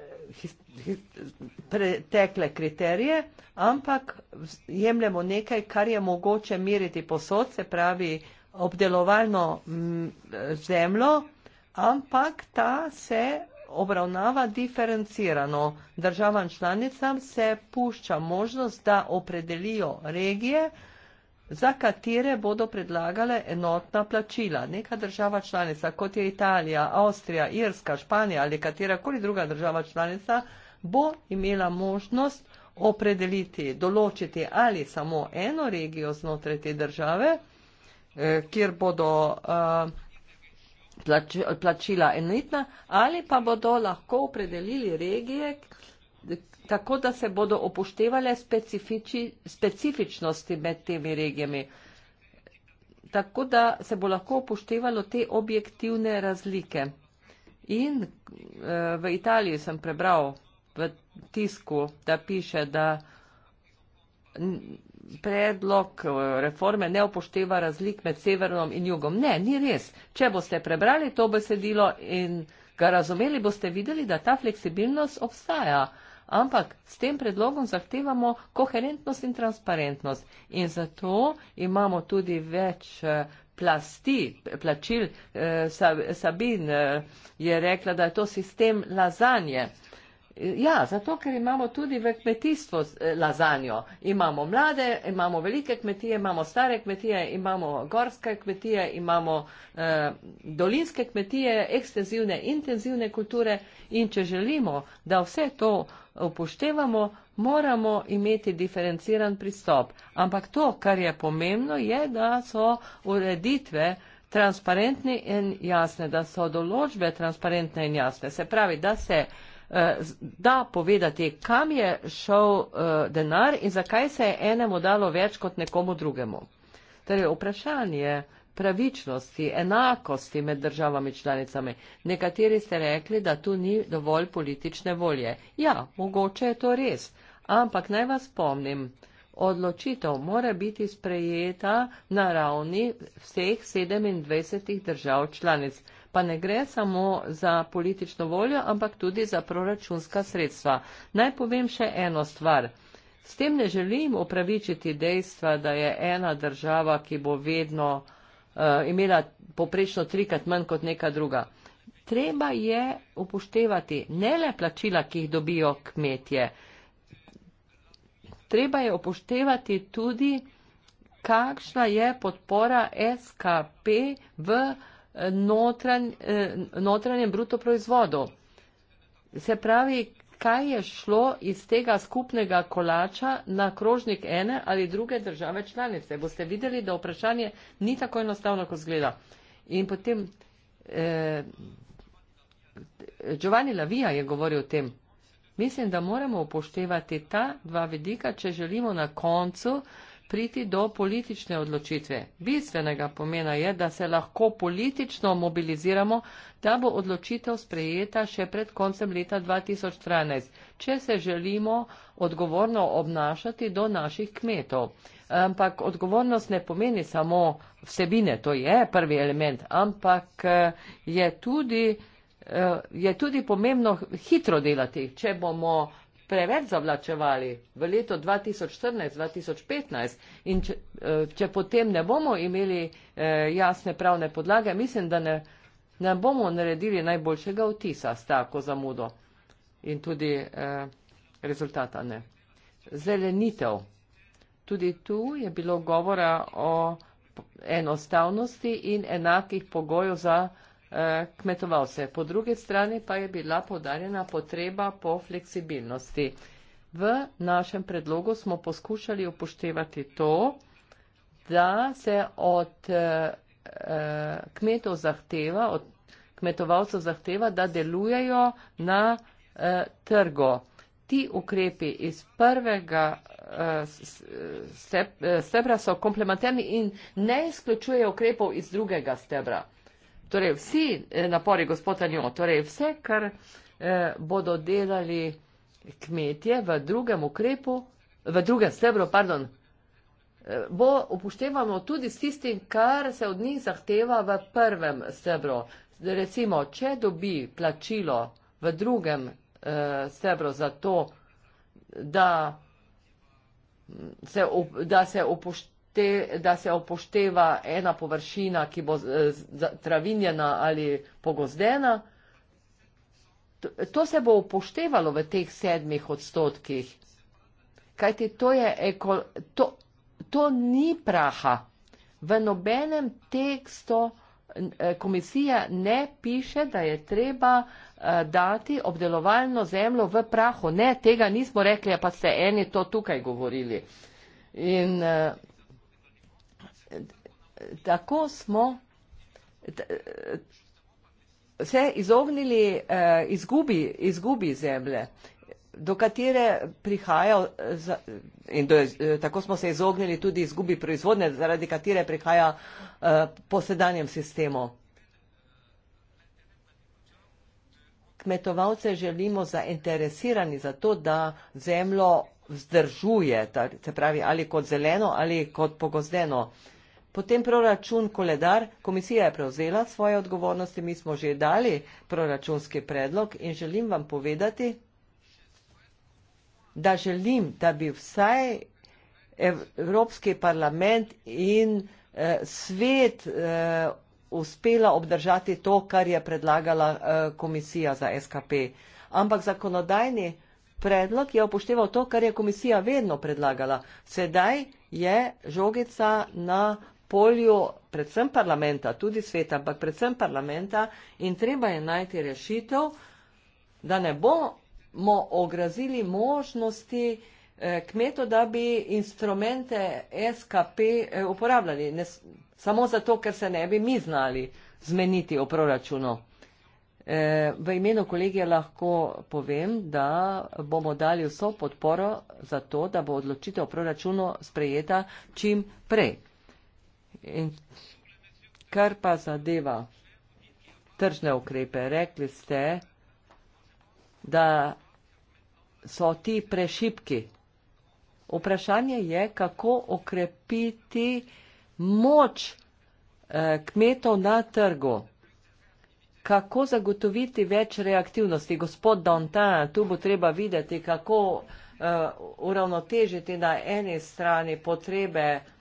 pretekle kriterije, ampak jemljemo nekaj, kar je mogoče meriti posod, se pravi obdelovalno mm, zemljo, ampak ta se obravnava diferencirano. Državam članicam se pušča možnost, da opredelijo regije, za katere bodo predlagale enotna plačila. Neka država članica, kot je Italija, Avstrija, Irska, Španija ali katerakoli druga država članica, bo imela možnost opredeliti, določiti ali samo eno regijo znotraj te države, eh, kjer bodo uh, plač, plačila enotna, ali pa bodo lahko opredelili regije, tako da se bodo upoštevale specifičnosti med temi regijami, tako da se bo lahko upoštevalo te objektivne razlike. In eh, v Italiji sem prebral v tisku, da piše, da predlog eh, reforme ne upošteva razlik med severnom in jugom. Ne, ni res. Če boste prebrali to besedilo in ga razumeli, boste videli, da ta fleksibilnost obstaja. Ampak s tem predlogom zahtevamo koherentnost in transparentnost. In zato imamo tudi več eh, plasti, plačil. Eh, Sabin je rekla, da je to sistem lazanje. Ja, zato ker imamo tudi v kmetijstvu eh, lazanjo. Imamo mlade, imamo velike kmetije, imamo stare kmetije, imamo gorske kmetije, imamo eh, dolinske kmetije, ekstenzivne, intenzivne kulture in če želimo, da vse to upoštevamo, moramo imeti diferenciran pristop. Ampak to, kar je pomembno, je, da so ureditve transparentne in jasne, da so določbe transparentne in jasne. Se pravi, da se Eh, da povedati, kam je šel eh, denar in zakaj se je enemu dalo več kot nekomu drugemu. Torej, vprašanje pravičnosti, enakosti med državami članicami. Nekateri ste rekli, da tu ni dovolj politične volje. Ja, mogoče je to res, ampak naj vas spomnim, odločitev mora biti sprejeta na ravni vseh 27 držav članic pa ne gre samo za politično voljo, ampak tudi za proračunska sredstva. Naj povem še eno stvar. S tem ne želim upravičiti dejstva, da je ena država, ki bo vedno uh, imela poprečno trikrat manj kot neka druga. Treba je upoštevati ne le plačila, ki jih dobijo kmetje, treba je upoštevati tudi, kakšna je podpora SKP v notranj, eh, notranjem bruto proizvodu. Se pravi, kaj je šlo iz tega skupnega kolača na krožnik ene ali druge države članice. Boste videli, da vprašanje ni tako enostavno, kot zgleda. In potem eh, Giovanni Lavija je govoril o tem. Mislim, da moramo upoštevati ta dva vidika, če želimo na koncu eh, priti do politične odločitve. Bistvenega pomena je, da se lahko politično mobiliziramo, da bo odločitev sprejeta še pred koncem leta 2013, če se želimo odgovorno obnašati do naših kmetov. Ampak odgovornost ne pomeni samo vsebine, to je prvi element, ampak eh, je tudi, eh, je tudi pomembno hitro delati, če bomo preveč zavlačevali v leto 2014-2015 in če, e, če potem ne bomo imeli e, jasne pravne podlage, mislim, da ne, ne bomo naredili najboljšega vtisa s tako zamudo in tudi e, rezultata ne. Zelenitev. Tudi tu je bilo govora o enostavnosti in enakih pogojev za Eh, kmetovalce. Po druge strani pa je bila podarjena potreba po fleksibilnosti. V našem predlogu smo poskušali upoštevati to, da se od eh, eh, kmetov zahteva, od kmetovalcev zahteva, da delujejo na trgo. Ti ukrepi iz prvega stebra so komplementarni in ne izključujejo ukrepov iz drugega stebra torej vsi eh, napori gospoda Njo, torej vse, kar eh, bodo delali kmetje v drugem ukrepu, v drugem stebru, pardon, eh, bo upoštevano tudi s tistim, kar se od njih zahteva v prvem stebru. Recimo, če dobi plačilo v drugem stebru za to, da se, da se upošteva, te, da se upošteva ena površina, ki bo eh, travinjena ali pogozdena. To se bo upoštevalo v teh sedmih odstotkih, kajti to, je, to, to ni praha. V nobenem tekstu eh, komisija ne piše, da je treba eh, dati obdelovalno zemljo v prahu. Ne, tega nismo rekli, pa ste eni to tukaj govorili. In, uh, tako smo se izognili eh, izgubi, izgubi zemlje, do katere prihaja in do, eh, tako smo se izognili tudi izgubi proizvodne, zaradi katere prihaja eh, po sedanjem sistemu. Kmetovalce želimo zainteresirani za to, da zemljo vzdržuje, se pravi ali kot zeleno ali kot pogozdeno. Eh, Potem proračun, koledar, komisija je prevzela svoje odgovornosti, mi smo že dali proračunski predlog in želim vam povedati, da želim, da bi vsaj Evropski parlament in eh, svet eh, uspela obdržati to, kar je predlagala eh, komisija za SKP. Ampak zakonodajni predlog je upošteval to, kar je komisija vedno predlagala. Sedaj je žogica na polju predvsem parlamenta, tudi sveta, ampak predvsem parlamenta in treba je najti rešitev, da ne bomo ogrozili možnosti eh, kmetov, da bi instrumente SKP eh, uporabljali, ne, samo zato, ker se ne bi mi znali zmeniti o proračunu. Eh, v imenu kolegije lahko povem, da bomo dali vso podporo za to, da bo odločitev o proračunu sprejeta čim prej. In kar pa zadeva tržne ukrepe, rekli ste, da so ti prešipki. Vprašanje je, kako okrepiti moč eh, kmetov na trgu. Kako zagotoviti več reaktivnosti? Gospod Dantan, tu bo treba videti, kako uh, uravnotežiti na eni strani potrebe uh,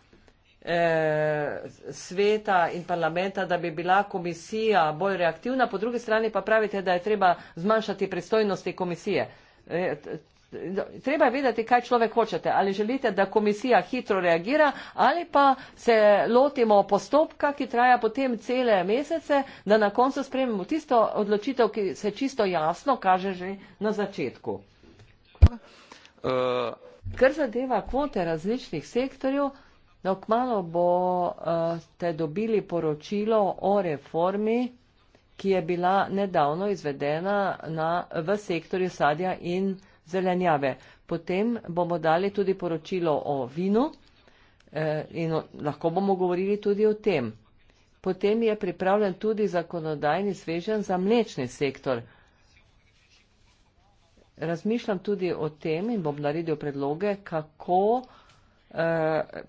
eh, sveta in parlamenta, da bi bila komisija bolj reaktivna, po drugi strani pa pravite, da je treba zmanjšati pristojnosti komisije. Eh, treba je vedeti, kaj človek hočete. Ali želite, da komisija hitro reagira, ali pa se lotimo postopka, ki traja potem cele mesece, da na koncu sprememo tisto odločitev, ki se čisto jasno kaže že na začetku. Uh. Kar zadeva kvote različnih sektorjev, uh, No, kmalo boste eh, uh, dobili poročilo o reformi, ki je bila nedavno izvedena na, v sektorju sadja in zelenjave. Potem bomo dali tudi poročilo o vinu eh, in o, lahko bomo govorili tudi o tem. Potem je pripravljen tudi zakonodajni svežen za mlečni sektor. Razmišljam tudi o tem in bom naredil predloge, kako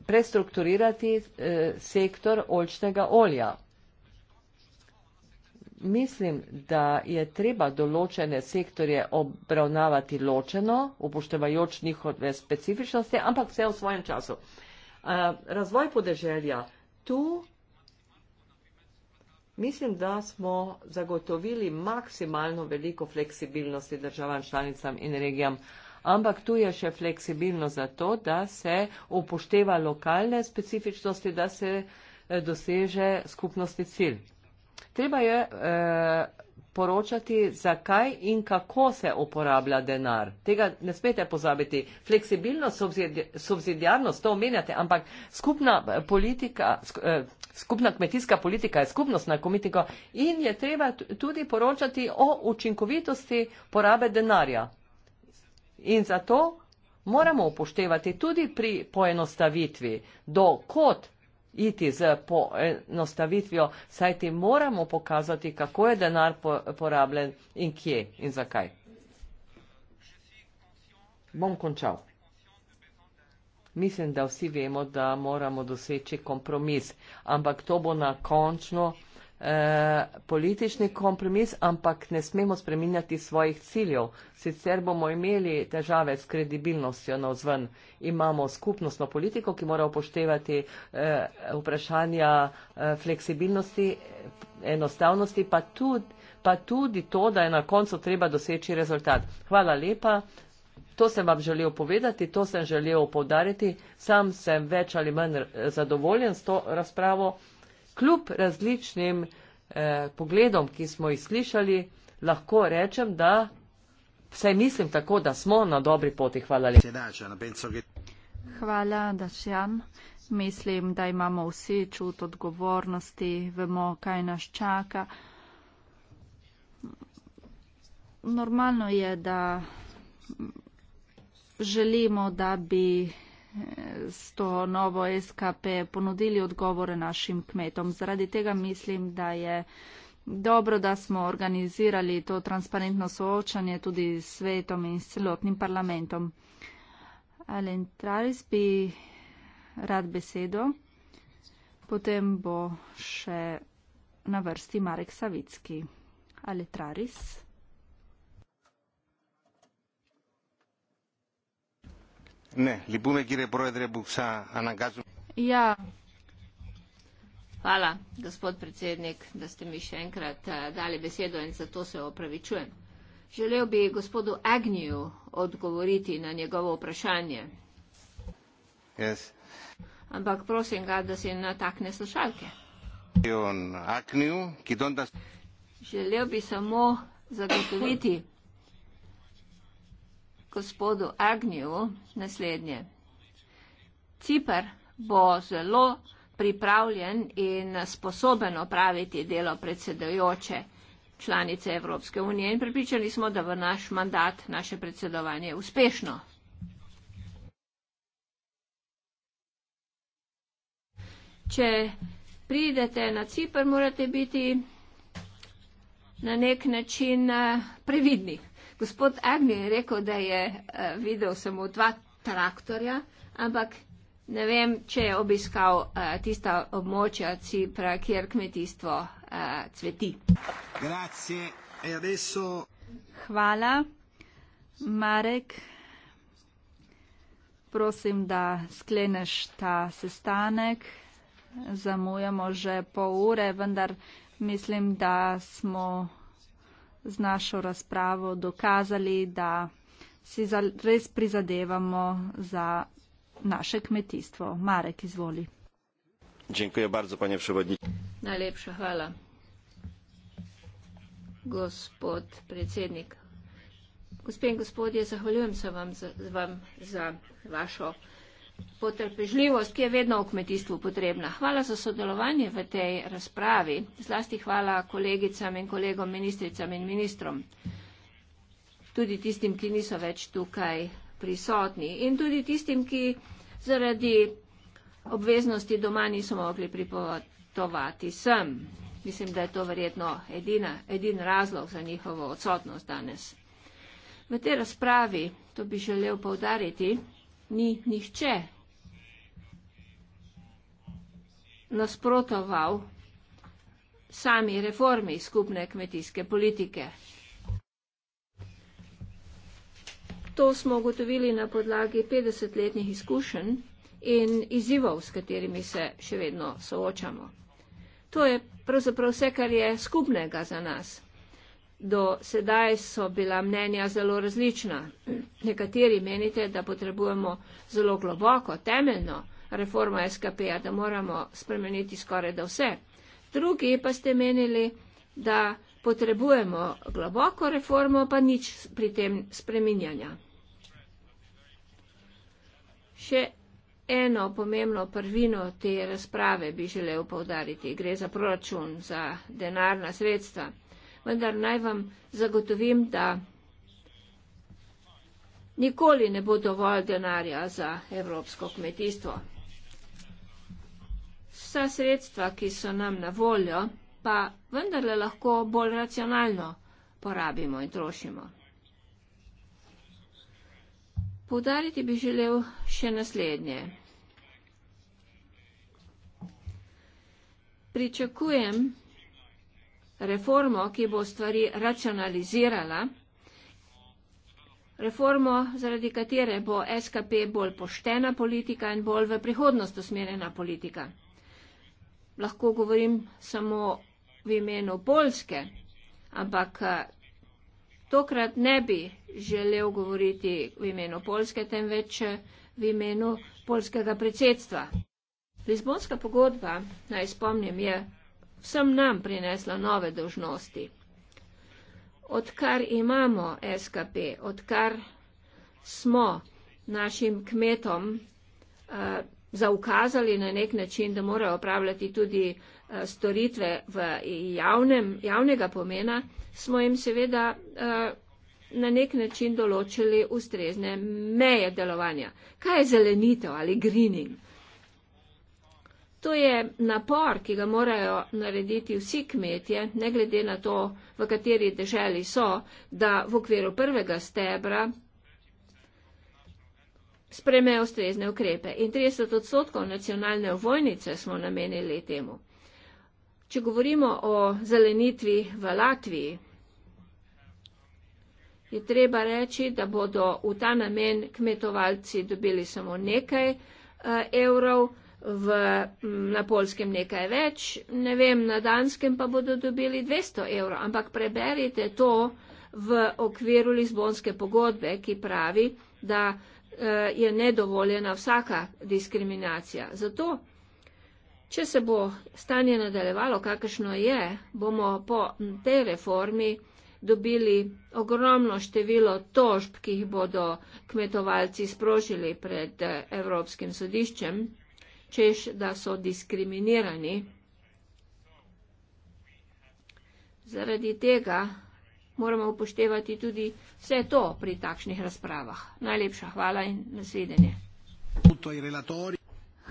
prestrukturirati eh, sektor oljčnega olja. Mislim, da je treba določene sektorje obravnavati ločeno, upoštevajoč njihove specifičnosti, ampak vse v svojem času. Eh, razvoj podeželja. Tu mislim, da smo zagotovili maksimalno veliko fleksibilnosti državam, članicam in regijam ampak tu je še fleksibilno za to, da se upošteva lokalne specifičnosti, da se eh, doseže skupnosti cilj. Treba je eh, poročati, zakaj in kako se uporablja denar. Tega ne smete pozabiti. Fleksibilnost, subsidijarnost, to omenjate, ampak skupna eh, politika, skupna kmetijska politika je skupnostna komitika in je treba tudi poročati o učinkovitosti porabe denarja. In zato moramo upoštevati tudi pri poenostavitvi, dokot iti z poenostavitvijo, saj ti moramo pokazati, kako je denar porabljen in kje in zakaj. Bom končal. Mislim, da vsi vemo, da moramo doseči kompromis, ampak to bo na končno. Eh, politični kompromis, ampak ne smemo spreminjati svojih ciljev. Sicer bomo imeli težave s kredibilnostjo na vzven. Imamo skupnostno politiko, ki mora upoštevati eh, vprašanja eh, fleksibilnosti, enostavnosti, pa tudi, pa tudi to, da je na koncu treba doseči rezultat. Hvala lepa. To sem vam želel povedati, to sem želel povdariti. Sam sem več ali manj eh, zadovoljen s to razpravo kljub različnim eh, pogledom, ki smo jih slišali, lahko rečem, da vsaj mislim tako, da smo na dobri poti. Hvala lepa. Hvala, Dašjan. Mislim, da imamo vsi čut odgovornosti, vemo, kaj nas čaka. Normalno je, da želimo, da bi s to novo SKP ponudili odgovore našim kmetom. Zaradi tega mislim, da je dobro, da smo organizirali to transparentno soočanje tudi s svetom in s celotnim parlamentom. Alen Travis bi rad besedo, potem bo še na vrsti Marek Savicki. Alen Travis. Ja. Hvala, gospod predsednik, da ste mi še enkrat eh, dali besedo in zato se opravičujem. Želel bi gospodu Agnew odgovoriti na njegovo vprašanje. Yes. Ampak prosim ga, da se natakne slušalke. Želel bi samo zagotoviti, gospodu Agnju naslednje. Cipr bo zelo pripravljen in sposoben opraviti delo predsedojoče članice Evropske unije in pripričali smo, da bo naš mandat, naše predsedovanje uspešno. Če pridete na Cipr, morate biti na nek način eh, previdni. Gospod Agni je rekel, da je eh, videl samo dva traktorja, ampak ne vem, če je obiskal eh, tista območja Cipra, kjer kmetijstvo eh, cveti. E Hvala, Marek. Prosim, da skleneš ta sestanek. Zamujamo že pol ure, vendar mislim, da smo z našo razpravo dokazali, da si za, res prizadevamo za naše kmetijstvo. Marek, izvoli. Dziękuję bardzo, panie przewodniczący. Najlepsza hvala. Gospod predsednik. Gospod in gospodje, zahvaljujem se vam za, za vašo potrpežljivost, ki je vedno v kmetijstvu potrebna. Hvala za sodelovanje v tej razpravi. Zlasti hvala kolegicam in kolegom ministricam in ministrom. Tudi tistim, ki niso več tukaj prisotni. In tudi tistim, ki zaradi obveznosti doma niso mogli pripotovati sem. Mislim, da je to verjetno edina, edin razlog za njihovo odsotnost danes. V tej razpravi, to bi želel povdariti, ni nihče nasprotoval sami reformi skupne kmetijske politike. To smo ugotovili na podlagi 50-letnih izkušenj in izzivov, s katerimi se še vedno soočamo. To je pravzaprav vse, kar je skupnega za nas. Do sedaj so bila mnenja zelo različna. Nekateri menite, da potrebujemo zelo globoko, temeljno reformo SKP-ja, da moramo spremeniti skoraj da vse. Drugi pa ste menili, da potrebujemo globoko reformo, pa nič pri tem spreminjanja. Še eno pomembno prvino te razprave bi želel povdariti. Gre za proračun, za denarna sredstva vendar naj vam zagotovim, da nikoli ne bo dovolj denarja za evropsko kmetijstvo. Vsa sredstva, ki so nam na voljo, pa vendarle lahko bolj racionalno porabimo in trošimo. Povdariti bi želel še naslednje. Pričakujem, reformo, ki bo stvari racionalizirala, reformo, zaradi katere bo SKP bolj poštena politika in bolj v prihodnost usmerjena politika. Lahko govorim samo v imenu Polske, ampak tokrat ne bi želel govoriti v imenu Polske, temveč v imenu polskega predsedstva. Lizbonska pogodba, naj spomnim, je sem nam prinesla nove dožnosti. Odkar imamo SKP, odkar smo našim kmetom uh, zaukazali na nek način, da morajo opravljati tudi uh, storitve v javnem, javnega pomena, smo jim seveda uh, na nek način določili ustrezne meje delovanja. Kaj je zelenitev ali greening? To je napor, ki ga morajo narediti vsi kmetje, ne glede na to, v kateri deželi so, da v okviru prvega stebra spremejo ustrezne ukrepe. In 30 odstotkov nacionalne vojnice smo namenili temu. Če govorimo o zelenitvi v Latviji, je treba reči, da bodo v ta namen kmetovalci dobili samo nekaj uh, evrov v, na polskem nekaj več, ne vem, na danskem pa bodo dobili 200 evrov, ampak preberite to v okviru Lizbonske pogodbe, ki pravi, da e, je nedovoljena vsaka diskriminacija. Zato, če se bo stanje nadaljevalo, kakršno je, bomo po tej reformi dobili ogromno število tožb, ki jih bodo kmetovalci sprožili pred e, Evropskim sodiščem češ, da so diskriminirani. Zaradi tega moramo upoštevati tudi vse to pri takšnih razpravah. Najlepša hvala in nasvidenje.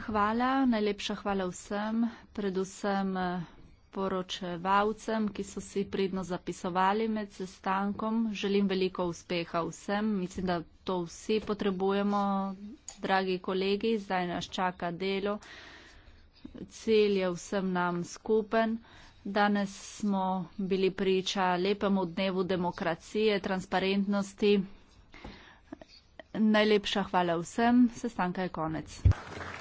Hvala, najlepša hvala vsem, predvsem. Eh, poročevalcem, ki so si pridno zapisovali med sestankom. Želim veliko uspeha vsem. Mislim, da to vsi potrebujemo, dragi kolegi. Zdaj nas čaka delo. Cilj je vsem nam skupen. Danes smo bili priča lepemu dnevu demokracije, transparentnosti. Najlepša hvala vsem. Sestanka je konec.